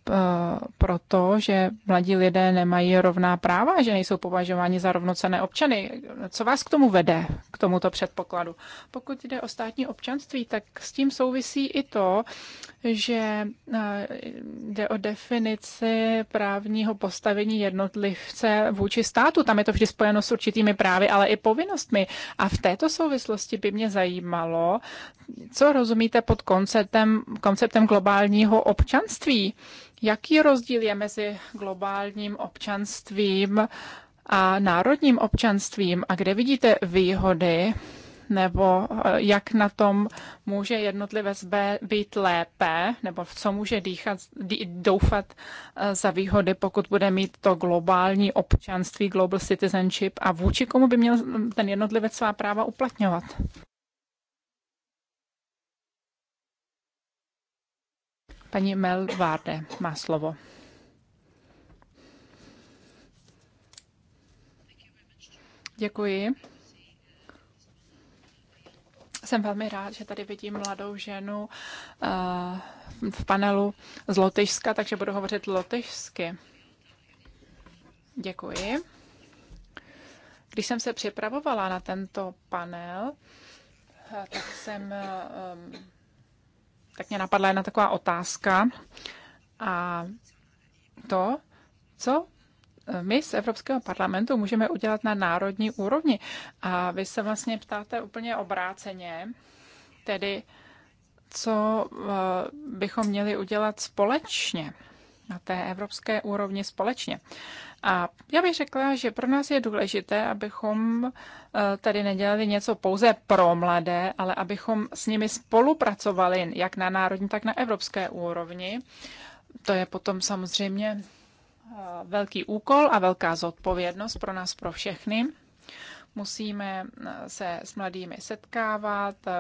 Eh, proto, že mladí lidé nemají rovná práva, že nejsou považováni za rovnocené občany. Co vás k tomu vede, k tomuto předpokladu? Pokud jde o státní občanství, tak s tím souvisí i to, že eh, jde o definici právního postavení jednotlivce vůči státu. Tam je to vždy spojeno s určitými právy, ale i povinnostmi. A v této souvislosti by mě zajímalo, co rozumíte pod konceptem, konceptem globálního občanství. Jaký rozdíl je mezi globálním občanstvím a národním občanstvím a kde vidíte výhody nebo eh, jak na tom může jednotlivec být lépe, nebo v co může dýchat, doufat eh, za výhody, pokud bude mít to globální občanství, global citizenship a vůči komu by měl ten jednotlivec svá práva uplatňovat. Paní Mel Várde má slovo. Děkuji. Jsem velmi rád, že tady vidím mladou ženu eh, v panelu z Lotyšska, takže budu hovořit lotyšsky. Děkuji. Když jsem se připravovala na tento panel, eh, tak jsem eh, tak mě napadla jedna taková otázka. A to, co e, my z Evropského parlamentu můžeme udělat na národní úrovni. A vy se vlastně ptáte úplně obráceně, tedy co e, bychom měli udělat společně na té evropské úrovni společně. A já bych řekla, že pro nás je důležité, abychom eh, tady nedělali něco pouze pro mladé, ale abychom s nimi spolupracovali jak na národní, tak na evropské úrovni. To je potom samozřejmě eh, velký úkol a velká zodpovědnost pro nás, pro všechny. Musíme eh, se s mladými setkávat, eh,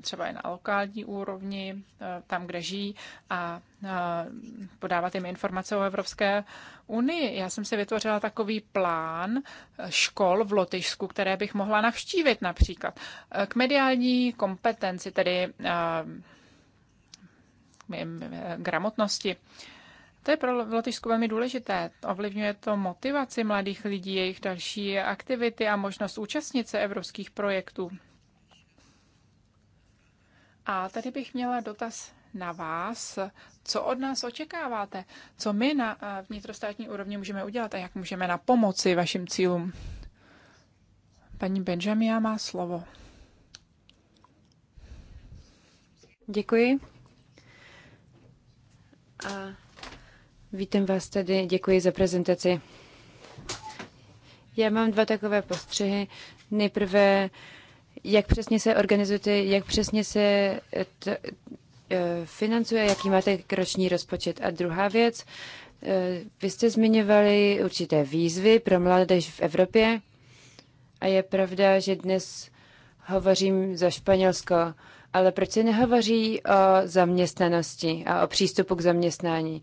třeba i na lokální úrovni, eh, tam, kde žijí, a podávat jim informace o Evropské unii. Já jsem si vytvořila takový plán škol v Lotyšsku, které bych mohla navštívit například. K mediální kompetenci, tedy gramotnosti. Uh, to je pro Lotyšsko velmi důležité. Ovlivňuje to motivaci mladých lidí, jejich další aktivity a možnost účastnit se evropských projektů. A tady bych měla dotaz na vás. Co od nás očekáváte? Co my na eh, vnitrostátní úrovni můžeme udělat a jak můžeme na pomoci vašim cílům? Paní Benjamia má slovo. Děkuji. A Vítám vás tady, děkuji za prezentaci. Já mám dva takové postřehy. Nejprve, jak přesně se organizujete, jak přesně se e, financuje, jaký máte roční rozpočet. A druhá věc, e, vy jste zmiňovali určité výzvy pro mládež v Evropě a je pravda, že dnes hovořím za Španělsko, ale proč se nehovoří o zaměstnanosti a o přístupu k zaměstnání?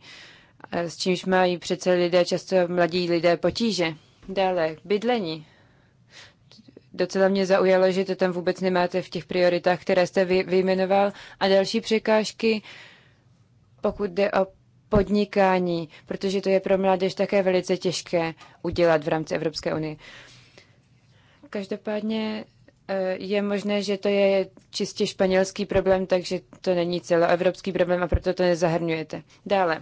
s čímž mají přece lidé, často mladí lidé, potíže. Dále, bydlení. Docela mě zaujalo, že to tam vůbec nemáte v těch prioritách, které jste vy, vyjmenoval. A další překážky, pokud jde o podnikání, protože to je pro mládež také velice těžké udělat v rámci Evropské unie. Každopádně eh, je možné, že to je čistě španělský problém, takže to není celoevropský problém a proto to nezahrnujete. Dále,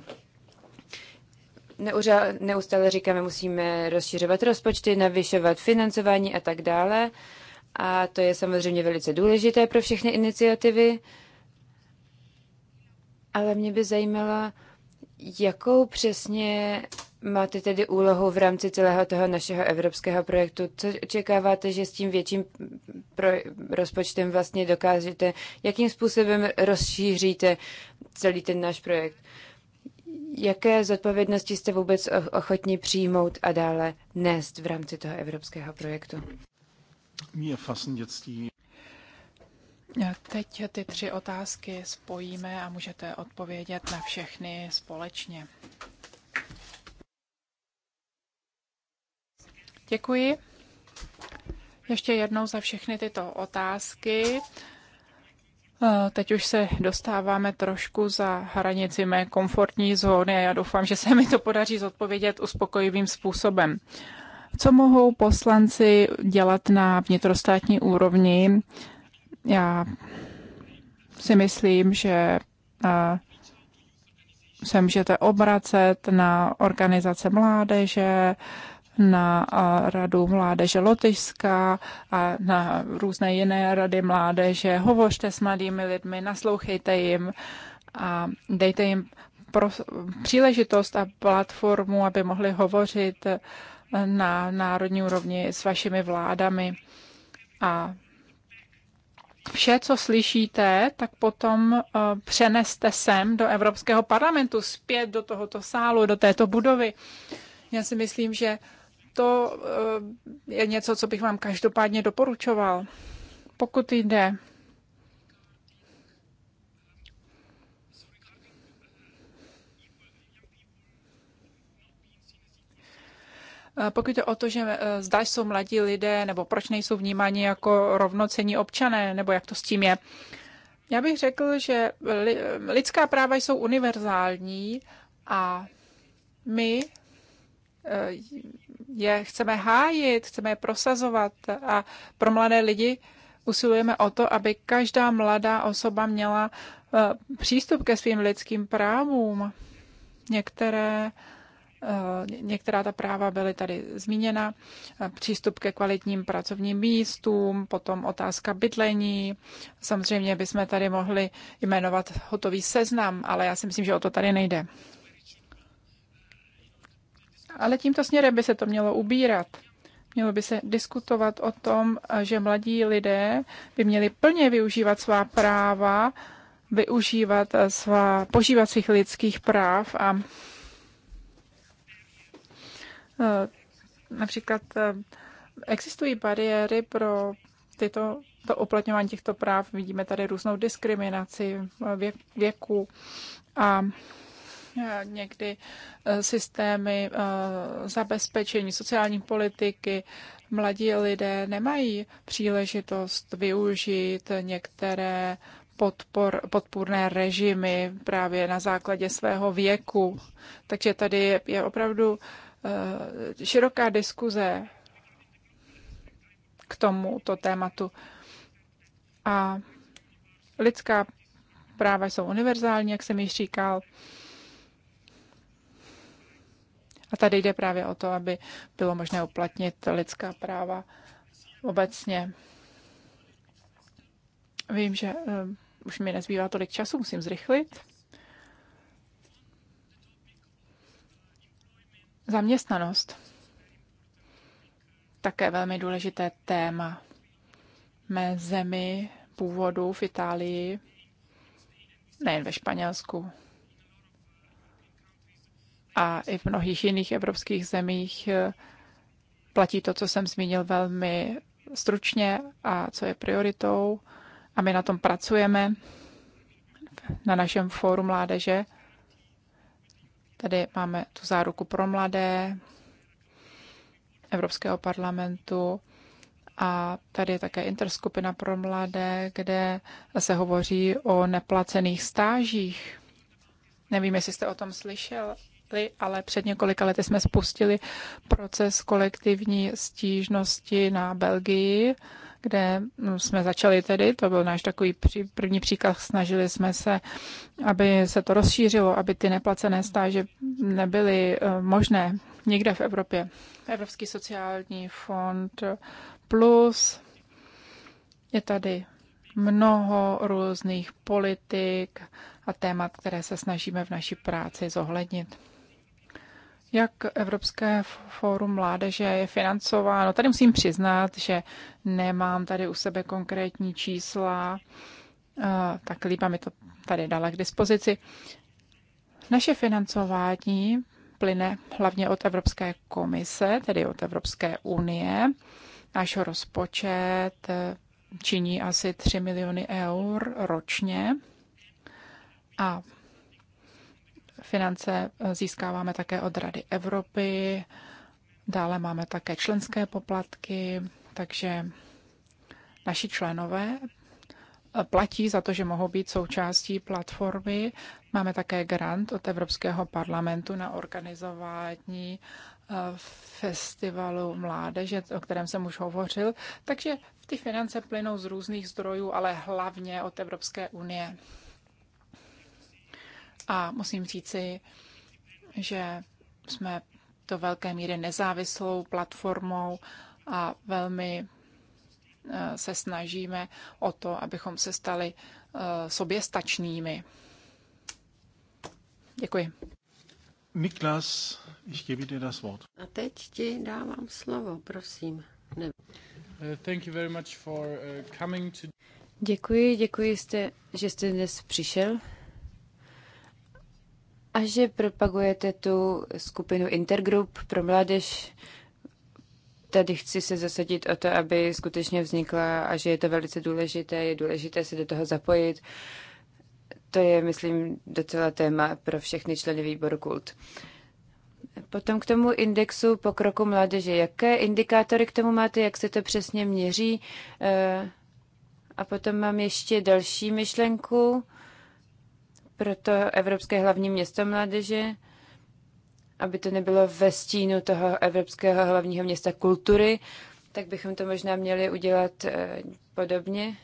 neustále, říkáme, musíme rozšiřovat rozpočty, navyšovat financování a tak dále. A to je samozřejmě velice důležité pro všechny iniciativy. Ale mě by zajímalo, jakou přesně máte tedy úlohu v rámci celého toho našeho evropského projektu? Co očekáváte, že s tím větším pro, rozpočtem vlastně dokážete? Jakým způsobem rozšíříte celý ten náš projekt? Uh, Jaké zodpovědnosti jste vůbec ochotni přijmout a dále nést v rámci toho evropského projektu? Mir fassen Teď ty tři otázky spojíme a můžete odpovědět na všechny společně. Děkuji ještě jednou za všechny tyto otázky. Teď už se dostáváme trošku za hranici mé komfortní zóny a já doufám, že se mi to podaří zodpovědět uspokojivým způsobem. Co mohou poslanci dělat na vnitrostátní úrovni? Já si myslím, že se můžete obracet na organizace mládeže, na radu mládeže Lotyšská a na různé jiné rady mládeže. Hovořte s mladými lidmi, naslouchejte jim a dejte jim pro, příležitost a platformu, aby mohli hovořit na národní úrovni s vašimi vládami. A vše, co slyšíte, tak potom e, přeneste sem do Evropského parlamentu, zpět do tohoto sálu, do této budovy. Já si myslím, že to eh, je něco, co bych vám každopádně doporučoval. Pokud jde eh, Pokud je o to, že eh, zda jsou mladí lidé, nebo proč nejsou vnímáni jako rovnocení občané, nebo jak to s tím je. Já bych řekl, že lidská práva jsou univerzální a my je chceme hájit, chceme je prosazovat a pro mladé lidi usilujeme o to, aby každá mladá osoba měla eh, přístup ke svým lidským právům. Některé, eh, některá ta práva byly tady zmíněna, eh, přístup ke kvalitním pracovním místům, potom otázka bydlení. Samozřejmě bychom tady mohli jmenovat hotový seznam, ale já si myslím, že o to tady nejde. Ale tímto směrem by se to mělo ubírat. Mělo by se diskutovat o tom, že mladí lidé by měli plně využívat svá práva, využívat eh, svá, požívacích lidských práv a eh, například eh, existují bariéry pro tyto, to uplatňování těchto práv. Vidíme tady různou diskriminaci věku a Eh, někdy eh, systémy eh, zabezpečení, sociální politiky, mladí lidé nemají příležitost využít některé podpor, podpůrné režimy právě na základě svého věku. Takže tady je opravdu široká diskuze k tomuto tématu. A lidská práva jsou univerzální, jak jsem již říkal. A tady jde právě o to, aby bylo možné uplatnit lidská práva obecně. Vím, že um, už mi nezbývá tolik času, musím zrychlit. Zaměstnanost. Také velmi důležité téma. Mé zemi původu v Itálii, nejen ve Španělsku, a i v mnohých jiných evropských zemích eh, platí to, co jsem zmínil velmi stručně a co je prioritou. A my na tom pracujeme na našem fóru mládeže. Tady máme tu záruku pro mladé Evropského parlamentu a tady je také interskupina pro mladé, kde se hovoří o neplacených stážích. Nevím, jestli jste o tom slyšel, nedohodli, ale před několika lety jsme spustili proces kolektivní stížnosti na Belgii, kde no, jsme začali tedy, to byl náš takový první příklad, snažili jsme se, aby se to rozšířilo, aby ty neplacené stáže nebyly eh, možné nikde v Evropě. Evropský sociální fond plus je tady mnoho různých politik a témat, které se snažíme v naší práci zohlednit jak Evropské fórum mládeže je financováno. Tady musím přiznat, že nemám tady u sebe konkrétní čísla, eh, tak Líba mi to tady dala k dispozici. Naše financování plyne hlavně od Evropské komise, tedy od Evropské unie. Náš rozpočet eh, činí asi 3 miliony eur ročně a Finance eh, získáváme také od Rady Evropy, dále máme také členské poplatky, takže naši členové eh, platí za to, že mohou být součástí platformy. Máme také grant od Evropského parlamentu na organizování eh, festivalu mládeže, o kterém jsem už hovořil. Takže ty finance plynou z různých zdrojů, ale hlavně od Evropské unie. A musím říci, že jsme do velké míry nezávislou platformou a velmi eh, se snažíme o to, abychom se stali eh, soběstačnými. Děkuji. Niklas, ich gebe dir das Wort. A teď ti dávám slovo, prosím. Ne. Eh, thank you very much for coming to... Děkuji, děkuji, jste, že jste dnes přišel a že propagujete tu skupinu Intergroup pro mládež. Tady chci se zasadit o to, aby skutečně vznikla a že je to velice důležité, je důležité se do toho zapojit. To je, myslím, docela téma pro všechny členy výboru KULT. Potom k tomu indexu pokroku mládeže. Jaké indikátory k tomu máte, jak se to přesně měří? Eh, a potom mám ještě další myšlenku proto Evropské hlavní město mládeže, aby to nebylo ve stínu toho Evropského hlavního města kultury, tak bychom to možná měli udělat eh, podobně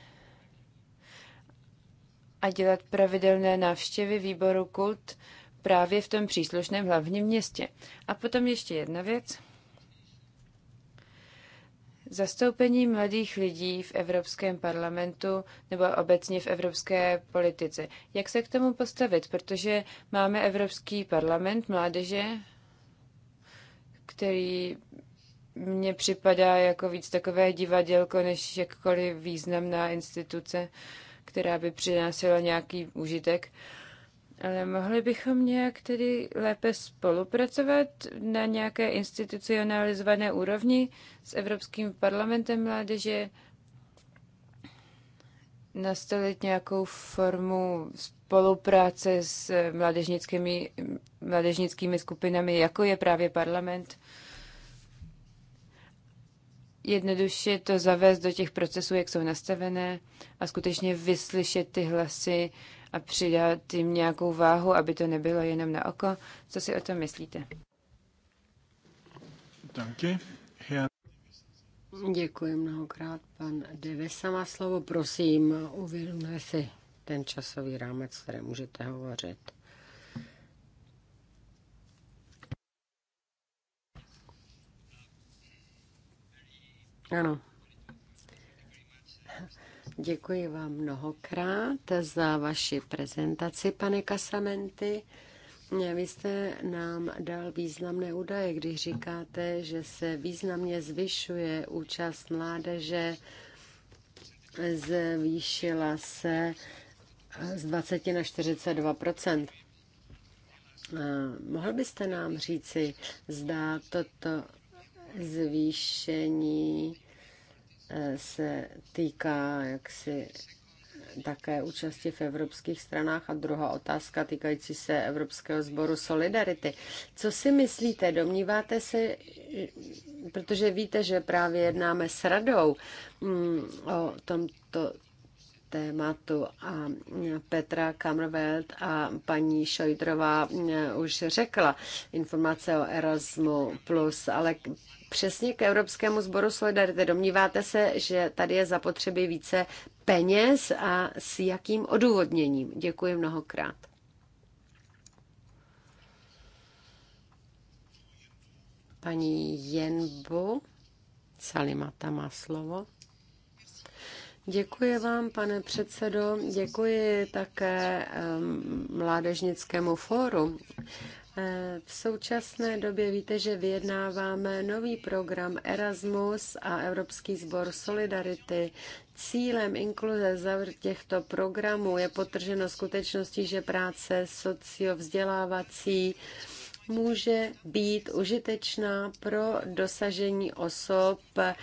a dělat pravidelné návštěvy výboru kult právě v tom příslušném hlavním městě. A potom ještě jedna věc. Zastoupení mladých lidí v Evropském parlamentu nebo obecně v evropské politice. Jak se k tomu postavit? Protože máme Evropský parlament mládeže, který mně připadá jako víc takové divadělko, než jakkoliv významná instituce, která by přinášela nějaký užitek. Uh, ale mohli bychom nějak tedy lépe spolupracovat na nějaké institucionalizované úrovni s Evropským parlamentem mládeže, nastolit nějakou formu spolupráce s eh, mládežnickými, mládežnickými skupinami, jako je právě parlament. Jednoduše to zavést do těch procesů, jak jsou nastavené a skutečně vyslyšet ty hlasy a přidat jim nějakou váhu, aby to nebylo jenom na oko. Co si o tom myslíte? Děkuji mnohokrát, pan Devesa má slovo. Prosím, uvědomte si ten časový rámec, který můžete hovořit. Ano. Děkuji vám mnohokrát za vaši prezentaci, pane Kasamenty. Vy jste nám dal významné údaje, když říkáte, že se významně zvyšuje účast mládeže, zvýšila se z 20 na 42 Mohl byste nám říci, zda toto zvýšení se týká jaksi také účasti v evropských stranách a druhá otázka týkající se Evropského sboru Solidarity. Co si myslíte? Domníváte se, protože víte, že právě jednáme s radou mm, o tomto tématu a Petra Kamrveld a paní Šojdrová mm, už řekla informace o Erasmu+, plus, ale přesně k Evropskému sboru Solidarity. Domníváte se, že tady je zapotřebí více peněz a s jakým odůvodněním? Děkuji mnohokrát. Paní Jenbu Salimata má slovo. Děkuji vám, pane předsedo. Děkuji také eh, Mládežnickému fóru E, v současné době víte, že vyjednáváme nový program Erasmus a Evropský sbor Solidarity. Cílem inkluze těchto programů je potrženo skutečností, že práce sociovzdělávací vzdělávací může být užitečná pro dosažení osob eh,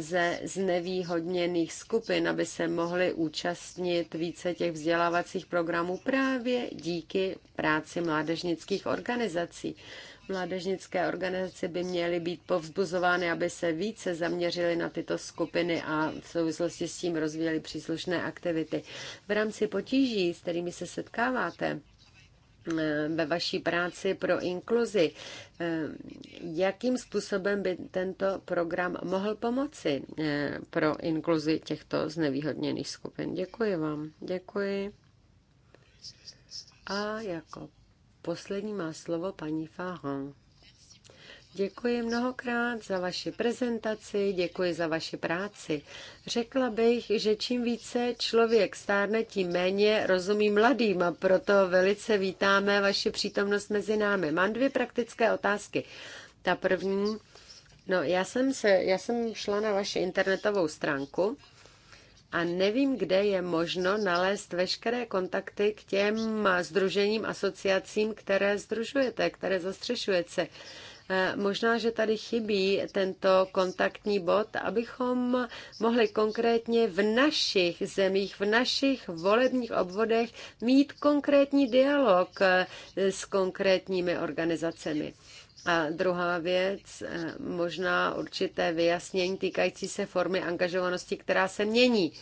ze znevýhodněných skupin, aby se mohly účastnit více těch vzdělávacích programů právě díky práci mládežnických organizací. Mládežnické organizace by měly být povzbuzovány, aby se více zaměřily na tyto skupiny a v souvislosti s tím rozvíjely příslušné aktivity. V rámci potíží, s kterými se setkáváte, Eh, ve vaší práci pro inkluzi. Eh, jakým způsobem by tento program mohl pomoci eh, pro inkluzi těchto znevýhodněných skupin? Děkuji vám. Děkuji. A jako poslední má slovo paní Fahong. Děkuji mnohokrát za vaši prezentaci, děkuji za vaši práci. Řekla bych, že čím více člověk stárne, tím méně rozumí mladým a proto velice vítáme vaši přítomnost mezi námi. Mám dvě praktické otázky. Ta první, no já jsem, se, já jsem šla na vaši internetovou stránku a nevím, kde je možno nalézt veškeré kontakty k těm združením, asociacím, které združujete, které zastřešujete. Eh, možná, že tady chybí tento kontaktní bod, abychom mohli konkrétně v našich zemích, v našich volebních obvodech mít konkrétní dialog eh, s konkrétními organizacemi. A druhá věc, eh, možná určité vyjasnění týkající se formy angažovanosti, která se mění.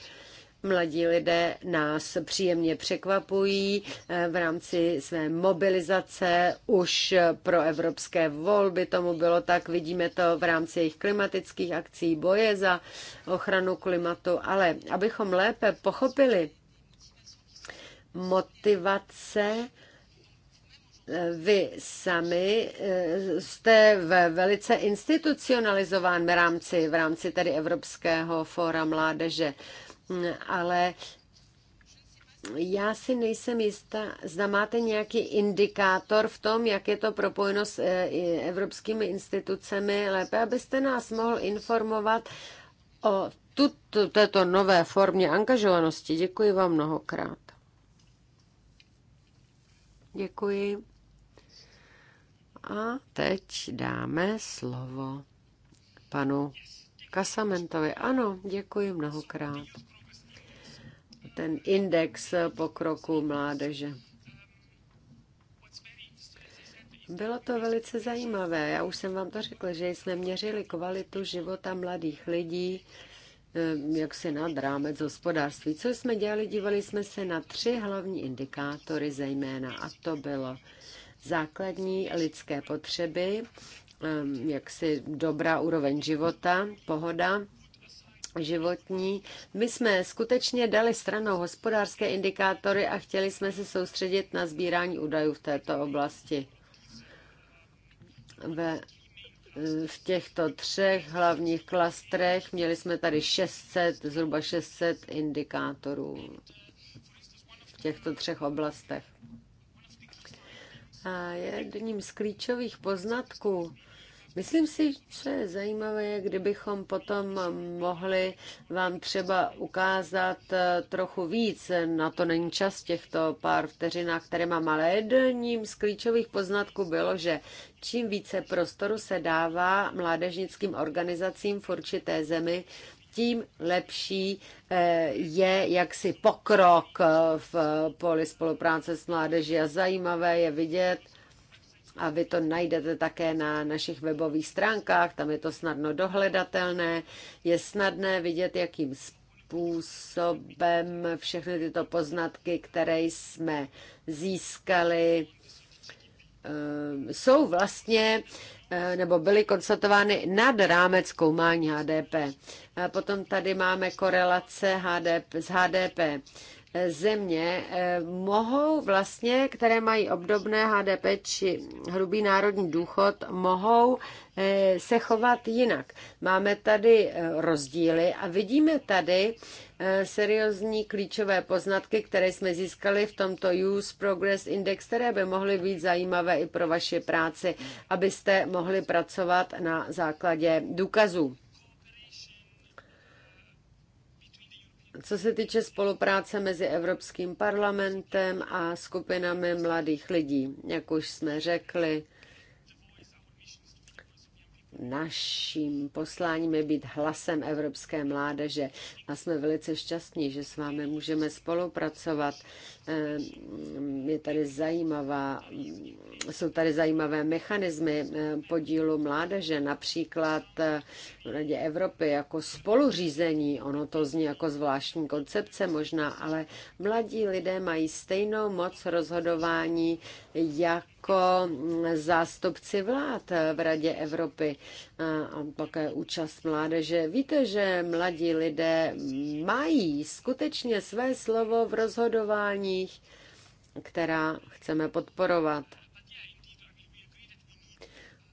Mladí lidé nás příjemně překvapují eh, v rámci své mobilizace už pro evropské volby. Tomu bylo tak, vidíme to v rámci jejich klimatických akcí, boje za ochranu klimatu. Ale abychom lépe pochopili motivace, eh, vy sami eh, jste ve velice institucionalizován v rámci, v rámci tedy Evropského fóra mládeže ale já si nejsem jistá, zda máte nějaký indikátor v tom, jak je to propojeno s e, evropskými institucemi. Lépe, abyste nás mohl informovat o tuto, této nové formě angažovanosti. Děkuji vám mnohokrát. Děkuji. A teď dáme slovo panu Kasamentovi. Ano, děkuji mnohokrát ten index pokroku mládeže. Bylo to velice zajímavé. Já už jsem vám to řekla, že jsme měřili kvalitu života mladých lidí, eh, jak se nad rámec hospodářství. Co jsme dělali? Dívali jsme se na tři hlavní indikátory zejména a to bylo základní lidské potřeby, eh, jaksi dobrá úroveň života, pohoda, životní. My jsme skutečně dali stranou hospodářské indikátory a chtěli jsme se soustředit na sbírání údajů v této oblasti. Ve v těchto třech hlavních klastrech měli jsme tady 600, zhruba 600 indikátorů v těchto třech oblastech. A jedním z klíčových poznatků Myslím si, že je zajímavé, kdybychom potom mohli vám třeba ukázat eh, trochu víc. Na to není čas těchto pár vteřinách, které mám, ale jedním z klíčových poznatků bylo, že čím více prostoru se dává mládežnickým organizacím v určité zemi, tím lepší eh, je jaksi pokrok eh, v poli spolupráce s mládeží. A zajímavé je vidět, a vy to najdete také na našich webových stránkách, tam je to snadno dohledatelné, je snadné vidět, jakým způsobem všechny tyto poznatky, které jsme získali, eh, jsou vlastně eh, nebo byly konstatovány nad rámec zkoumání HDP. A potom tady máme korelace HDP, s HDP země eh, mohou vlastně, které mají obdobné HDP či hrubý národní důchod, mohou eh, se chovat jinak. Máme tady eh, rozdíly a vidíme tady seriózní klíčové poznatky, které jsme získali v tomto Use Progress Index, které by mohly být zajímavé i pro vaši práci, abyste mohli pracovat na základě důkazů. Co se týče spolupráce mezi Evropským parlamentem a skupinami mladých lidí, jak už jsme řekli, naším posláním je být hlasem evropské mládeže a jsme velice šťastní, že s vámi můžeme spolupracovat Eh, je tady zajímavá, jsou tady zajímavé mechanismy eh, podílu mládeže, například eh, v Radě Evropy jako spoluřízení, ono to zní jako zvláštní koncepce možná, ale mladí lidé mají stejnou moc rozhodování jako mm, zástupci vlád v Radě Evropy a také účast mládeže. Víte, že mladí lidé mají skutečně své slovo v rozhodování zemích, která chceme podporovat.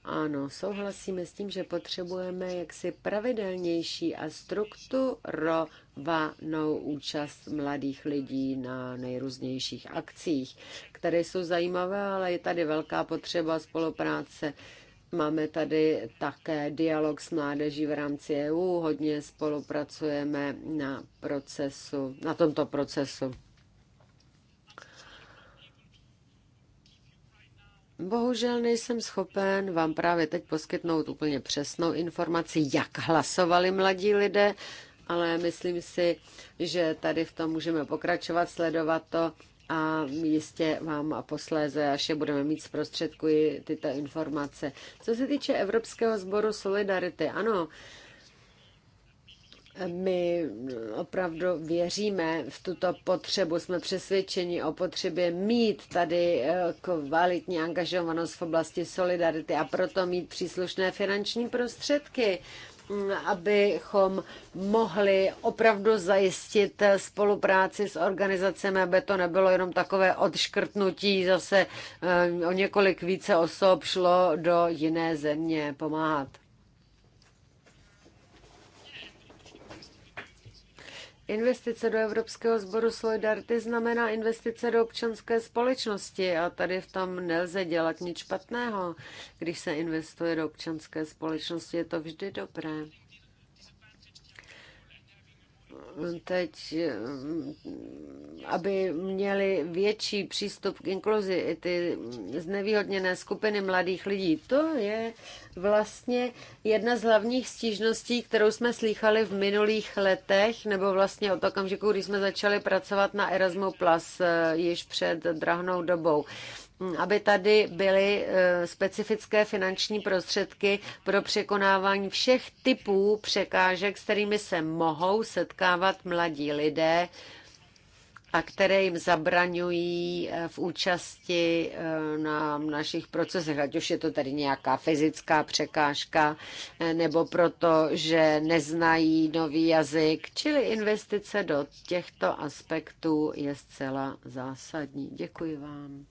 Ano, souhlasíme s tím, že potřebujeme jaksi pravidelnější a strukturovanou účast mladých lidí na nejrůznějších akcích, které jsou zajímavé, ale je tady velká potřeba spolupráce. Máme tady také dialog s mládeží v rámci EU, hodně spolupracujeme na procesu, na tomto procesu. Bohužel nejsem schopen vám právě teď poskytnout úplně přesnou informaci, jak hlasovali mladí lidé, ale myslím si, že tady v tom můžeme pokračovat, sledovat to a jistě vám a posléze, až je budeme mít zprostředkuji tyto informace. Co se týče Evropského sboru Solidarity, ano, my opravdu věříme v tuto potřebu, jsme přesvědčeni o potřebě mít tady eh, kvalitní angažovanost v oblasti solidarity a proto mít příslušné finanční prostředky mm, abychom mohli opravdu zajistit eh, spolupráci s organizacemi, aby to nebylo jenom takové odškrtnutí, zase eh, o několik více osob šlo do jiné země pomáhat. Investice do Evropského sboru Solidarity znamená investice do občanské společnosti a tady v tom nelze dělat nic špatného. Když se investuje do občanské společnosti, je to vždy dobré teď, eh, aby měli větší přístup k inkluzi, i ty znevýhodněné skupiny mladých lidí. To je vlastně jedna z hlavních stížností, kterou jsme slýchali v minulých letech, nebo vlastně od okamžiku, kdy jsme začali pracovat na Erasmus Plus eh, již před drahnou dobou aby tady byly eh, specifické finanční prostředky pro překonávání všech typů překážek, s kterými se mohou setkávat mladí lidé a které jim zabraňují eh, v účasti eh, na našich procesech, ať už je to tady nějaká fyzická překážka, nebo proto, že neznají nový jazyk, čili investice do těchto aspektů je zcela zásadní. Děkuji vám.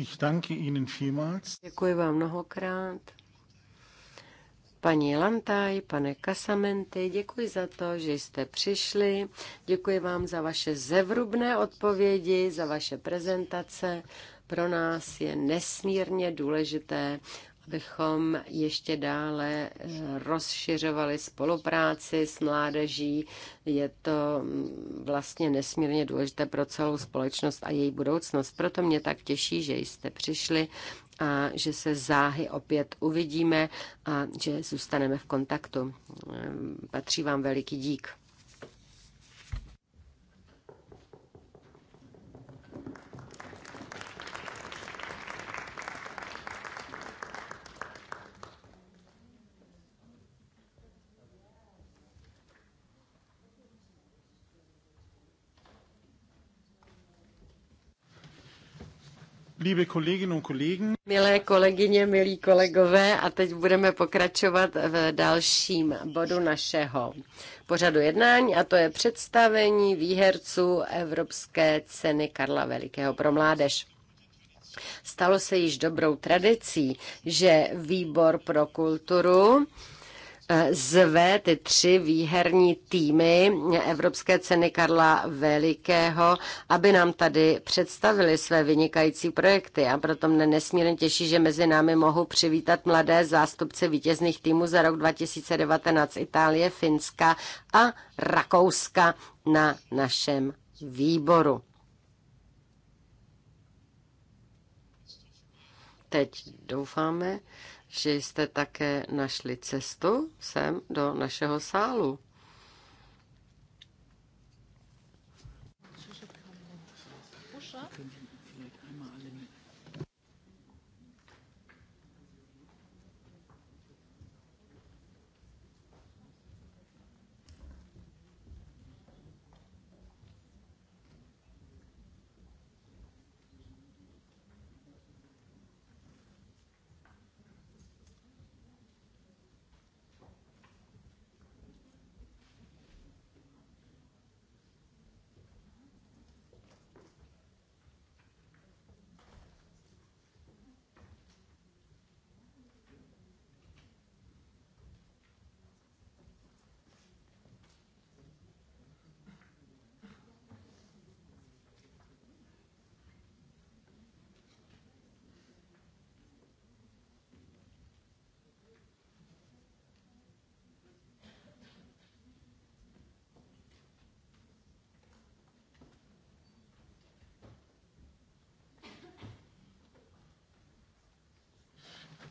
Ich danke Ihnen vielmals. Děkuji vám mnohokrát. Paní Lantaj, pane Kasamenty, děkuji za to, že jste přišli. Děkuji vám za vaše zevrubné odpovědi, za vaše prezentace. Pro nás je nesmírně důležité bychom ještě dále eh, rozšiřovali spolupráci s mládeží. Je to mm, vlastně nesmírně důležité pro celou společnost a její budoucnost. Proto mě tak těší, že jste přišli a že se záhy opět uvidíme a že zůstaneme v kontaktu. Ehm, patří vám veliký dík. Liebe Kolleginnen und Kollegen. Milé kolegyně, milí kolegové, a teď budeme pokračovat v dalším bodu našeho pořadu jednání, a to je představení výherců Evropské ceny Karla Velikého pro mládež. Stalo se již dobrou tradicí, že výbor pro kulturu zve ty tři výherní týmy Evropské ceny Karla Velikého, aby nám tady představili své vynikající projekty. A proto mne nesmírně těší, že mezi námi mohou přivítat mladé zástupce vítězných týmů za rok 2019 Itálie, Finska a Rakouska na našem výboru. Teď doufáme, že jste také našli cestu sem do našeho sálu.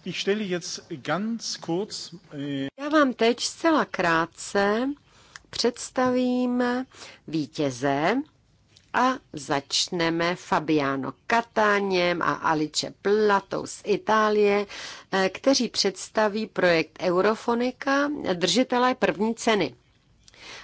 Ich stelle jetzt ganz kurz, äh, Já vám teď zcela krátce představím vítěze a začneme Fabiano Katáněm a Alice Platou z Itálie, eh, kteří představí projekt Eurofonika, držitelé první ceny.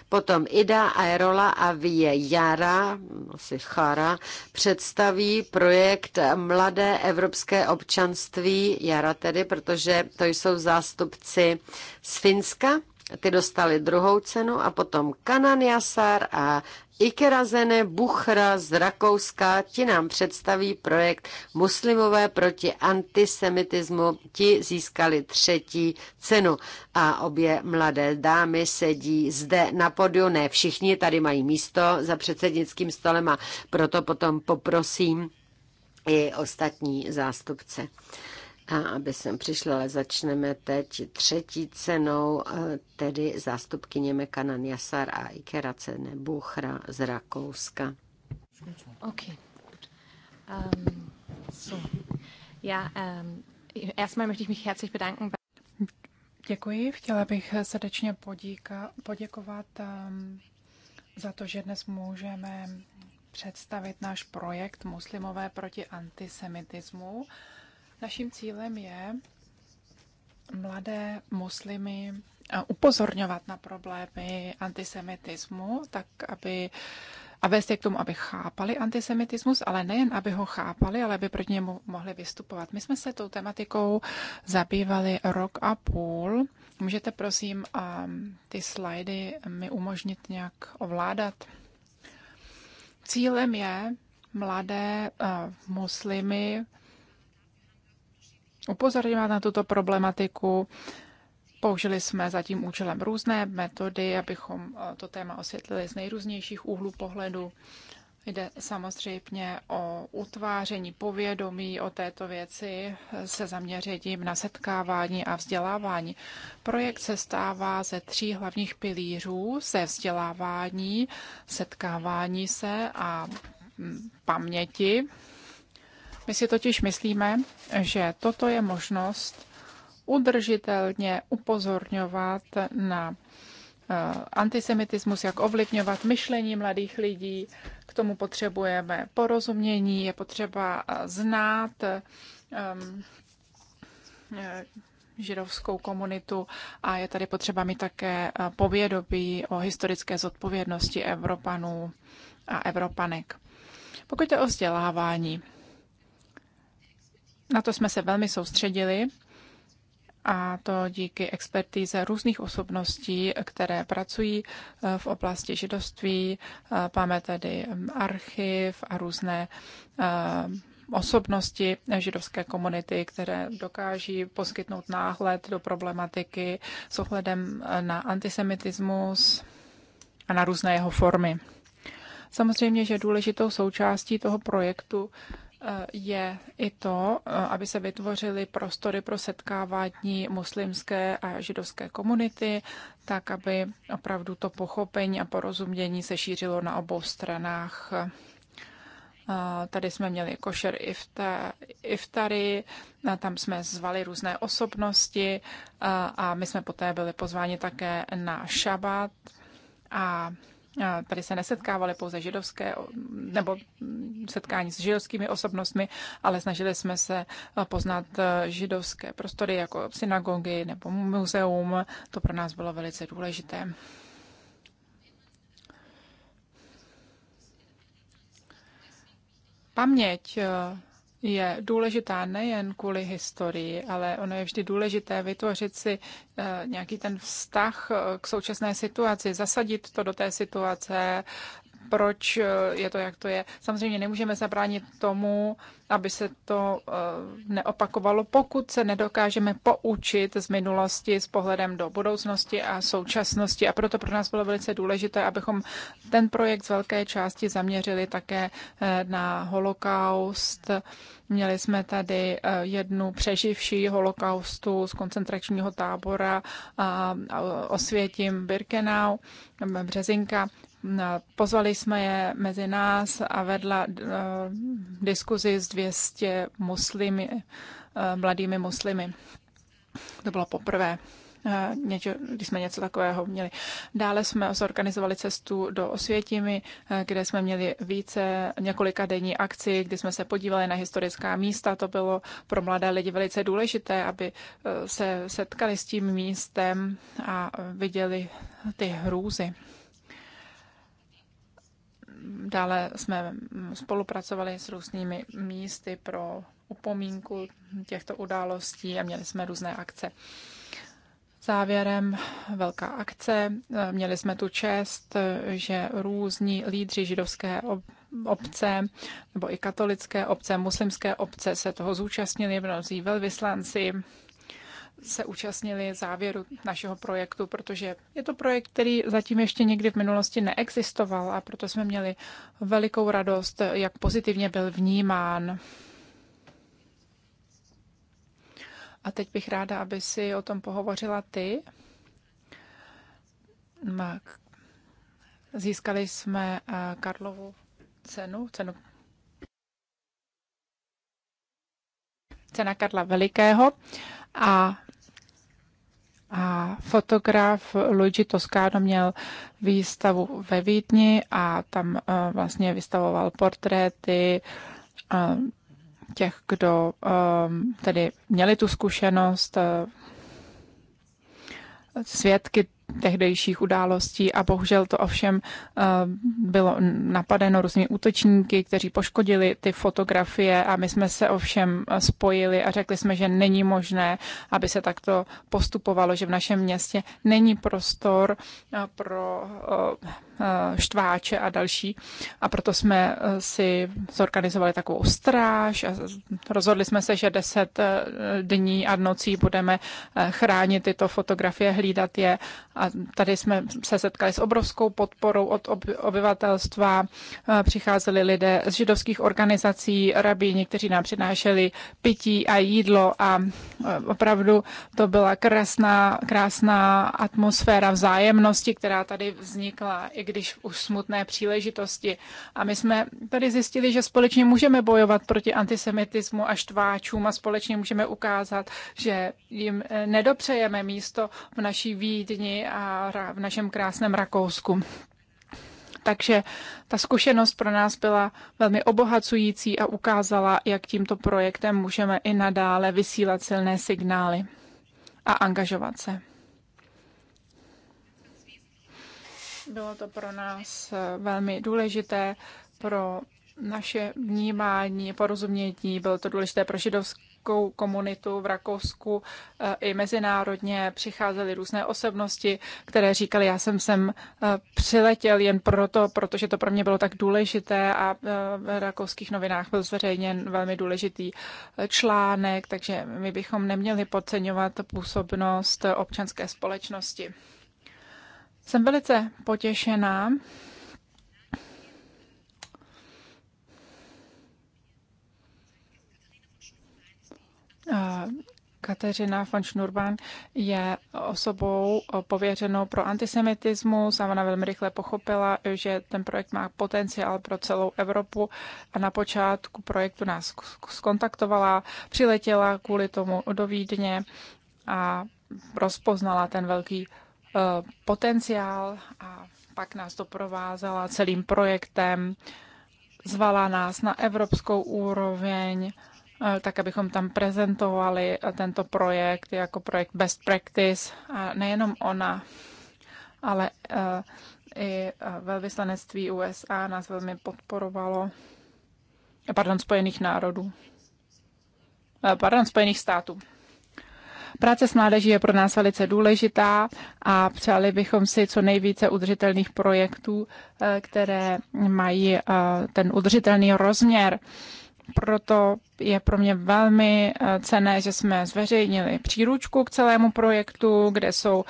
Potom Ida Aerola a Vie Jara, asi Chara, představí projekt Mladé evropské občanství, Jara tedy, protože to jsou zástupci z Finska, ty dostali druhou cenu a potom Kanan Jasar a Ikerazene Buchra z Rakouska ti nám představí projekt Muslimové proti antisemitismu. Ti získali třetí cenu a obě mladé dámy sedí zde na podiu. Ne všichni tady mají místo za předsednickým stolem a proto potom poprosím i ostatní zástupce. A aby jsem přišla, ale začneme teď třetí cenou, eh, tedy zástupky Mekanan Jasar a Cene Buchra z Rakouska. OK. Um, so. Ja, um, erstmal möchte ich mich herzlich bedanken. Děkuji, chtěla bych srdečně podíka, poděkovat um, za to, že dnes můžeme představit náš projekt Muslimové proti antisemitismu. Uh, Naším cílem je mladé muslimy upozorňovat na problémy antisemitismu, tak aby a vést je k tomu, aby chápali antisemitismus, ale nejen, aby ho chápali, ale aby proti němu mohli vystupovat. My jsme se tou tematikou zabývali rok a půl. Můžete prosím ty slajdy mi umožnit nějak ovládat? Cílem je mladé muslimy upozorňovat na tuto problematiku. Použili jsme za tím účelem různé metody, abychom eh, to téma osvětlili z nejrůznějších úhlů pohledu. Jde samozřejmě o utváření povědomí o této věci eh, se zaměřením na setkávání a vzdělávání. Projekt se stává ze tří hlavních pilířů, se vzdělávání, setkávání se a mm, paměti. My si totiž myslíme, že toto je možnost udržitelně upozorňovat na eh, antisemitismus, jak ovlivňovat myšlení mladých lidí. K tomu potřebujeme porozumění, je potřeba eh, znát um, židovskou komunitu a je tady potřeba mít také povědomí o historické zodpovědnosti Evropanů a Evropanek. Pokud je o vzdělávání, na to jsme se velmi soustředili a to díky expertíze různých osobností, které pracují eh, v oblasti židovství. Eh, máme tedy mm, archiv a různé eh, osobnosti židovské komunity, které dokáží poskytnout náhled do problematiky s ohledem na antisemitismus a na různé jeho formy. Samozřejmě, že důležitou součástí toho projektu je i to, aby se vytvořily prostory pro setkávání muslimské a židovské komunity, tak aby opravdu to pochopení a porozumění se šířilo na obou stranách. Tady jsme měli košer iftary, tam jsme zvali různé osobnosti a my jsme poté byli pozváni také na šabat a tady se nesetkávaly pouze židovské nebo setkání s židovskými osobnostmi, ale snažili jsme se poznat židovské prostory jako synagogy nebo muzeum. To pro nás bylo velice důležité. Paměť je důležitá nejen kvůli historii, ale ono je vždy důležité vytvořit si eh, nějaký ten vztah eh, k současné situaci, zasadit to do té situace proč eh, je to, jak to je. Samozřejmě nemůžeme zabránit tomu, aby se to eh, neopakovalo, pokud se nedokážeme poučit z minulosti s pohledem do budoucnosti a současnosti. A proto pro nás bylo velice důležité, abychom ten projekt z velké části zaměřili také eh, na holokaust. Měli jsme tady jednu přeživší holokaustu z koncentračního tábora a Osvětím Birkenau, Březinka. No, pozvali jsme je mezi nás a vedla eh, diskuzi s 200 muslimy, eh, mladými muslimy. To bylo poprvé, eh, něčo, když jsme něco takového měli. Dále jsme zorganizovali cestu do Osvětimi, kde jsme měli více několika denní akci, kdy jsme se podívali na historická místa. To bylo pro mladé lidi velice důležité, aby se setkali s tím místem a viděli ty hrůzy. Dále jsme spolupracovali s různými místy pro upomínku těchto událostí a měli jsme různé akce. Závěrem velká akce. Měli jsme tu čest, že různí lídři židovské obce nebo i katolické obce, muslimské obce se toho zúčastnili, mnozí velvyslanci, se účastnili závěru našeho projektu, protože je to projekt, který zatím ještě někdy v minulosti neexistoval a proto jsme měli velikou radost, jak pozitivně byl vnímán. A teď bych ráda, aby si o tom pohovořila ty. Získali jsme eh, Karlovu cenu, cenu cena Karla Velikého a a fotograf Luigi Toscano měl výstavu ve Vídni a tam eh, vlastně vystavoval portréty eh, těch, kdo eh, tedy měli tu zkušenost, svědky tehdejších událostí a bohužel to ovšem eh, bylo napadeno různými útočníky, kteří poškodili ty fotografie a my jsme se ovšem eh, spojili a řekli jsme, že není možné, aby se takto postupovalo, že v našem městě není prostor eh, pro Eh, štváče a další. A proto jsme eh, si zorganizovali takovou stráž a rozhodli jsme se, že deset eh, dní a nocí budeme chránit tyto fotografie, hlídat je. A tady jsme se setkali s obrovskou podporou od obyvatelstva. Přicházeli lidé z židovských organizací, rabíni, kteří nám přinášeli pití a jídlo a opravdu to byla krásná, krásná atmosféra vzájemnosti, která tady vznikla, i když u smutné příležitosti. A my jsme tady zjistili, že společně můžeme bojovat proti antisemitismu a štváčům a společně můžeme ukázat, že jim eh, nedopřejeme místo v naší Vídni a v našem krásném Rakousku. Takže ta zkušenost pro nás byla velmi obohacující a ukázala, jak tímto projektem můžeme i nadále vysílat silné signály a angažovat se. Bylo to pro nás eh, velmi důležité pro naše vnímání, porozumění. Bylo to důležité pro židovskou komunitu v Rakousku eh, i mezinárodně. Přicházely různé osobnosti, které říkali, já jsem sem eh, přiletěl jen proto, protože to pro mě bylo tak důležité a v rakouských novinách byl zveřejněn velmi důležitý článek, takže my bychom neměli podceňovat působnost občanské společnosti. Jsem velice potěšená, Kateřina von Schnurban je osobou pověřenou pro antisemitismus a ona velmi rychle pochopila, že ten projekt má potenciál pro celou Evropu a na počátku projektu nás skontaktovala, přiletěla kvůli tomu do Vídně a rozpoznala ten velký Eh, potenciál a pak nás doprovázela celým projektem, zvala nás na evropskou úroveň, eh, tak abychom tam prezentovali eh, tento projekt jako projekt Best Practice a nejenom ona, ale i velvyslanectví USA nás velmi podporovalo, pardon, Spojených národů, pardon, Spojených států. Práce s mládeží je pro nás velice důležitá a přáli bychom si co nejvíce udržitelných projektů, eh, které mají eh, ten udržitelný rozměr. Proto je pro mě velmi eh, cené, že jsme zveřejnili příručku k celému projektu, kde jsou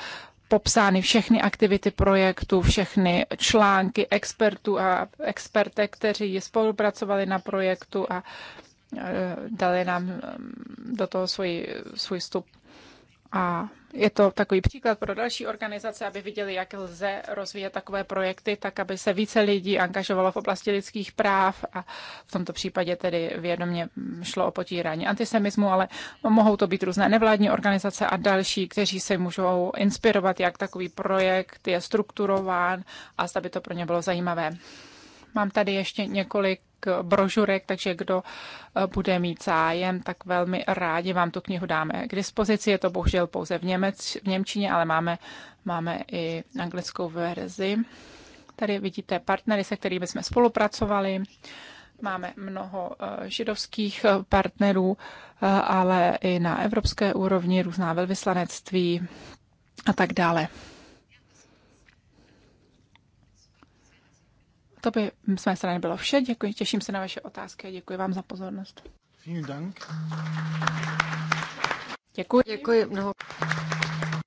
popsány všechny aktivity projektu, všechny články expertů a experte, kteří spolupracovali na projektu a dali nám do toho svůj, svůj vstup. A je to takový příklad pro další organizace, aby viděli, jak lze rozvíjet takové projekty, tak aby se více lidí angažovalo v oblasti lidských práv a v tomto případě tedy vědomě šlo o potírání antisemismu, ale mohou to být různé nevládní organizace a další, kteří se můžou inspirovat, jak takový projekt je strukturován a zda by to pro ně bylo zajímavé. Mám tady ještě několik eh, brožurek, takže kdo eh, bude mít zájem, tak velmi rádi vám tu knihu dáme k dispozici. Je to bohužel pouze v, Němec, v Němčině, ale máme, máme i anglickou verzi. Tady vidíte partnery, se kterými jsme spolupracovali. Máme mnoho eh, židovských partnerů, ale i na evropské úrovni různá velvyslanectví a tak dále. To by z mé strany bylo vše. Děkuji, těším se na vaše otázky a děkuji vám za pozornost. Děkuji. Děkuji mnoho.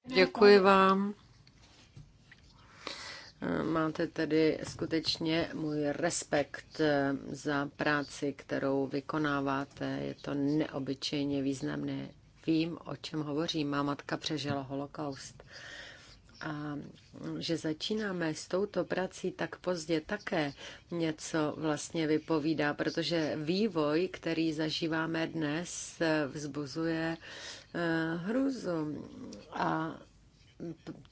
Děkuji vám. Máte tedy skutečně můj respekt eh, za práci, kterou vykonáváte. Je to neobyčejně významné. Vím, o čem hovořím. Má matka přežila holokaust a že začínáme s touto prací tak pozdě také něco vlastně vypovídá, protože vývoj, který zažíváme dnes, vzbuzuje eh, hruzu a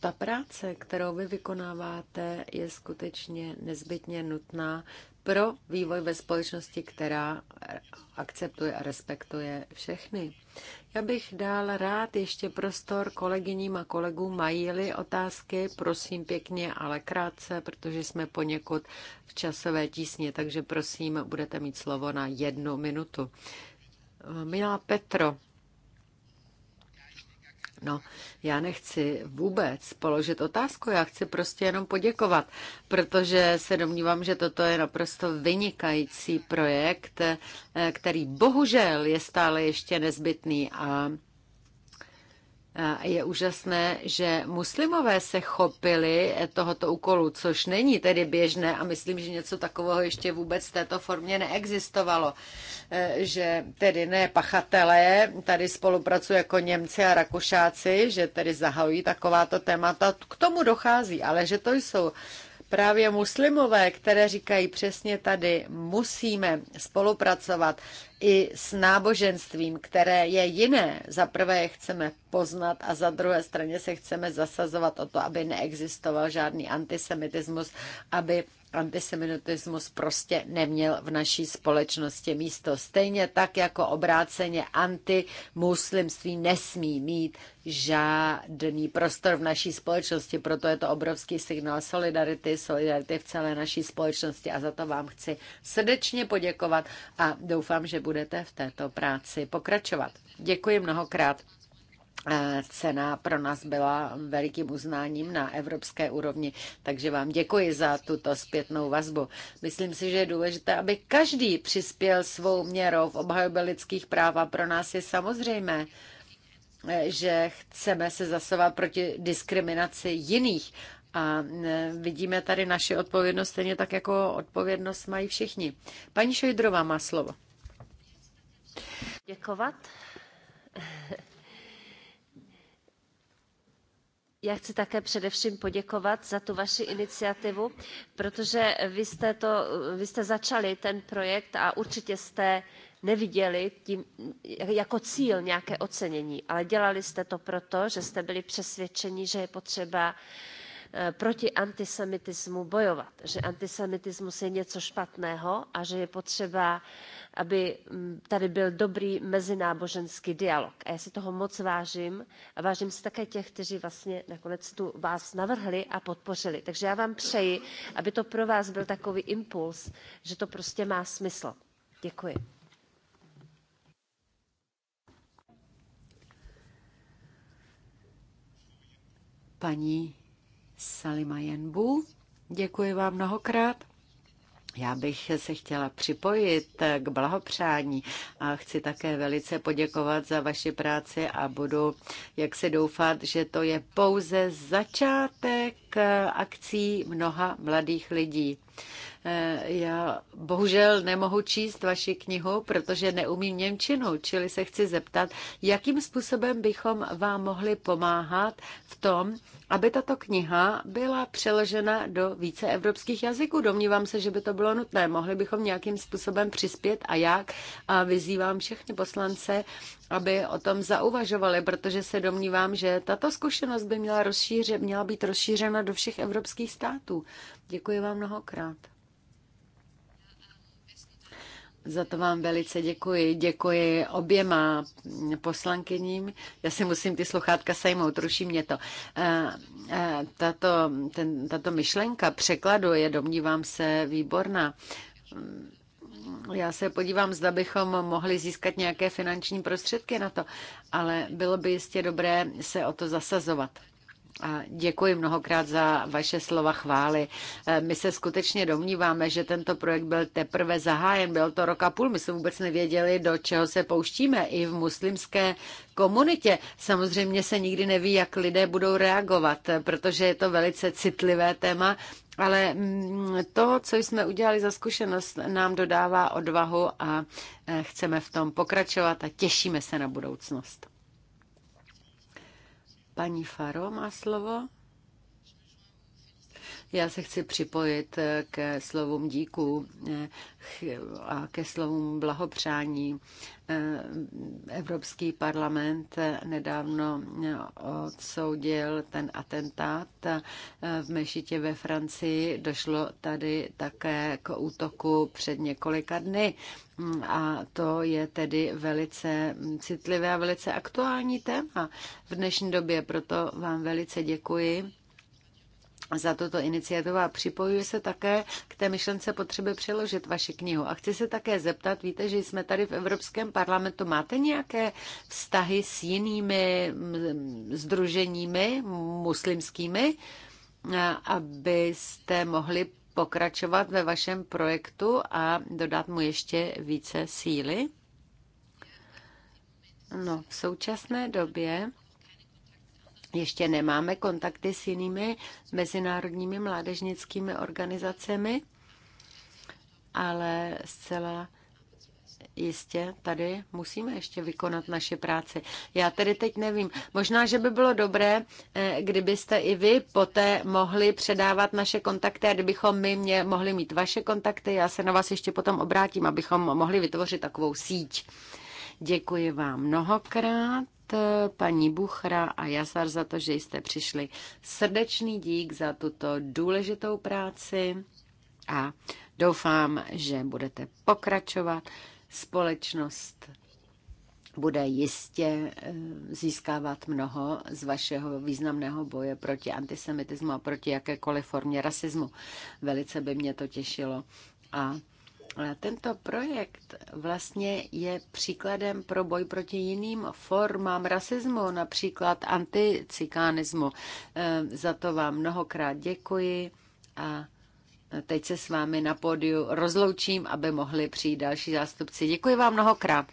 ta práce, kterou vy vykonáváte, je skutečně nezbytně nutná pro vývoj ve společnosti, která akceptuje a respektuje všechny. Já bych dal rád ještě prostor kolegyním a kolegům. Mají-li otázky, prosím pěkně, ale krátce, protože jsme poněkud v časové tísně, takže prosím, budete mít slovo na jednu minutu. Milá Petro, No, já nechci vůbec položit otázku, já chci prostě jenom poděkovat, protože se domnívám, že toto je naprosto vynikající projekt, eh, který bohužel je stále ještě nezbytný a je úžasné, že muslimové se chopili tohoto úkolu, což není tedy běžné a myslím, že něco takového ještě vůbec v této formě neexistovalo. E, že tedy ne pachatelé tady spolupracují jako Němci a Rakušáci, že tedy zahajují takováto témata, k tomu dochází, ale že to jsou právě muslimové, které říkají přesně tady, musíme spolupracovat, i s náboženstvím, které je jiné. Za prvé chceme poznat a za druhé straně se chceme zasazovat o to, aby neexistoval žádný antisemitismus, aby antisemitismus prostě neměl v naší společnosti místo. Stejně tak jako obráceně antimuslimství nesmí mít žádný prostor v naší společnosti, proto je to obrovský signál solidarity, solidarity v celé naší společnosti a za to vám chci srdečně poděkovat a doufám, že budete v této práci pokračovat. Děkuji mnohokrát. Eh, cena pro nás byla velikým uznáním na evropské úrovni, takže vám děkuji za tuto zpětnou vazbu. Myslím si, že je důležité, aby každý přispěl svou měrou v obhajobě lidských práv a pro nás je samozřejmé, eh, že chceme se zasovat proti diskriminaci jiných. A eh, vidíme tady naši odpovědnost stejně tak, jako odpovědnost mají všichni. Paní Šojdrová má slovo. Děkovat. Já chci také především poděkovat za tu vaši iniciativu, protože vy jste, to, vy jste začali ten projekt a určitě jste neviděli tím, jako cíl nějaké ocenění, ale dělali jste to proto, že jste byli přesvědčeni, že je potřeba uh, Eh, proti antisemitismu bojovat že antisemitismus je něco špatného a že je potřeba aby mm, tady byl dobrý mezináboženský dialog. a já si toho moc vážím a vážím si také těch kteří vlastně nakonec tu vás navrhli a podpořili. takže já vám přeji aby to pro vás byl takový impuls že to prostě má smysl. děkuji. Paní Salima Jenbu. Děkuji vám mnohokrát. Já bych se chtěla připojit k blahopřání a chci také velice poděkovat za vaši práci a budu jak se doufat, že to je pouze začátek akcí mnoha mladých lidí. Já bohužel nemohu číst vaši knihu, protože neumím Němčinu, čili se chci zeptat, jakým způsobem bychom vám mohli pomáhat v tom, aby tato kniha byla přeložena do více evropských jazyků. Domnívám se, že by to bylo nutné. Mohli bychom nějakým způsobem přispět a jak. A vyzývám všechny poslance, aby o tom zauvažovali, protože se domnívám, že tato zkušenost by měla, rozšíře, měla být rozšířena do všech evropských států. Děkuji vám mnohokrát. Za to vám velice děkuji. Děkuji oběma poslankyním. Já si musím ty sluchátka sejmout, ruší mě to. Eh, eh, tato, ten, tato myšlenka překladu je, domnívám se, výborná já se podívám, zda bychom mohli získat nějaké finanční prostředky na to, ale bylo by jistě dobré se o to zasazovat. A děkuji mnohokrát za vaše slova chvály. E, my se skutečně domníváme, že tento projekt byl teprve zahájen. Byl to rok a půl. My jsme vůbec nevěděli, do čeho se pouštíme. I v muslimské komunitě samozřejmě se nikdy neví, jak lidé budou reagovat, e, protože je to velice citlivé téma ale mm, to, co jsme udělali za zkušenost, nám dodává odvahu a eh, chceme v tom pokračovat a těšíme se na budoucnost. Paní Faro má slovo. Já se chci připojit eh, ke slovům díku eh, a ke slovům blahopřání. Eh, Evropský parlament nedávno odsoudil ten atentát v Mešitě ve Francii. Došlo tady také k útoku před několika dny. Mm, a to je tedy velice citlivé a velice aktuální téma v dnešní době. Proto vám velice děkuji za tuto iniciativu a připojuji se také k té myšlence potřeby přeložit vaši knihu. A chci se také zeptat, víte, že jsme tady v Evropském parlamentu, máte nějaké vztahy s jinými mm, združeními muslimskými, abyste mohli pokračovat ve vašem projektu a dodat mu ještě více síly? No, v současné době ještě nemáme kontakty s jinými mezinárodními mládežnickými organizacemi, ale zcela jistě tady musíme ještě vykonat naše práci. Já tedy teď nevím. Možná, že by bylo dobré, eh, kdybyste i vy poté mohli předávat naše kontakty a kdybychom my mě mohli mít vaše kontakty. Já se na vás ještě potom obrátím, abychom mohli vytvořit takovou síť. Děkuji vám mnohokrát. Eh, paní Buchra a Jasar za to, že jste přišli. Srdečný dík za tuto důležitou práci a doufám, že budete pokračovat. Společnost bude jistě eh, získávat mnoho z vašeho významného boje proti antisemitismu a proti jakékoliv formě rasismu. Velice by mě to těšilo a tento projekt vlastně je příkladem pro boj proti jiným formám rasismu, například anticikánismu. E, za to vám mnohokrát děkuji a teď se s vámi na pódiu rozloučím, aby mohli přijít další zástupci. Děkuji vám mnohokrát.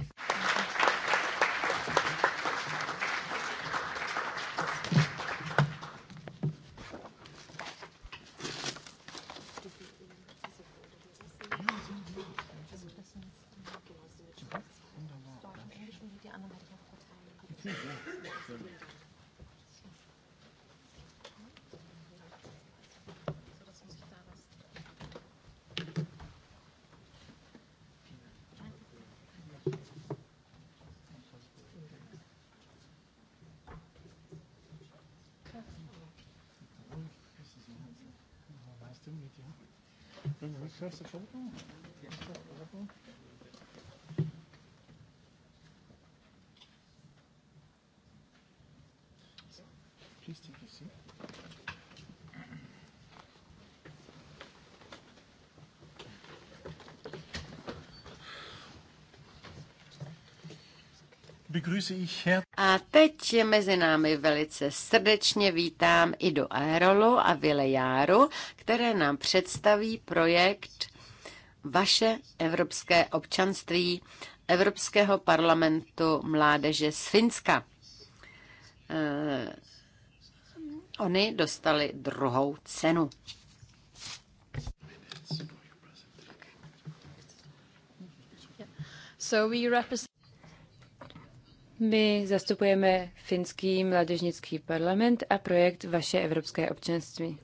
First of all. A teď je mezi námi velice srdečně vítám i do Aerolu a Vilejáru, které nám představí projekt Vaše evropské občanství Evropského parlamentu mládeže z Finska. Eh, oni dostali druhou cenu. So we represent... My zastupujeme finský mládežnický parlament a projekt Vaše evropské občanství.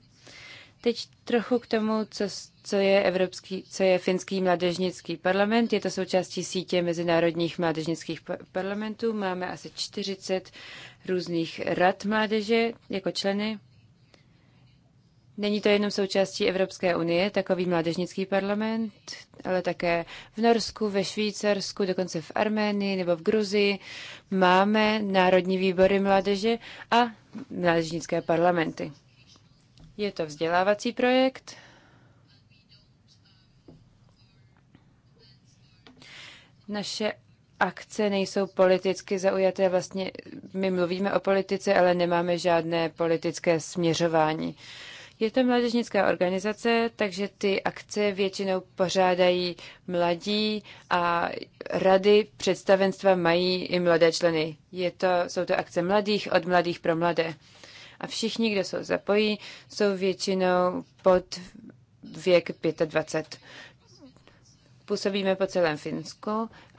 Teď trochu k tomu, co, co, je evropský, co je finský mládežnický parlament. Je to součástí sítě mezinárodních mládežnických parlamentů. Máme asi 40 různých rad mládeže jako členy. Není to jenom součástí Evropské unie, takový mládežnický parlament, ale také v Norsku, ve Švýcarsku, dokonce v Arménii nebo v Gruzii máme národní výbory mládeže a mládežnické parlamenty. Je to vzdělávací projekt. Naše akce nejsou politicky zaujaté. Vlastně my mluvíme o politice, ale nemáme žádné politické směřování. Je to mládežnická organizace, takže ty akce většinou pořádají mladí a rady představenstva mají i mladé členy. Je to, jsou to akce mladých od mladých pro mladé. A všichni, kdo jsou zapojí, jsou většinou pod věk 25. Působíme po celém Finsku.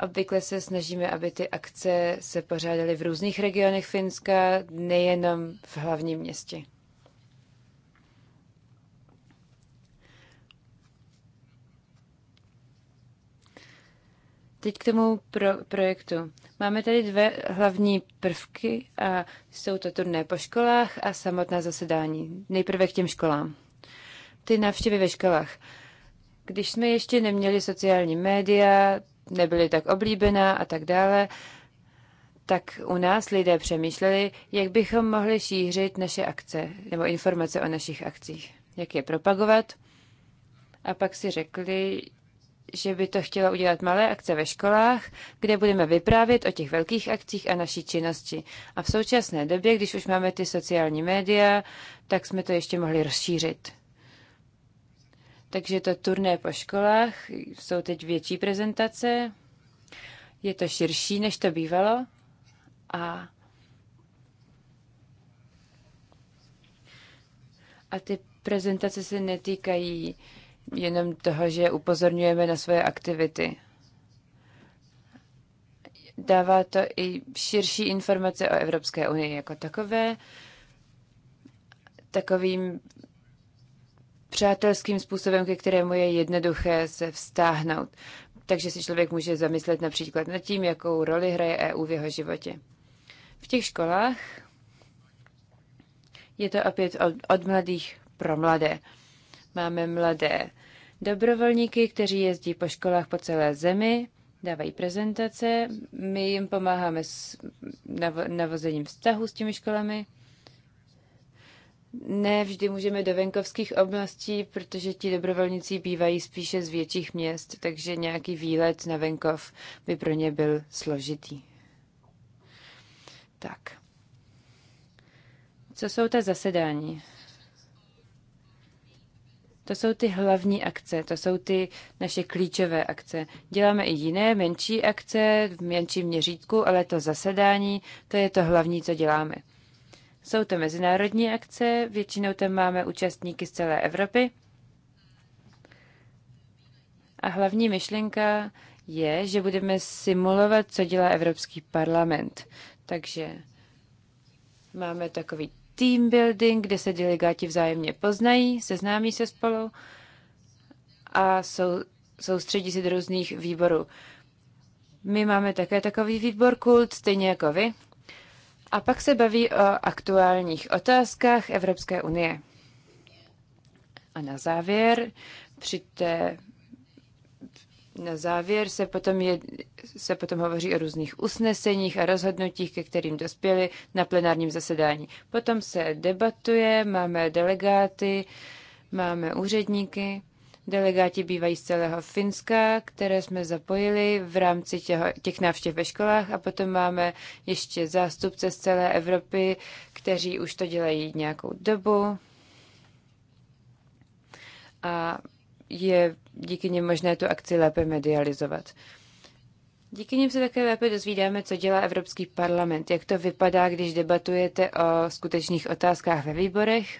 Obvykle se snažíme, aby ty akce se pořádaly v různých regionech Finska, nejenom v hlavním městě. Teď k tomu pro, projektu. Máme tady dvě hlavní prvky a jsou to turné po školách a samotná zasedání. Nejprve k těm školám. Ty návštěvy ve školách. Když jsme ještě neměli sociální média, nebyly tak oblíbená a tak dále, tak u nás lidé přemýšleli, jak bychom mohli šířit naše akce nebo informace o našich akcích, jak je propagovat. A pak si řekli, že by to chtěla udělat malé akce ve školách, kde budeme vyprávět o těch velkých akcích a naší činnosti. A v současné době, když už máme ty sociální média, tak jsme to ještě mohli rozšířit. Takže to turné po školách jsou teď větší prezentace, je to širší, než to bývalo a a ty prezentace se netýkají jenom toho, že upozorňujeme na svoje aktivity. Dává to i širší informace o Evropské unii jako takové. Takovým přátelským způsobem, ke kterému je jednoduché se vztáhnout. Takže si člověk může zamyslet například nad tím, jakou roli hraje EU v jeho životě. V těch školách je to opět od, od mladých pro mladé. Máme mladé dobrovolníky, kteří jezdí po školách po celé zemi, dávají prezentace, my jim pomáháme s navozením vztahu s těmi školami. Ne vždy můžeme do venkovských oblastí, protože ti dobrovolníci bývají spíše z větších měst, takže nějaký výlet na venkov by pro ně byl složitý. Tak. Co jsou ta zasedání? To jsou ty hlavní akce, to jsou ty naše klíčové akce. Děláme i jiné menší akce v menším měřítku, ale to zasedání, to je to hlavní, co děláme. Jsou to mezinárodní akce, většinou tam máme účastníky z celé Evropy. A hlavní myšlenka je, že budeme simulovat, co dělá Evropský parlament. Takže máme takový team building, kde se delegáti vzájemně poznají, seznámí se spolu a sou, soustředí se do různých výborů. My máme také takový výbor kult, stejně jako vy. A pak se baví o aktuálních otázkách Evropské unie. A na závěr při té na závěr se potom, je, se potom hovoří o různých usneseních a rozhodnutích, ke kterým dospěli na plenárním zasedání. Potom se debatuje, máme delegáty, máme úředníky. Delegáti bývají z celého Finska, které jsme zapojili v rámci těho, těch návštěv ve školách a potom máme ještě zástupce z celé Evropy, kteří už to dělají nějakou dobu. A je díky nim možné tu akci lépe medializovat. Díky nim se také lépe dozvídáme, co dělá Evropský parlament, jak to vypadá, když debatujete o skutečných otázkách ve výborech.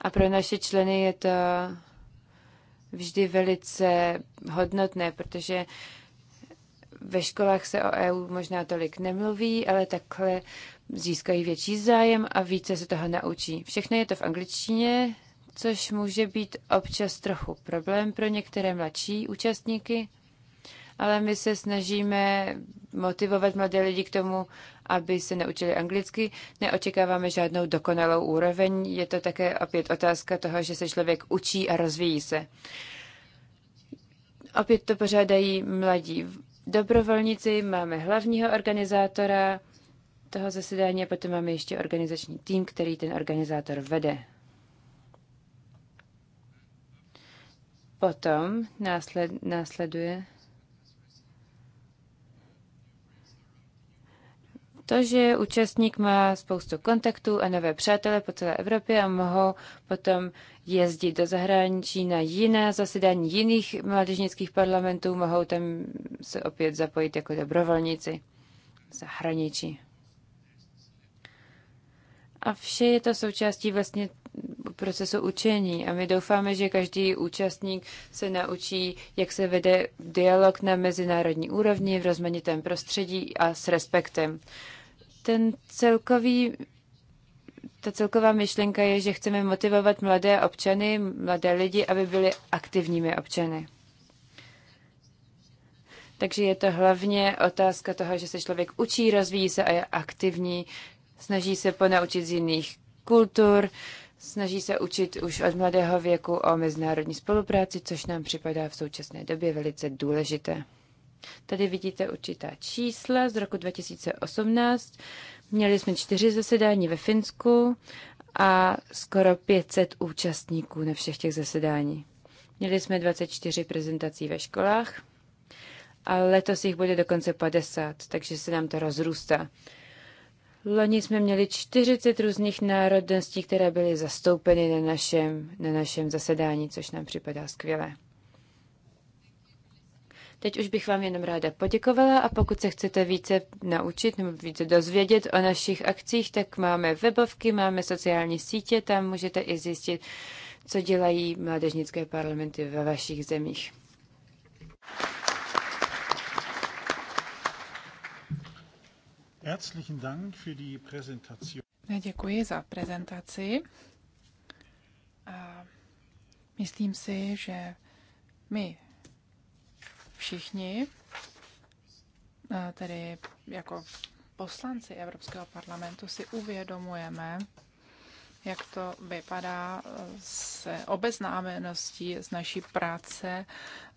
A pro naše členy je to vždy velice hodnotné, protože ve školách se o EU možná tolik nemluví, ale takhle získají větší zájem a více se toho naučí. Všechno je to v angličtině, což může být občas trochu problém pro některé mladší účastníky, ale my se snažíme motivovat mladé lidi k tomu, aby se naučili anglicky. Neočekáváme žádnou dokonalou úroveň. Je to také opět otázka toho, že se člověk učí a rozvíjí se. Opět to pořádají mladí dobrovolníci, máme hlavního organizátora toho zasedání a potom máme ještě organizační tým, který ten organizátor vede. Potom násled, následuje to, že účastník má spoustu kontaktů a nové přátelé po celé Evropě a mohou potom jezdit do zahraničí na jiné zasedání jiných mládežnických parlamentů, mohou tam se opět zapojit jako dobrovolníci v zahraničí. A vše je to součástí vlastně procesu učení a my doufáme, že každý účastník se naučí, jak se vede dialog na mezinárodní úrovni v rozmanitém prostředí a s respektem. Ten celkový ta celková myšlenka je, že chceme motivovat mladé občany, mladé lidi, aby byli aktivními občany. Takže je to hlavně otázka toho, že se člověk učí, rozvíjí se a je aktivní, snaží se ponaučit z jiných kultur, Snaží se učit už od mladého věku o mezinárodní spolupráci, což nám připadá v současné době velice důležité. Tady vidíte určitá čísla z roku 2018. Měli jsme čtyři zasedání ve Finsku a skoro 500 účastníků na všech těch zasedání. Měli jsme 24 prezentací ve školách a letos jich bude dokonce 50, takže se nám to rozrůstá. Loni jsme měli 40 různých národností, které byly zastoupeny na našem, na našem zasedání, což nám připadá skvělé. Teď už bych vám jenom ráda poděkovala a pokud se chcete více naučit nebo více dozvědět o našich akcích, tak máme webovky, máme sociální sítě, tam můžete i zjistit, co dělají mládežnické parlamenty ve vašich zemích. Herzlichen Dank für die Präsentation. Děkuji za prezentaci. A myslím si, že my všichni, tedy jako poslanci Evropského parlamentu, si uvědomujeme, jak to vypadá se obeznámeností z naší práce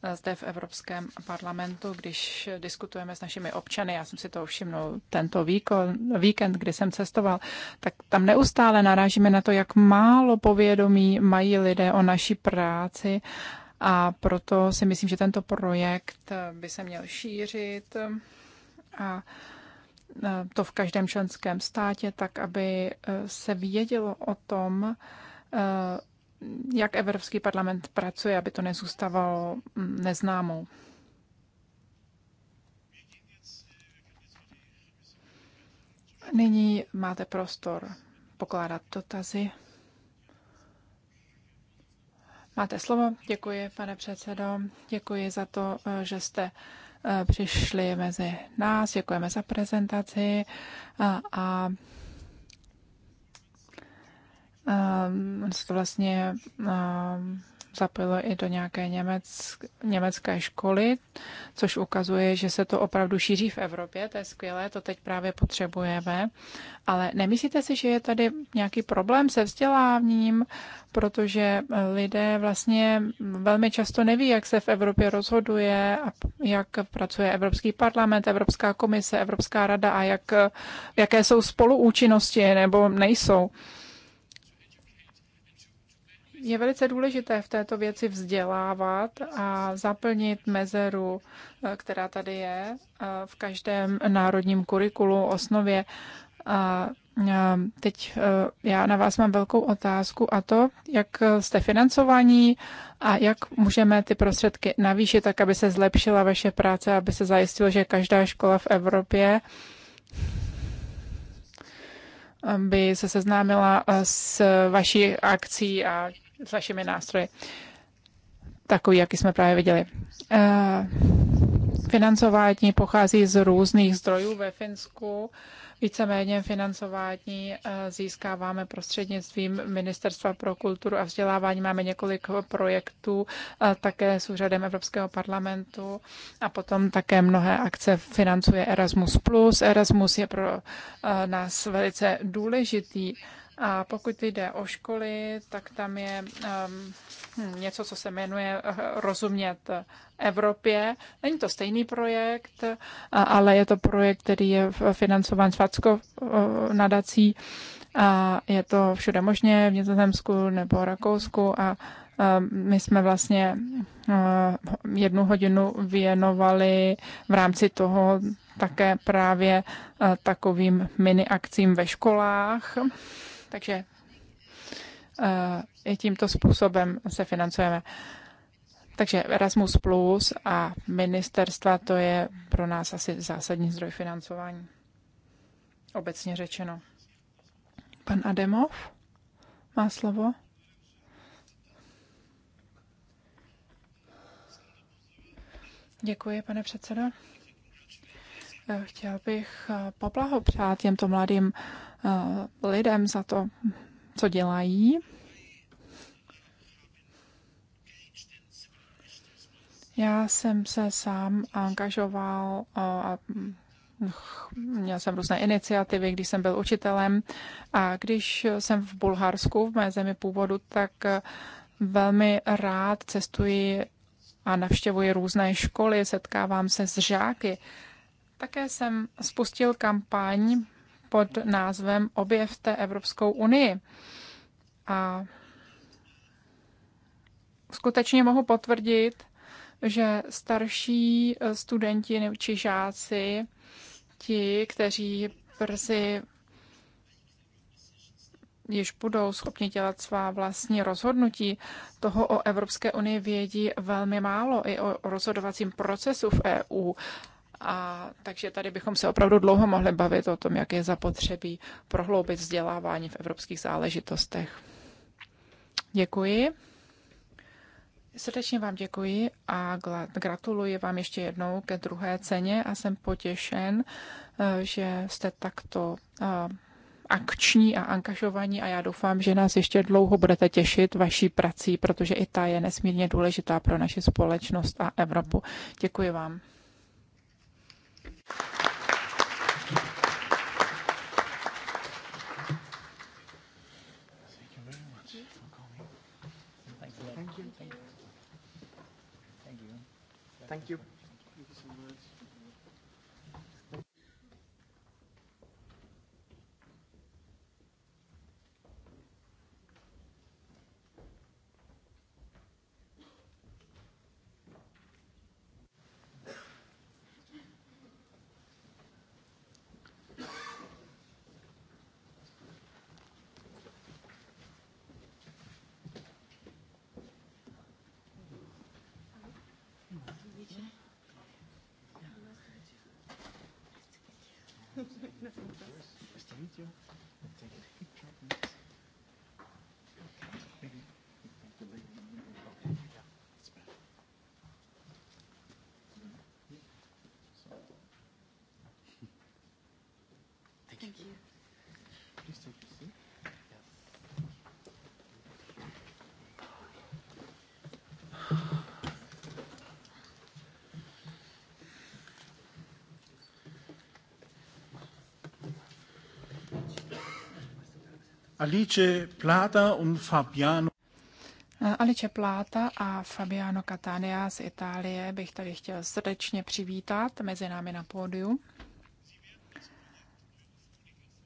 eh, zde v Evropském parlamentu, když diskutujeme s našimi občany. Já jsem si to všimnul tento víkon, víkend, kdy jsem cestoval, tak tam neustále narážíme na to, jak málo povědomí mají lidé o naší práci a proto si myslím, že tento projekt eh, by se měl šířit a Eh, to v každém členském státě, tak aby eh, se vědělo o tom, eh, jak Evropský parlament pracuje, aby to nezůstávalo mm, neznámou. Nyní máte prostor pokládat dotazy. Máte slovo. Děkuji, pane předsedo. Děkuji za to, že jste uh, Eh, přišli mezi nás, děkujeme za prezentaci eh, a, a eh, on to vlastně zapojilo i do nějaké německ, německé školy, což ukazuje, že se to opravdu šíří v Evropě, to je skvělé, to teď právě potřebujeme. Ale nemyslíte si, že je tady nějaký problém se vzděláním, protože lidé vlastně velmi často neví, jak se v Evropě rozhoduje a jak pracuje Evropský parlament, Evropská komise, Evropská rada a jak, jaké jsou spoluúčinnosti nebo nejsou. Je velice důležité v této věci vzdělávat a zaplnit mezeru, eh, která tady je eh, v každém národním kurikulu, osnově. A eh, teď já na vás mám velkou otázku a to, jak jste financovaní a jak můžeme ty prostředky navýšit, tak aby se zlepšila vaše práce, aby se zajistilo, že každá škola v Evropě by se seznámila s vaší akcí a s vašimi nástroji, takový, jaký jsme právě viděli. Eh, financování pochází z různých zdrojů ve Finsku. Víceméně financování eh, získáváme prostřednictvím Ministerstva pro kulturu a vzdělávání. Máme několik projektů eh, také s úřadem Evropského parlamentu a potom také mnohé akce financuje Erasmus+. Erasmus je pro nás velice důležitý a pokud jde o školy, tak tam je um, něco, co se jmenuje eh, Rozumět eh, Evropě. Není to stejný projekt, eh, ale je to projekt, který je financován Švatsko nadací a je to všude možně v Nizozemsku nebo Rakousku a my jsme vlastně jednu hodinu věnovali v rámci toho také právě takovým mini akcím ve školách. Takže eh, i tímto způsobem se financujeme. Takže Erasmus Plus a ministerstva, to je pro nás asi zásadní zdroj financování. Obecně řečeno. Pan Ademov má slovo. Děkuji, pane předsedo. Eh, chtěl bych eh, poblahopřát těmto mladým Eh, lidem za to, co dělají. Já jsem se sám angažoval eh, a měl jsem různé iniciativy, když jsem byl učitelem a když jsem v Bulharsku, v mé zemi původu, tak eh, velmi rád cestuji a navštěvuji různé školy, setkávám se s žáky. Také jsem spustil kampaň pod názvem Objevte Evropskou unii. A skutečně mohu potvrdit, že starší studenti či žáci, ti, kteří brzy již budou schopni dělat svá vlastní rozhodnutí. Toho o Evropské unii vědí velmi málo i o rozhodovacím procesu v EU. A takže tady bychom se opravdu dlouho mohli bavit o tom, jak je zapotřebí prohloubit vzdělávání v evropských záležitostech. Děkuji. Srdečně vám děkuji a gratuluji vám ještě jednou ke druhé ceně a jsem potěšen, eh, že jste takto eh, akční a angažovaní a já doufám, že nás ještě dlouho budete těšit vaší prací, protože i ta je nesmírně důležitá pro naši společnost a Evropu. Děkuji vám. Thank you. Thank you so much. Nice to meet you. Take Okay. Thank you. Alice Plata und Fabiano. Eh, Alice Pláta a Fabiano Catania z Itálie bych tady chtěl srdečně přivítat mezi námi na pódiu.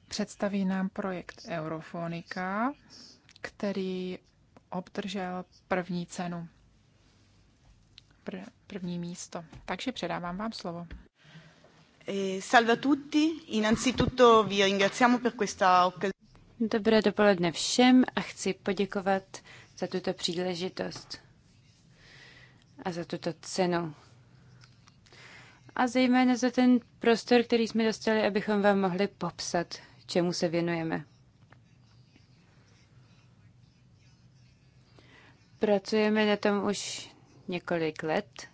Představí nám projekt Eurofonika, který obdržel první cenu, pr- první místo. Takže předávám vám slovo. Eh, salve a tutti, innanzitutto vi ringraziamo per questa occasione. Dobré dopoledne všem a chci poděkovat za tuto příležitost a za tuto cenu. A zejména za ten prostor, který jsme dostali, abychom vám mohli popsat, čemu se věnujeme. Pracujeme na tom už několik let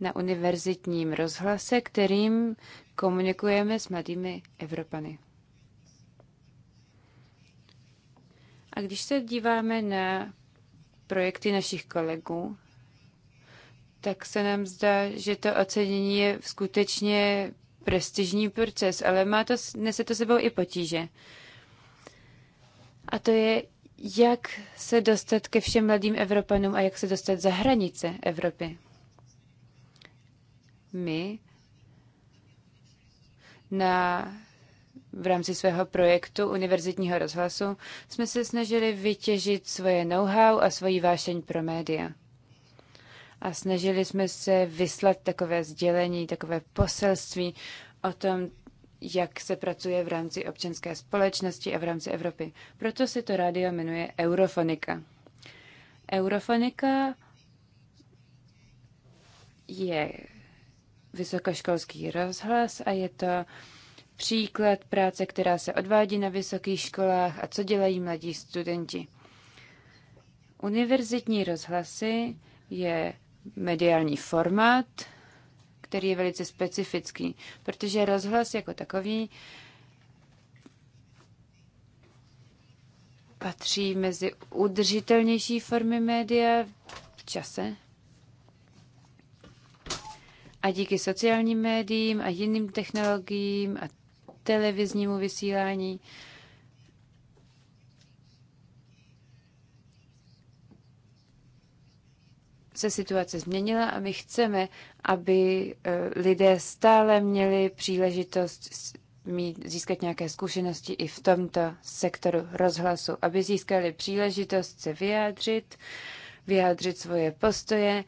na univerzitním rozhlase, kterým komunikujeme s mladými Evropany. A když se díváme na projekty našich kolegů, tak se nám zdá, že to ocenění je skutečně prestižní proces, ale má to, nese to sebou i potíže. A to je, jak se dostat ke všem mladým Evropanům a jak se dostat za hranice Evropy. My na v rámci svého projektu univerzitního rozhlasu jsme se snažili vytěžit svoje know-how a svoji vášeň pro média. A snažili jsme se vyslat takové sdělení, takové poselství o tom, jak se pracuje v rámci občanské společnosti a v rámci Evropy. Proto se to rádio jmenuje Eurofonika. Eurofonika je vysokoškolský rozhlas a je to příklad práce, která se odvádí na vysokých školách a co dělají mladí studenti. Univerzitní rozhlasy je mediální formát, který je velice specifický, protože rozhlas jako takový patří mezi udržitelnější formy média v čase. A díky sociálním médiím a jiným technologiím a televiznímu vysílání. se situace změnila a my chceme, aby eh, lidé stále měli příležitost mít, získat nějaké zkušenosti i v tomto sektoru rozhlasu, aby získali příležitost se vyjádřit, vyjádřit svoje postoje,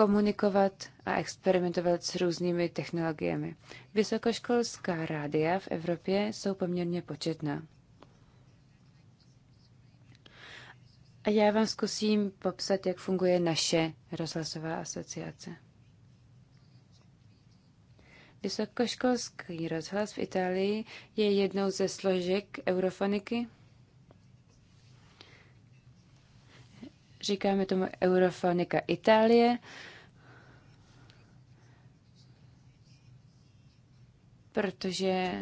komunikovat a experimentovat s různými technologiemi. Vysokoškolská rádia v Evropě jsou poměrně početná. A já vám zkusím popsat, jak funguje naše rozhlasová asociace. Vysokoškolský rozhlas v Itálii je jednou ze složek eurofoniky. Říkáme tomu Eurofonika Itálie protože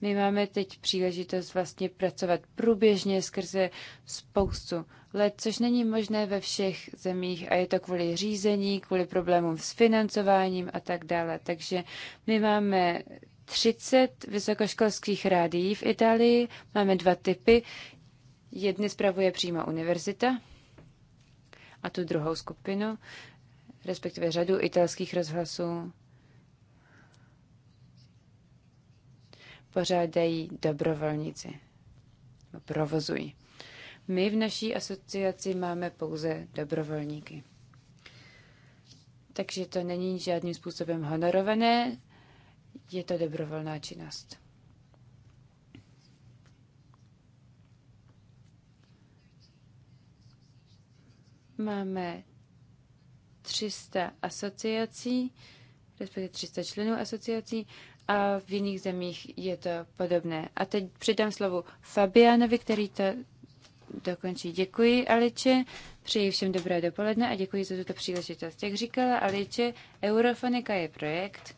my máme teď příležitost vlastně pracovat průběžně skrze spoustu let, což není možné ve všech zemích a je to kvůli řízení, kvůli problémům s financováním a tak dále. Takže my máme 30 vysokoškolských rádií v Itálii, máme dva typy. Jedny spravuje přímo univerzita a tu druhou skupinu, respektive řadu italských rozhlasů pořádají dobrovolníci. Provozují. My v naší asociaci máme pouze dobrovolníky. Takže to není žádným způsobem honorované, je to dobrovolná činnost. Máme 300 asociací, respektive 300 členů asociací a v jiných zemích je to podobné. A teď přidám slovu Fabianovi, který to dokončí. Děkuji, Aliče. Přeji všem dobré dopoledne a děkuji za tuto příležitost. Jak říkala Aliče, Eurofonika je projekt,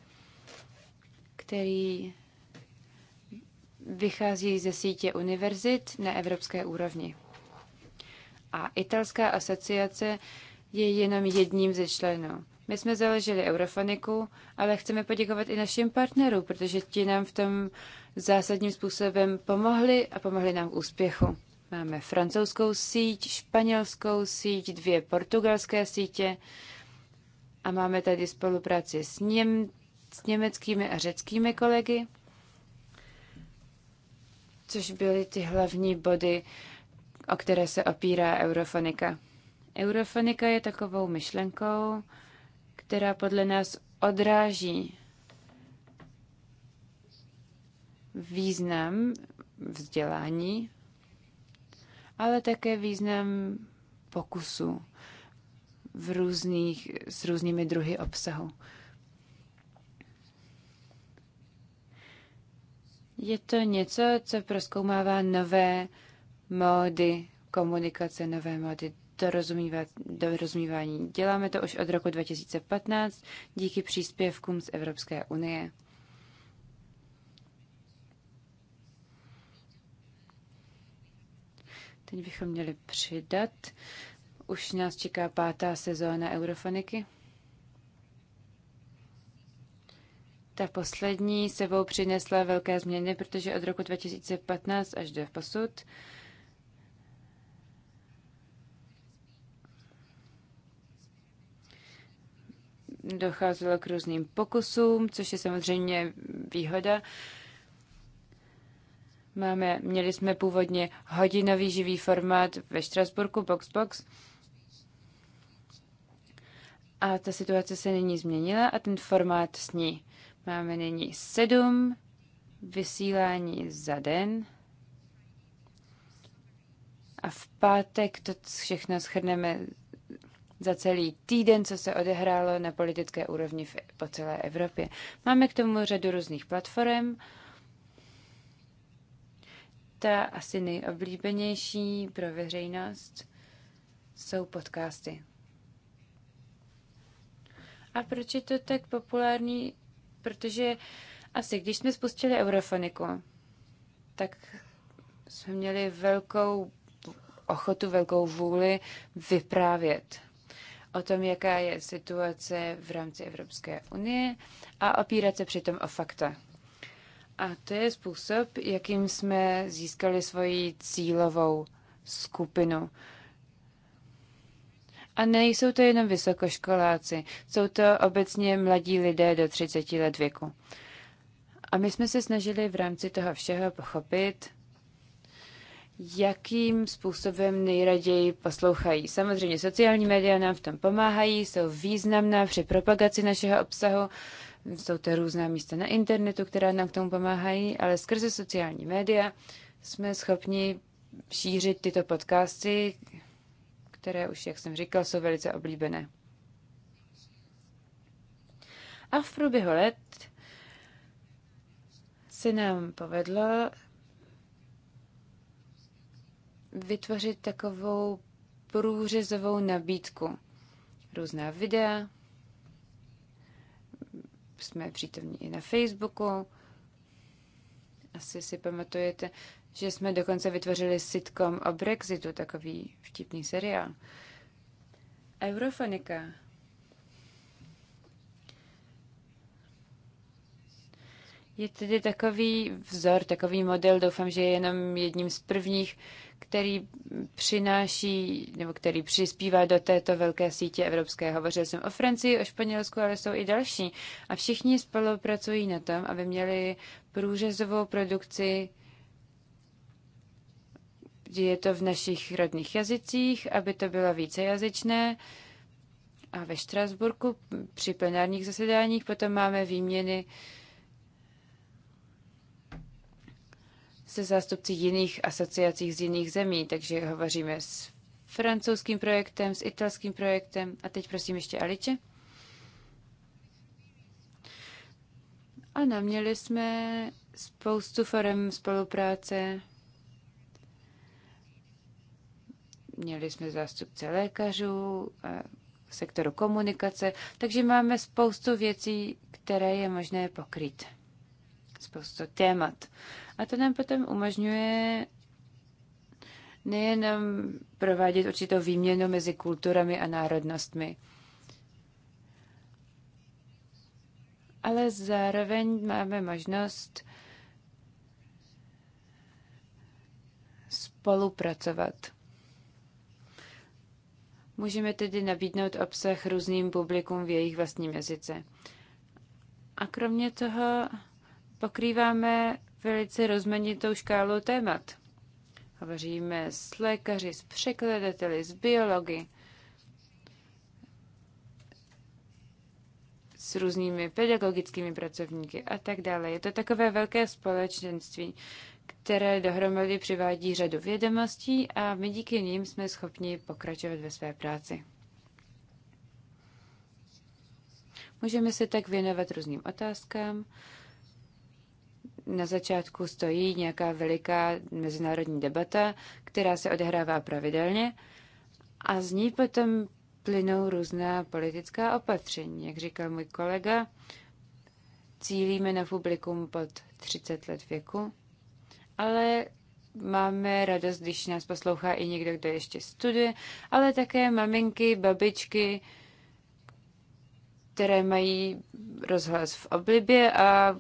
který vychází ze sítě univerzit na evropské úrovni. A italská asociace je jenom jedním ze členů. My jsme založili Eurofoniku, ale chceme poděkovat i našim partnerům, protože ti nám v tom zásadním způsobem pomohli a pomohli nám k úspěchu. Máme francouzskou síť, španělskou síť, dvě portugalské sítě a máme tady spolupráci s, něm, s německými a řeckými kolegy, což byly ty hlavní body, o které se opírá Eurofonika. Eurofonika je takovou myšlenkou, která podle nás odráží význam vzdělání, ale také význam pokusu v různých, s různými druhy obsahu. Je to něco, co proskoumává nové módy komunikace, nové módy dorozumívání. Děláme to už od roku 2015 díky příspěvkům z Evropské unie. Teď bychom měli přidat. Už nás čeká pátá sezóna Eurofoniky. Ta poslední sebou přinesla velké změny, protože od roku 2015 až do posud docházelo k různým pokusům, což je samozřejmě výhoda. Máme, měli jsme původně hodinový živý formát ve Štrasburku Boxbox a ta situace se nyní změnila a ten formát s ní. Máme nyní sedm vysílání za den a v pátek to všechno shrneme za celý týden, co se odehrálo na politické úrovni v, po celé Evropě. Máme k tomu řadu různých platform. Ta asi nejoblíbenější pro veřejnost jsou podcasty. A proč je to tak populární? Protože asi když jsme spustili Eurofoniku, tak jsme měli velkou ochotu, velkou vůli vyprávět o tom, jaká je situace v rámci Evropské unie a opírat se přitom o fakta. A to je způsob, jakým jsme získali svoji cílovou skupinu. A nejsou to jenom vysokoškoláci, jsou to obecně mladí lidé do 30 let věku. A my jsme se snažili v rámci toho všeho pochopit, jakým způsobem nejraději poslouchají. Samozřejmě sociální média nám v tom pomáhají, jsou významná při propagaci našeho obsahu, jsou to různá místa na internetu, která nám k tomu pomáhají, ale skrze sociální média jsme schopni šířit tyto podcasty, které už, jak jsem říkal, jsou velice oblíbené. A v průběhu let se nám povedlo vytvořit takovou průřezovou nabídku. Různá videa, jsme přítomní i na Facebooku. Asi si pamatujete, že jsme dokonce vytvořili sitcom o Brexitu, takový vtipný seriál. Eurofonika. Je tedy takový vzor, takový model, doufám, že je jenom jedním z prvních, který přináší nebo který přispívá do této velké sítě evropské. Hovořil jsem o Francii, o Španělsku, ale jsou i další. A všichni spolupracují na tom, aby měli průřezovou produkci je to v našich rodných jazycích, aby to bylo vícejazyčné. A ve Štrasburku při plenárních zasedáních potom máme výměny uh, se zástupci jiných asociací z jiných zemí, takže hovoříme s francouzským projektem, s italským projektem a teď prosím ještě Aliče. A měli jsme spoustu forem spolupráce. Měli jsme zástupce lékařů, sektoru komunikace, takže máme spoustu věcí, které je možné pokryt. Spoustu témat. A to nám potom umožňuje nejenom provádět určitou výměnu mezi kulturami a národnostmi, ale zároveň máme možnost spolupracovat. Můžeme tedy nabídnout obsah různým publikům v jejich vlastním jazyce. A kromě toho pokrýváme velice rozmanitou škálu témat. Hovoříme s lékaři, s překladateli, s biology, s různými pedagogickými pracovníky a tak dále. Je to takové velké společenství, které dohromady přivádí řadu vědomostí a my díky nim jsme schopni pokračovat ve své práci. Můžeme se tak věnovat různým otázkám, na začátku stojí nějaká veliká mezinárodní debata, která se odehrává pravidelně a z ní potom plynou různá politická opatření. Jak říkal můj kolega, cílíme na publikum pod 30 let věku, ale máme radost, když nás poslouchá i někdo, kdo ještě studuje, ale také maminky, babičky, které mají rozhlas v oblibě a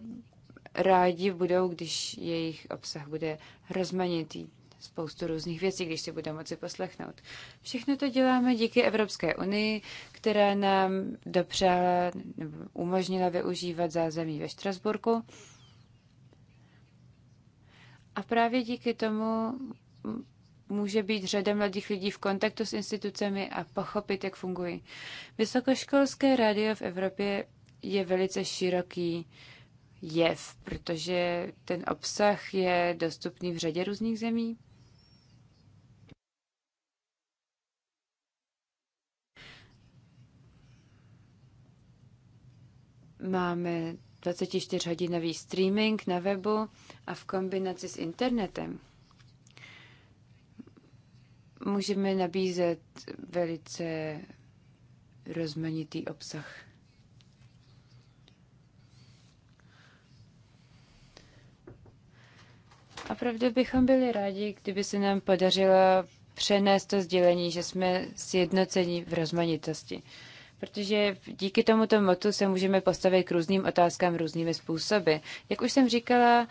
rádi budou, když jejich obsah bude rozmanitý, spoustu různých věcí, když si budou moci poslechnout. Všechno to děláme díky Evropské unii, která nám dopřála nebo umožnila využívat zázemí ve Štrasburku. A právě díky tomu může být řada mladých lidí v kontaktu s institucemi a pochopit, jak fungují. Vysokoškolské rádio v Evropě je velice široký jev, protože ten obsah je dostupný v řadě různých zemí. Máme 24 hodinový streaming na webu a v kombinaci s internetem můžeme nabízet velice rozmanitý obsah. A opravdu bychom byli rádi, kdyby se nám podařilo přenést to sdělení, že jsme sjednoceni v rozmanitosti. Protože díky tomuto motu se můžeme postavit k různým otázkám různými způsoby. Jak už jsem říkala,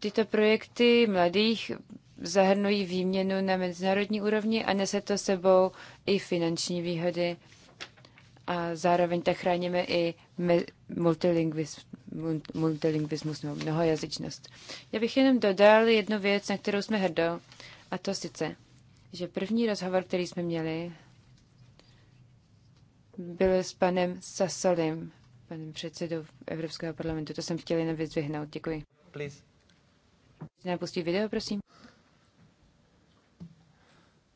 tyto projekty mladých zahrnují výměnu na mezinárodní úrovni a nese to sebou i finanční výhody a zároveň tak chráníme i multilingvismus, multilingvismus nebo mnohojazyčnost. Já bych jenom dodal jednu věc, na kterou jsme hrdo, a to sice, že první rozhovor, který jsme měli, byl s panem Sasolim, panem předsedou Evropského parlamentu. To jsem chtěl jenom vyzvihnout. Děkuji. Please. Napustí video, prosím.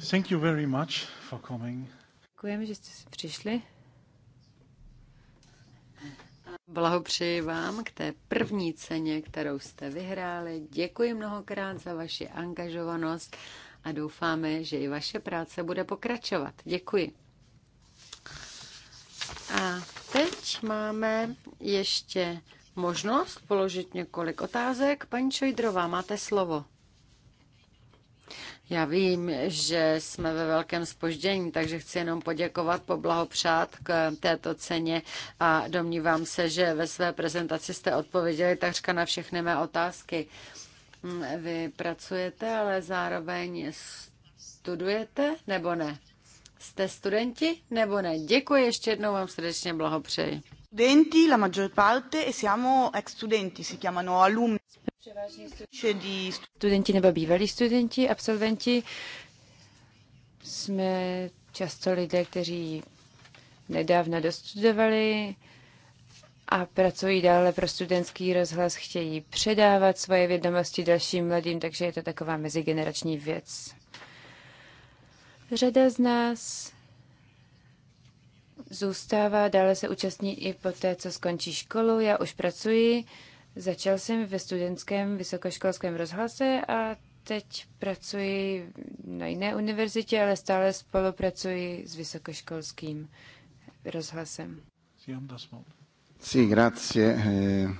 Thank you very much for coming. Děkujeme, že jste si přišli. Blahopřeji vám k té první ceně, kterou jste vyhráli. Děkuji mnohokrát za vaši angažovanost a doufáme, že i vaše práce bude pokračovat. Děkuji. A teď máme ještě možnost položit několik otázek. Paní Čojdrová, máte slovo. Já vím, že jsme ve velkém spoždění, takže chci jenom poděkovat, poblahopřát k této ceně a domnívám se, že ve své prezentaci jste odpověděli takřka na všechny mé otázky. Mm, vy pracujete, ale zároveň studujete nebo ne? Jste studenti nebo ne? Děkuji ještě jednou, vám srdečně blahopřeji. Studenti, la maggior parte, e siamo ex studenti, si chiamano alumni převážně studenti, studenti nebo bývalí studenti, absolventi. Jsme často lidé, kteří nedávno dostudovali a pracují dále pro studentský rozhlas, chtějí předávat svoje vědomosti dalším mladým, takže je to taková mezigenerační věc. Řada z nás zůstává, dále se účastní i po té, co skončí školu. Já už pracuji Začal jsem ve studentském vysokoškolském rozhlase a teď pracuji na jiné univerzitě, ale stále spolupracuji s vysokoškolským rozhlasem. Sí, grazie. Eh,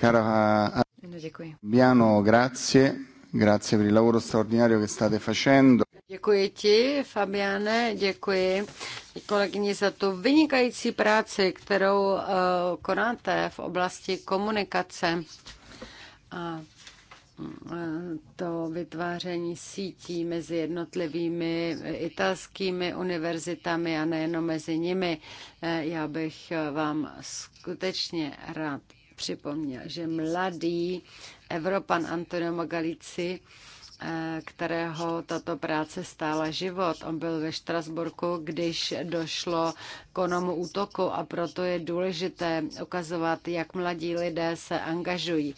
Caro eh, no, děkuji. Biano, grazie. Grazie per il lavoro straordinario che state facendo. Děkuji ti, Fabiane, děkuji kolegyni za tu vynikající práci, kterou eh, konáte v oblasti komunikace a mm, to vytváření sítí mezi jednotlivými italskými univerzitami a nejenom mezi nimi. Eh, já bych eh, vám skutečně rád připomněl, že mladý Evropan Antonio Magalici Eh, kterého tato práce stála život. On byl ve Štrasburku, když došlo k onomu útoku a proto je důležité ukazovat, jak mladí lidé se angažují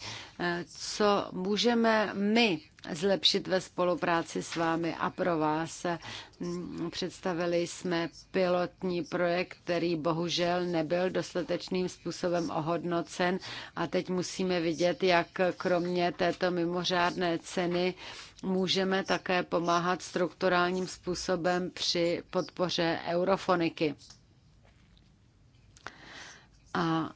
co můžeme my zlepšit ve spolupráci s vámi a pro vás. Představili jsme pilotní projekt, který bohužel nebyl dostatečným způsobem ohodnocen a teď musíme vidět, jak kromě této mimořádné ceny můžeme také pomáhat strukturálním způsobem při podpoře eurofoniky. A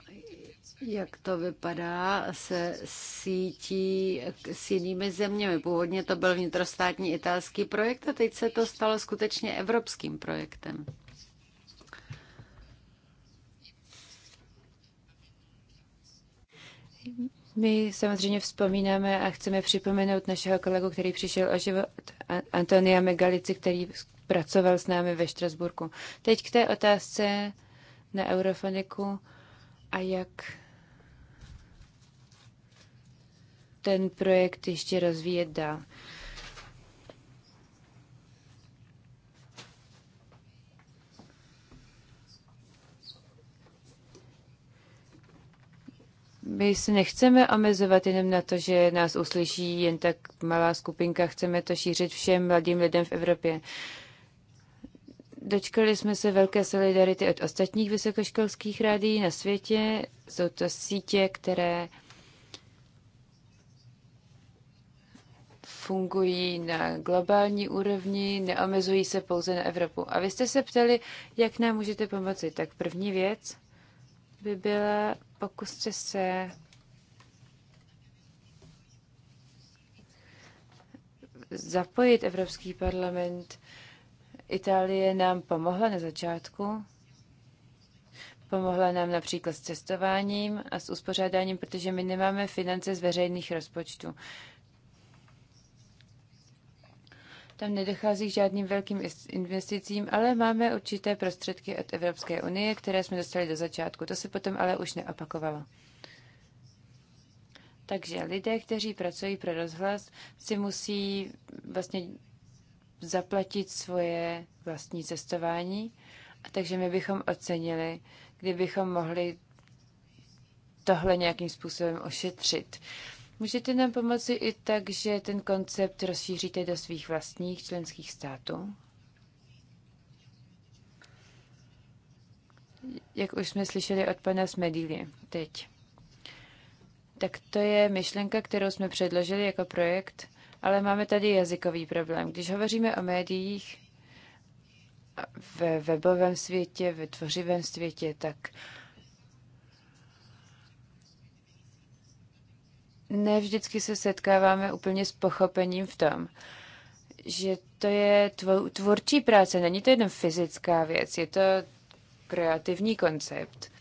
jak to vypadá se sítí s jinými zeměmi? Původně to byl vnitrostátní italský projekt a teď se to stalo skutečně evropským projektem. My samozřejmě vzpomínáme a chceme připomenout našeho kolegu, který přišel o život, Antonia Megalici, který pracoval s námi ve Štrasburku. Teď k té otázce na Eurofoniku a jak ten projekt ještě rozvíjet dál. My se nechceme omezovat jenom na to, že nás uslyší jen tak malá skupinka, chceme to šířit všem mladým lidem v Evropě. Dočkali jsme se velké solidarity od ostatních vysokoškolských rádií na světě. Jsou to sítě, které fungují na globální úrovni, neomezují se pouze na Evropu. A vy jste se ptali, jak nám můžete pomoci. Tak první věc by byla, pokuste se zapojit Evropský parlament. Itálie nám pomohla na začátku. Pomohla nám například s cestováním a s uspořádáním, protože my nemáme finance z veřejných rozpočtů. Tam nedochází k žádným velkým investicím, ale máme určité prostředky od Evropské unie, které jsme dostali do začátku. To se potom ale už neopakovalo. Takže lidé, kteří pracují pro rozhlas, si musí vlastně zaplatit svoje vlastní cestování. A takže my bychom ocenili, kdybychom mohli tohle nějakým způsobem ošetřit. Můžete nám pomoci i tak, že ten koncept rozšíříte do svých vlastních členských států? Jak už jsme slyšeli od pana Smedily teď. Tak to je myšlenka, kterou jsme předložili jako projekt, ale máme tady jazykový problém. Když hovoříme o médiích, ve webovém světě, ve tvořivém světě, tak uh, nevždycky se setkáváme úplně s pochopením v tom, že to je tvůrčí práce, není to jen fyzická věc, je to kreativní koncept.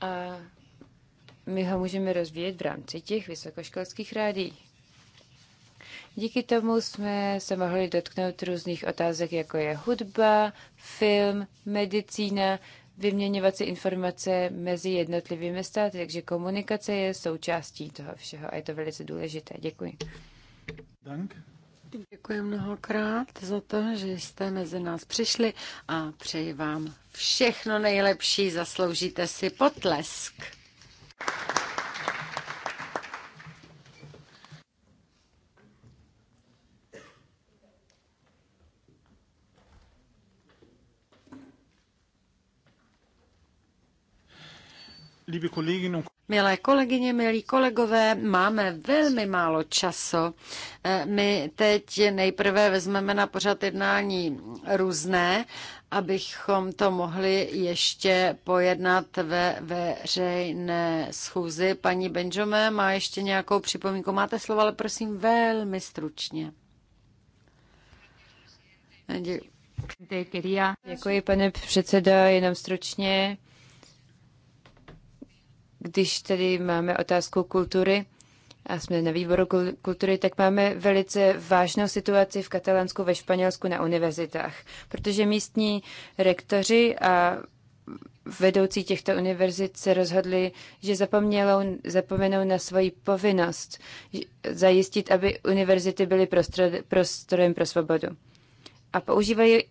A my ho můžeme rozvíjet v rámci těch vysokoškolských rádí. Díky tomu jsme se mohli dotknout různých otázek, jako je hudba, film, medicína, vyměňovat si informace mezi jednotlivými státy, takže komunikace je součástí toho všeho a je to velice důležité. Děkuji. Dank. Děkuji mnohokrát za to, že jste mezi nás přišli a přeji vám všechno nejlepší. Zasloužíte si potlesk. Milé kolegyně, milí kolegové, máme velmi málo času. Eh, my teď nejprve vezmeme na pořad jednání různé, abychom to mohli ještě pojednat ve veřejné schůzi. Paní Benjome má ještě nějakou připomínku. Máte slovo, ale prosím velmi stručně. Děkuji, pane předseda, jenom stručně. Když tedy máme otázku kultury a jsme na výboru kultury, tak máme velice vážnou situaci v Katalánsku, ve Španělsku na univerzitách, protože místní rektoři a vedoucí těchto univerzit se rozhodli, že zapomenou na svoji povinnost zajistit, aby univerzity byly prostorem pro svobodu. A používají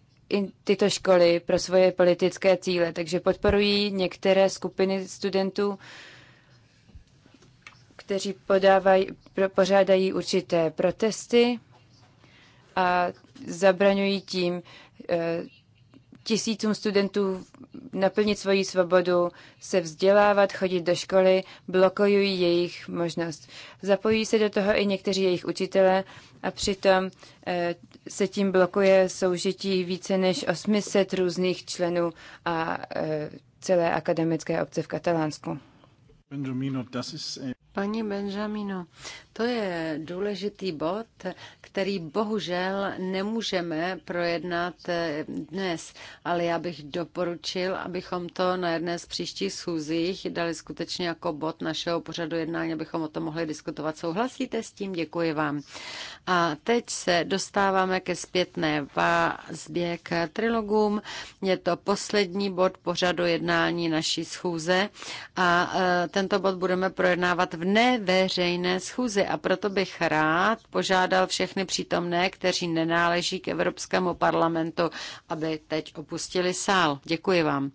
tyto školy pro svoje politické cíle, takže podporují některé skupiny studentů, kteří podávají, pořádají určité protesty a zabraňují tím eh, tisícům studentů naplnit svoji svobodu, se vzdělávat, chodit do školy, blokují jejich možnost. Zapojí se do toho i někteří jejich učitelé a přitom eh, se tím blokuje soužití více než 800 různých členů a eh, celé akademické obce v Katalánsku. Benjamino, das ist eh, Paní Benjamino, to je důležitý bod, který bohužel nemůžeme projednat eh, dnes, ale já bych doporučil, abychom to na jedné z příštích schůzích dali skutečně jako bod našeho pořadu jednání, abychom o tom mohli diskutovat. Souhlasíte s tím? Děkuji vám. A teď se dostáváme ke zpětné vazbě k trilogům. Je to poslední bod pořadu jednání naší schůze a eh, tento bod budeme projednávat v neveřejné schůzi a proto bych rád požádal všechny přítomné, kteří nenáleží k Evropskému parlamentu, aby teď opustili sál. Děkuji vám.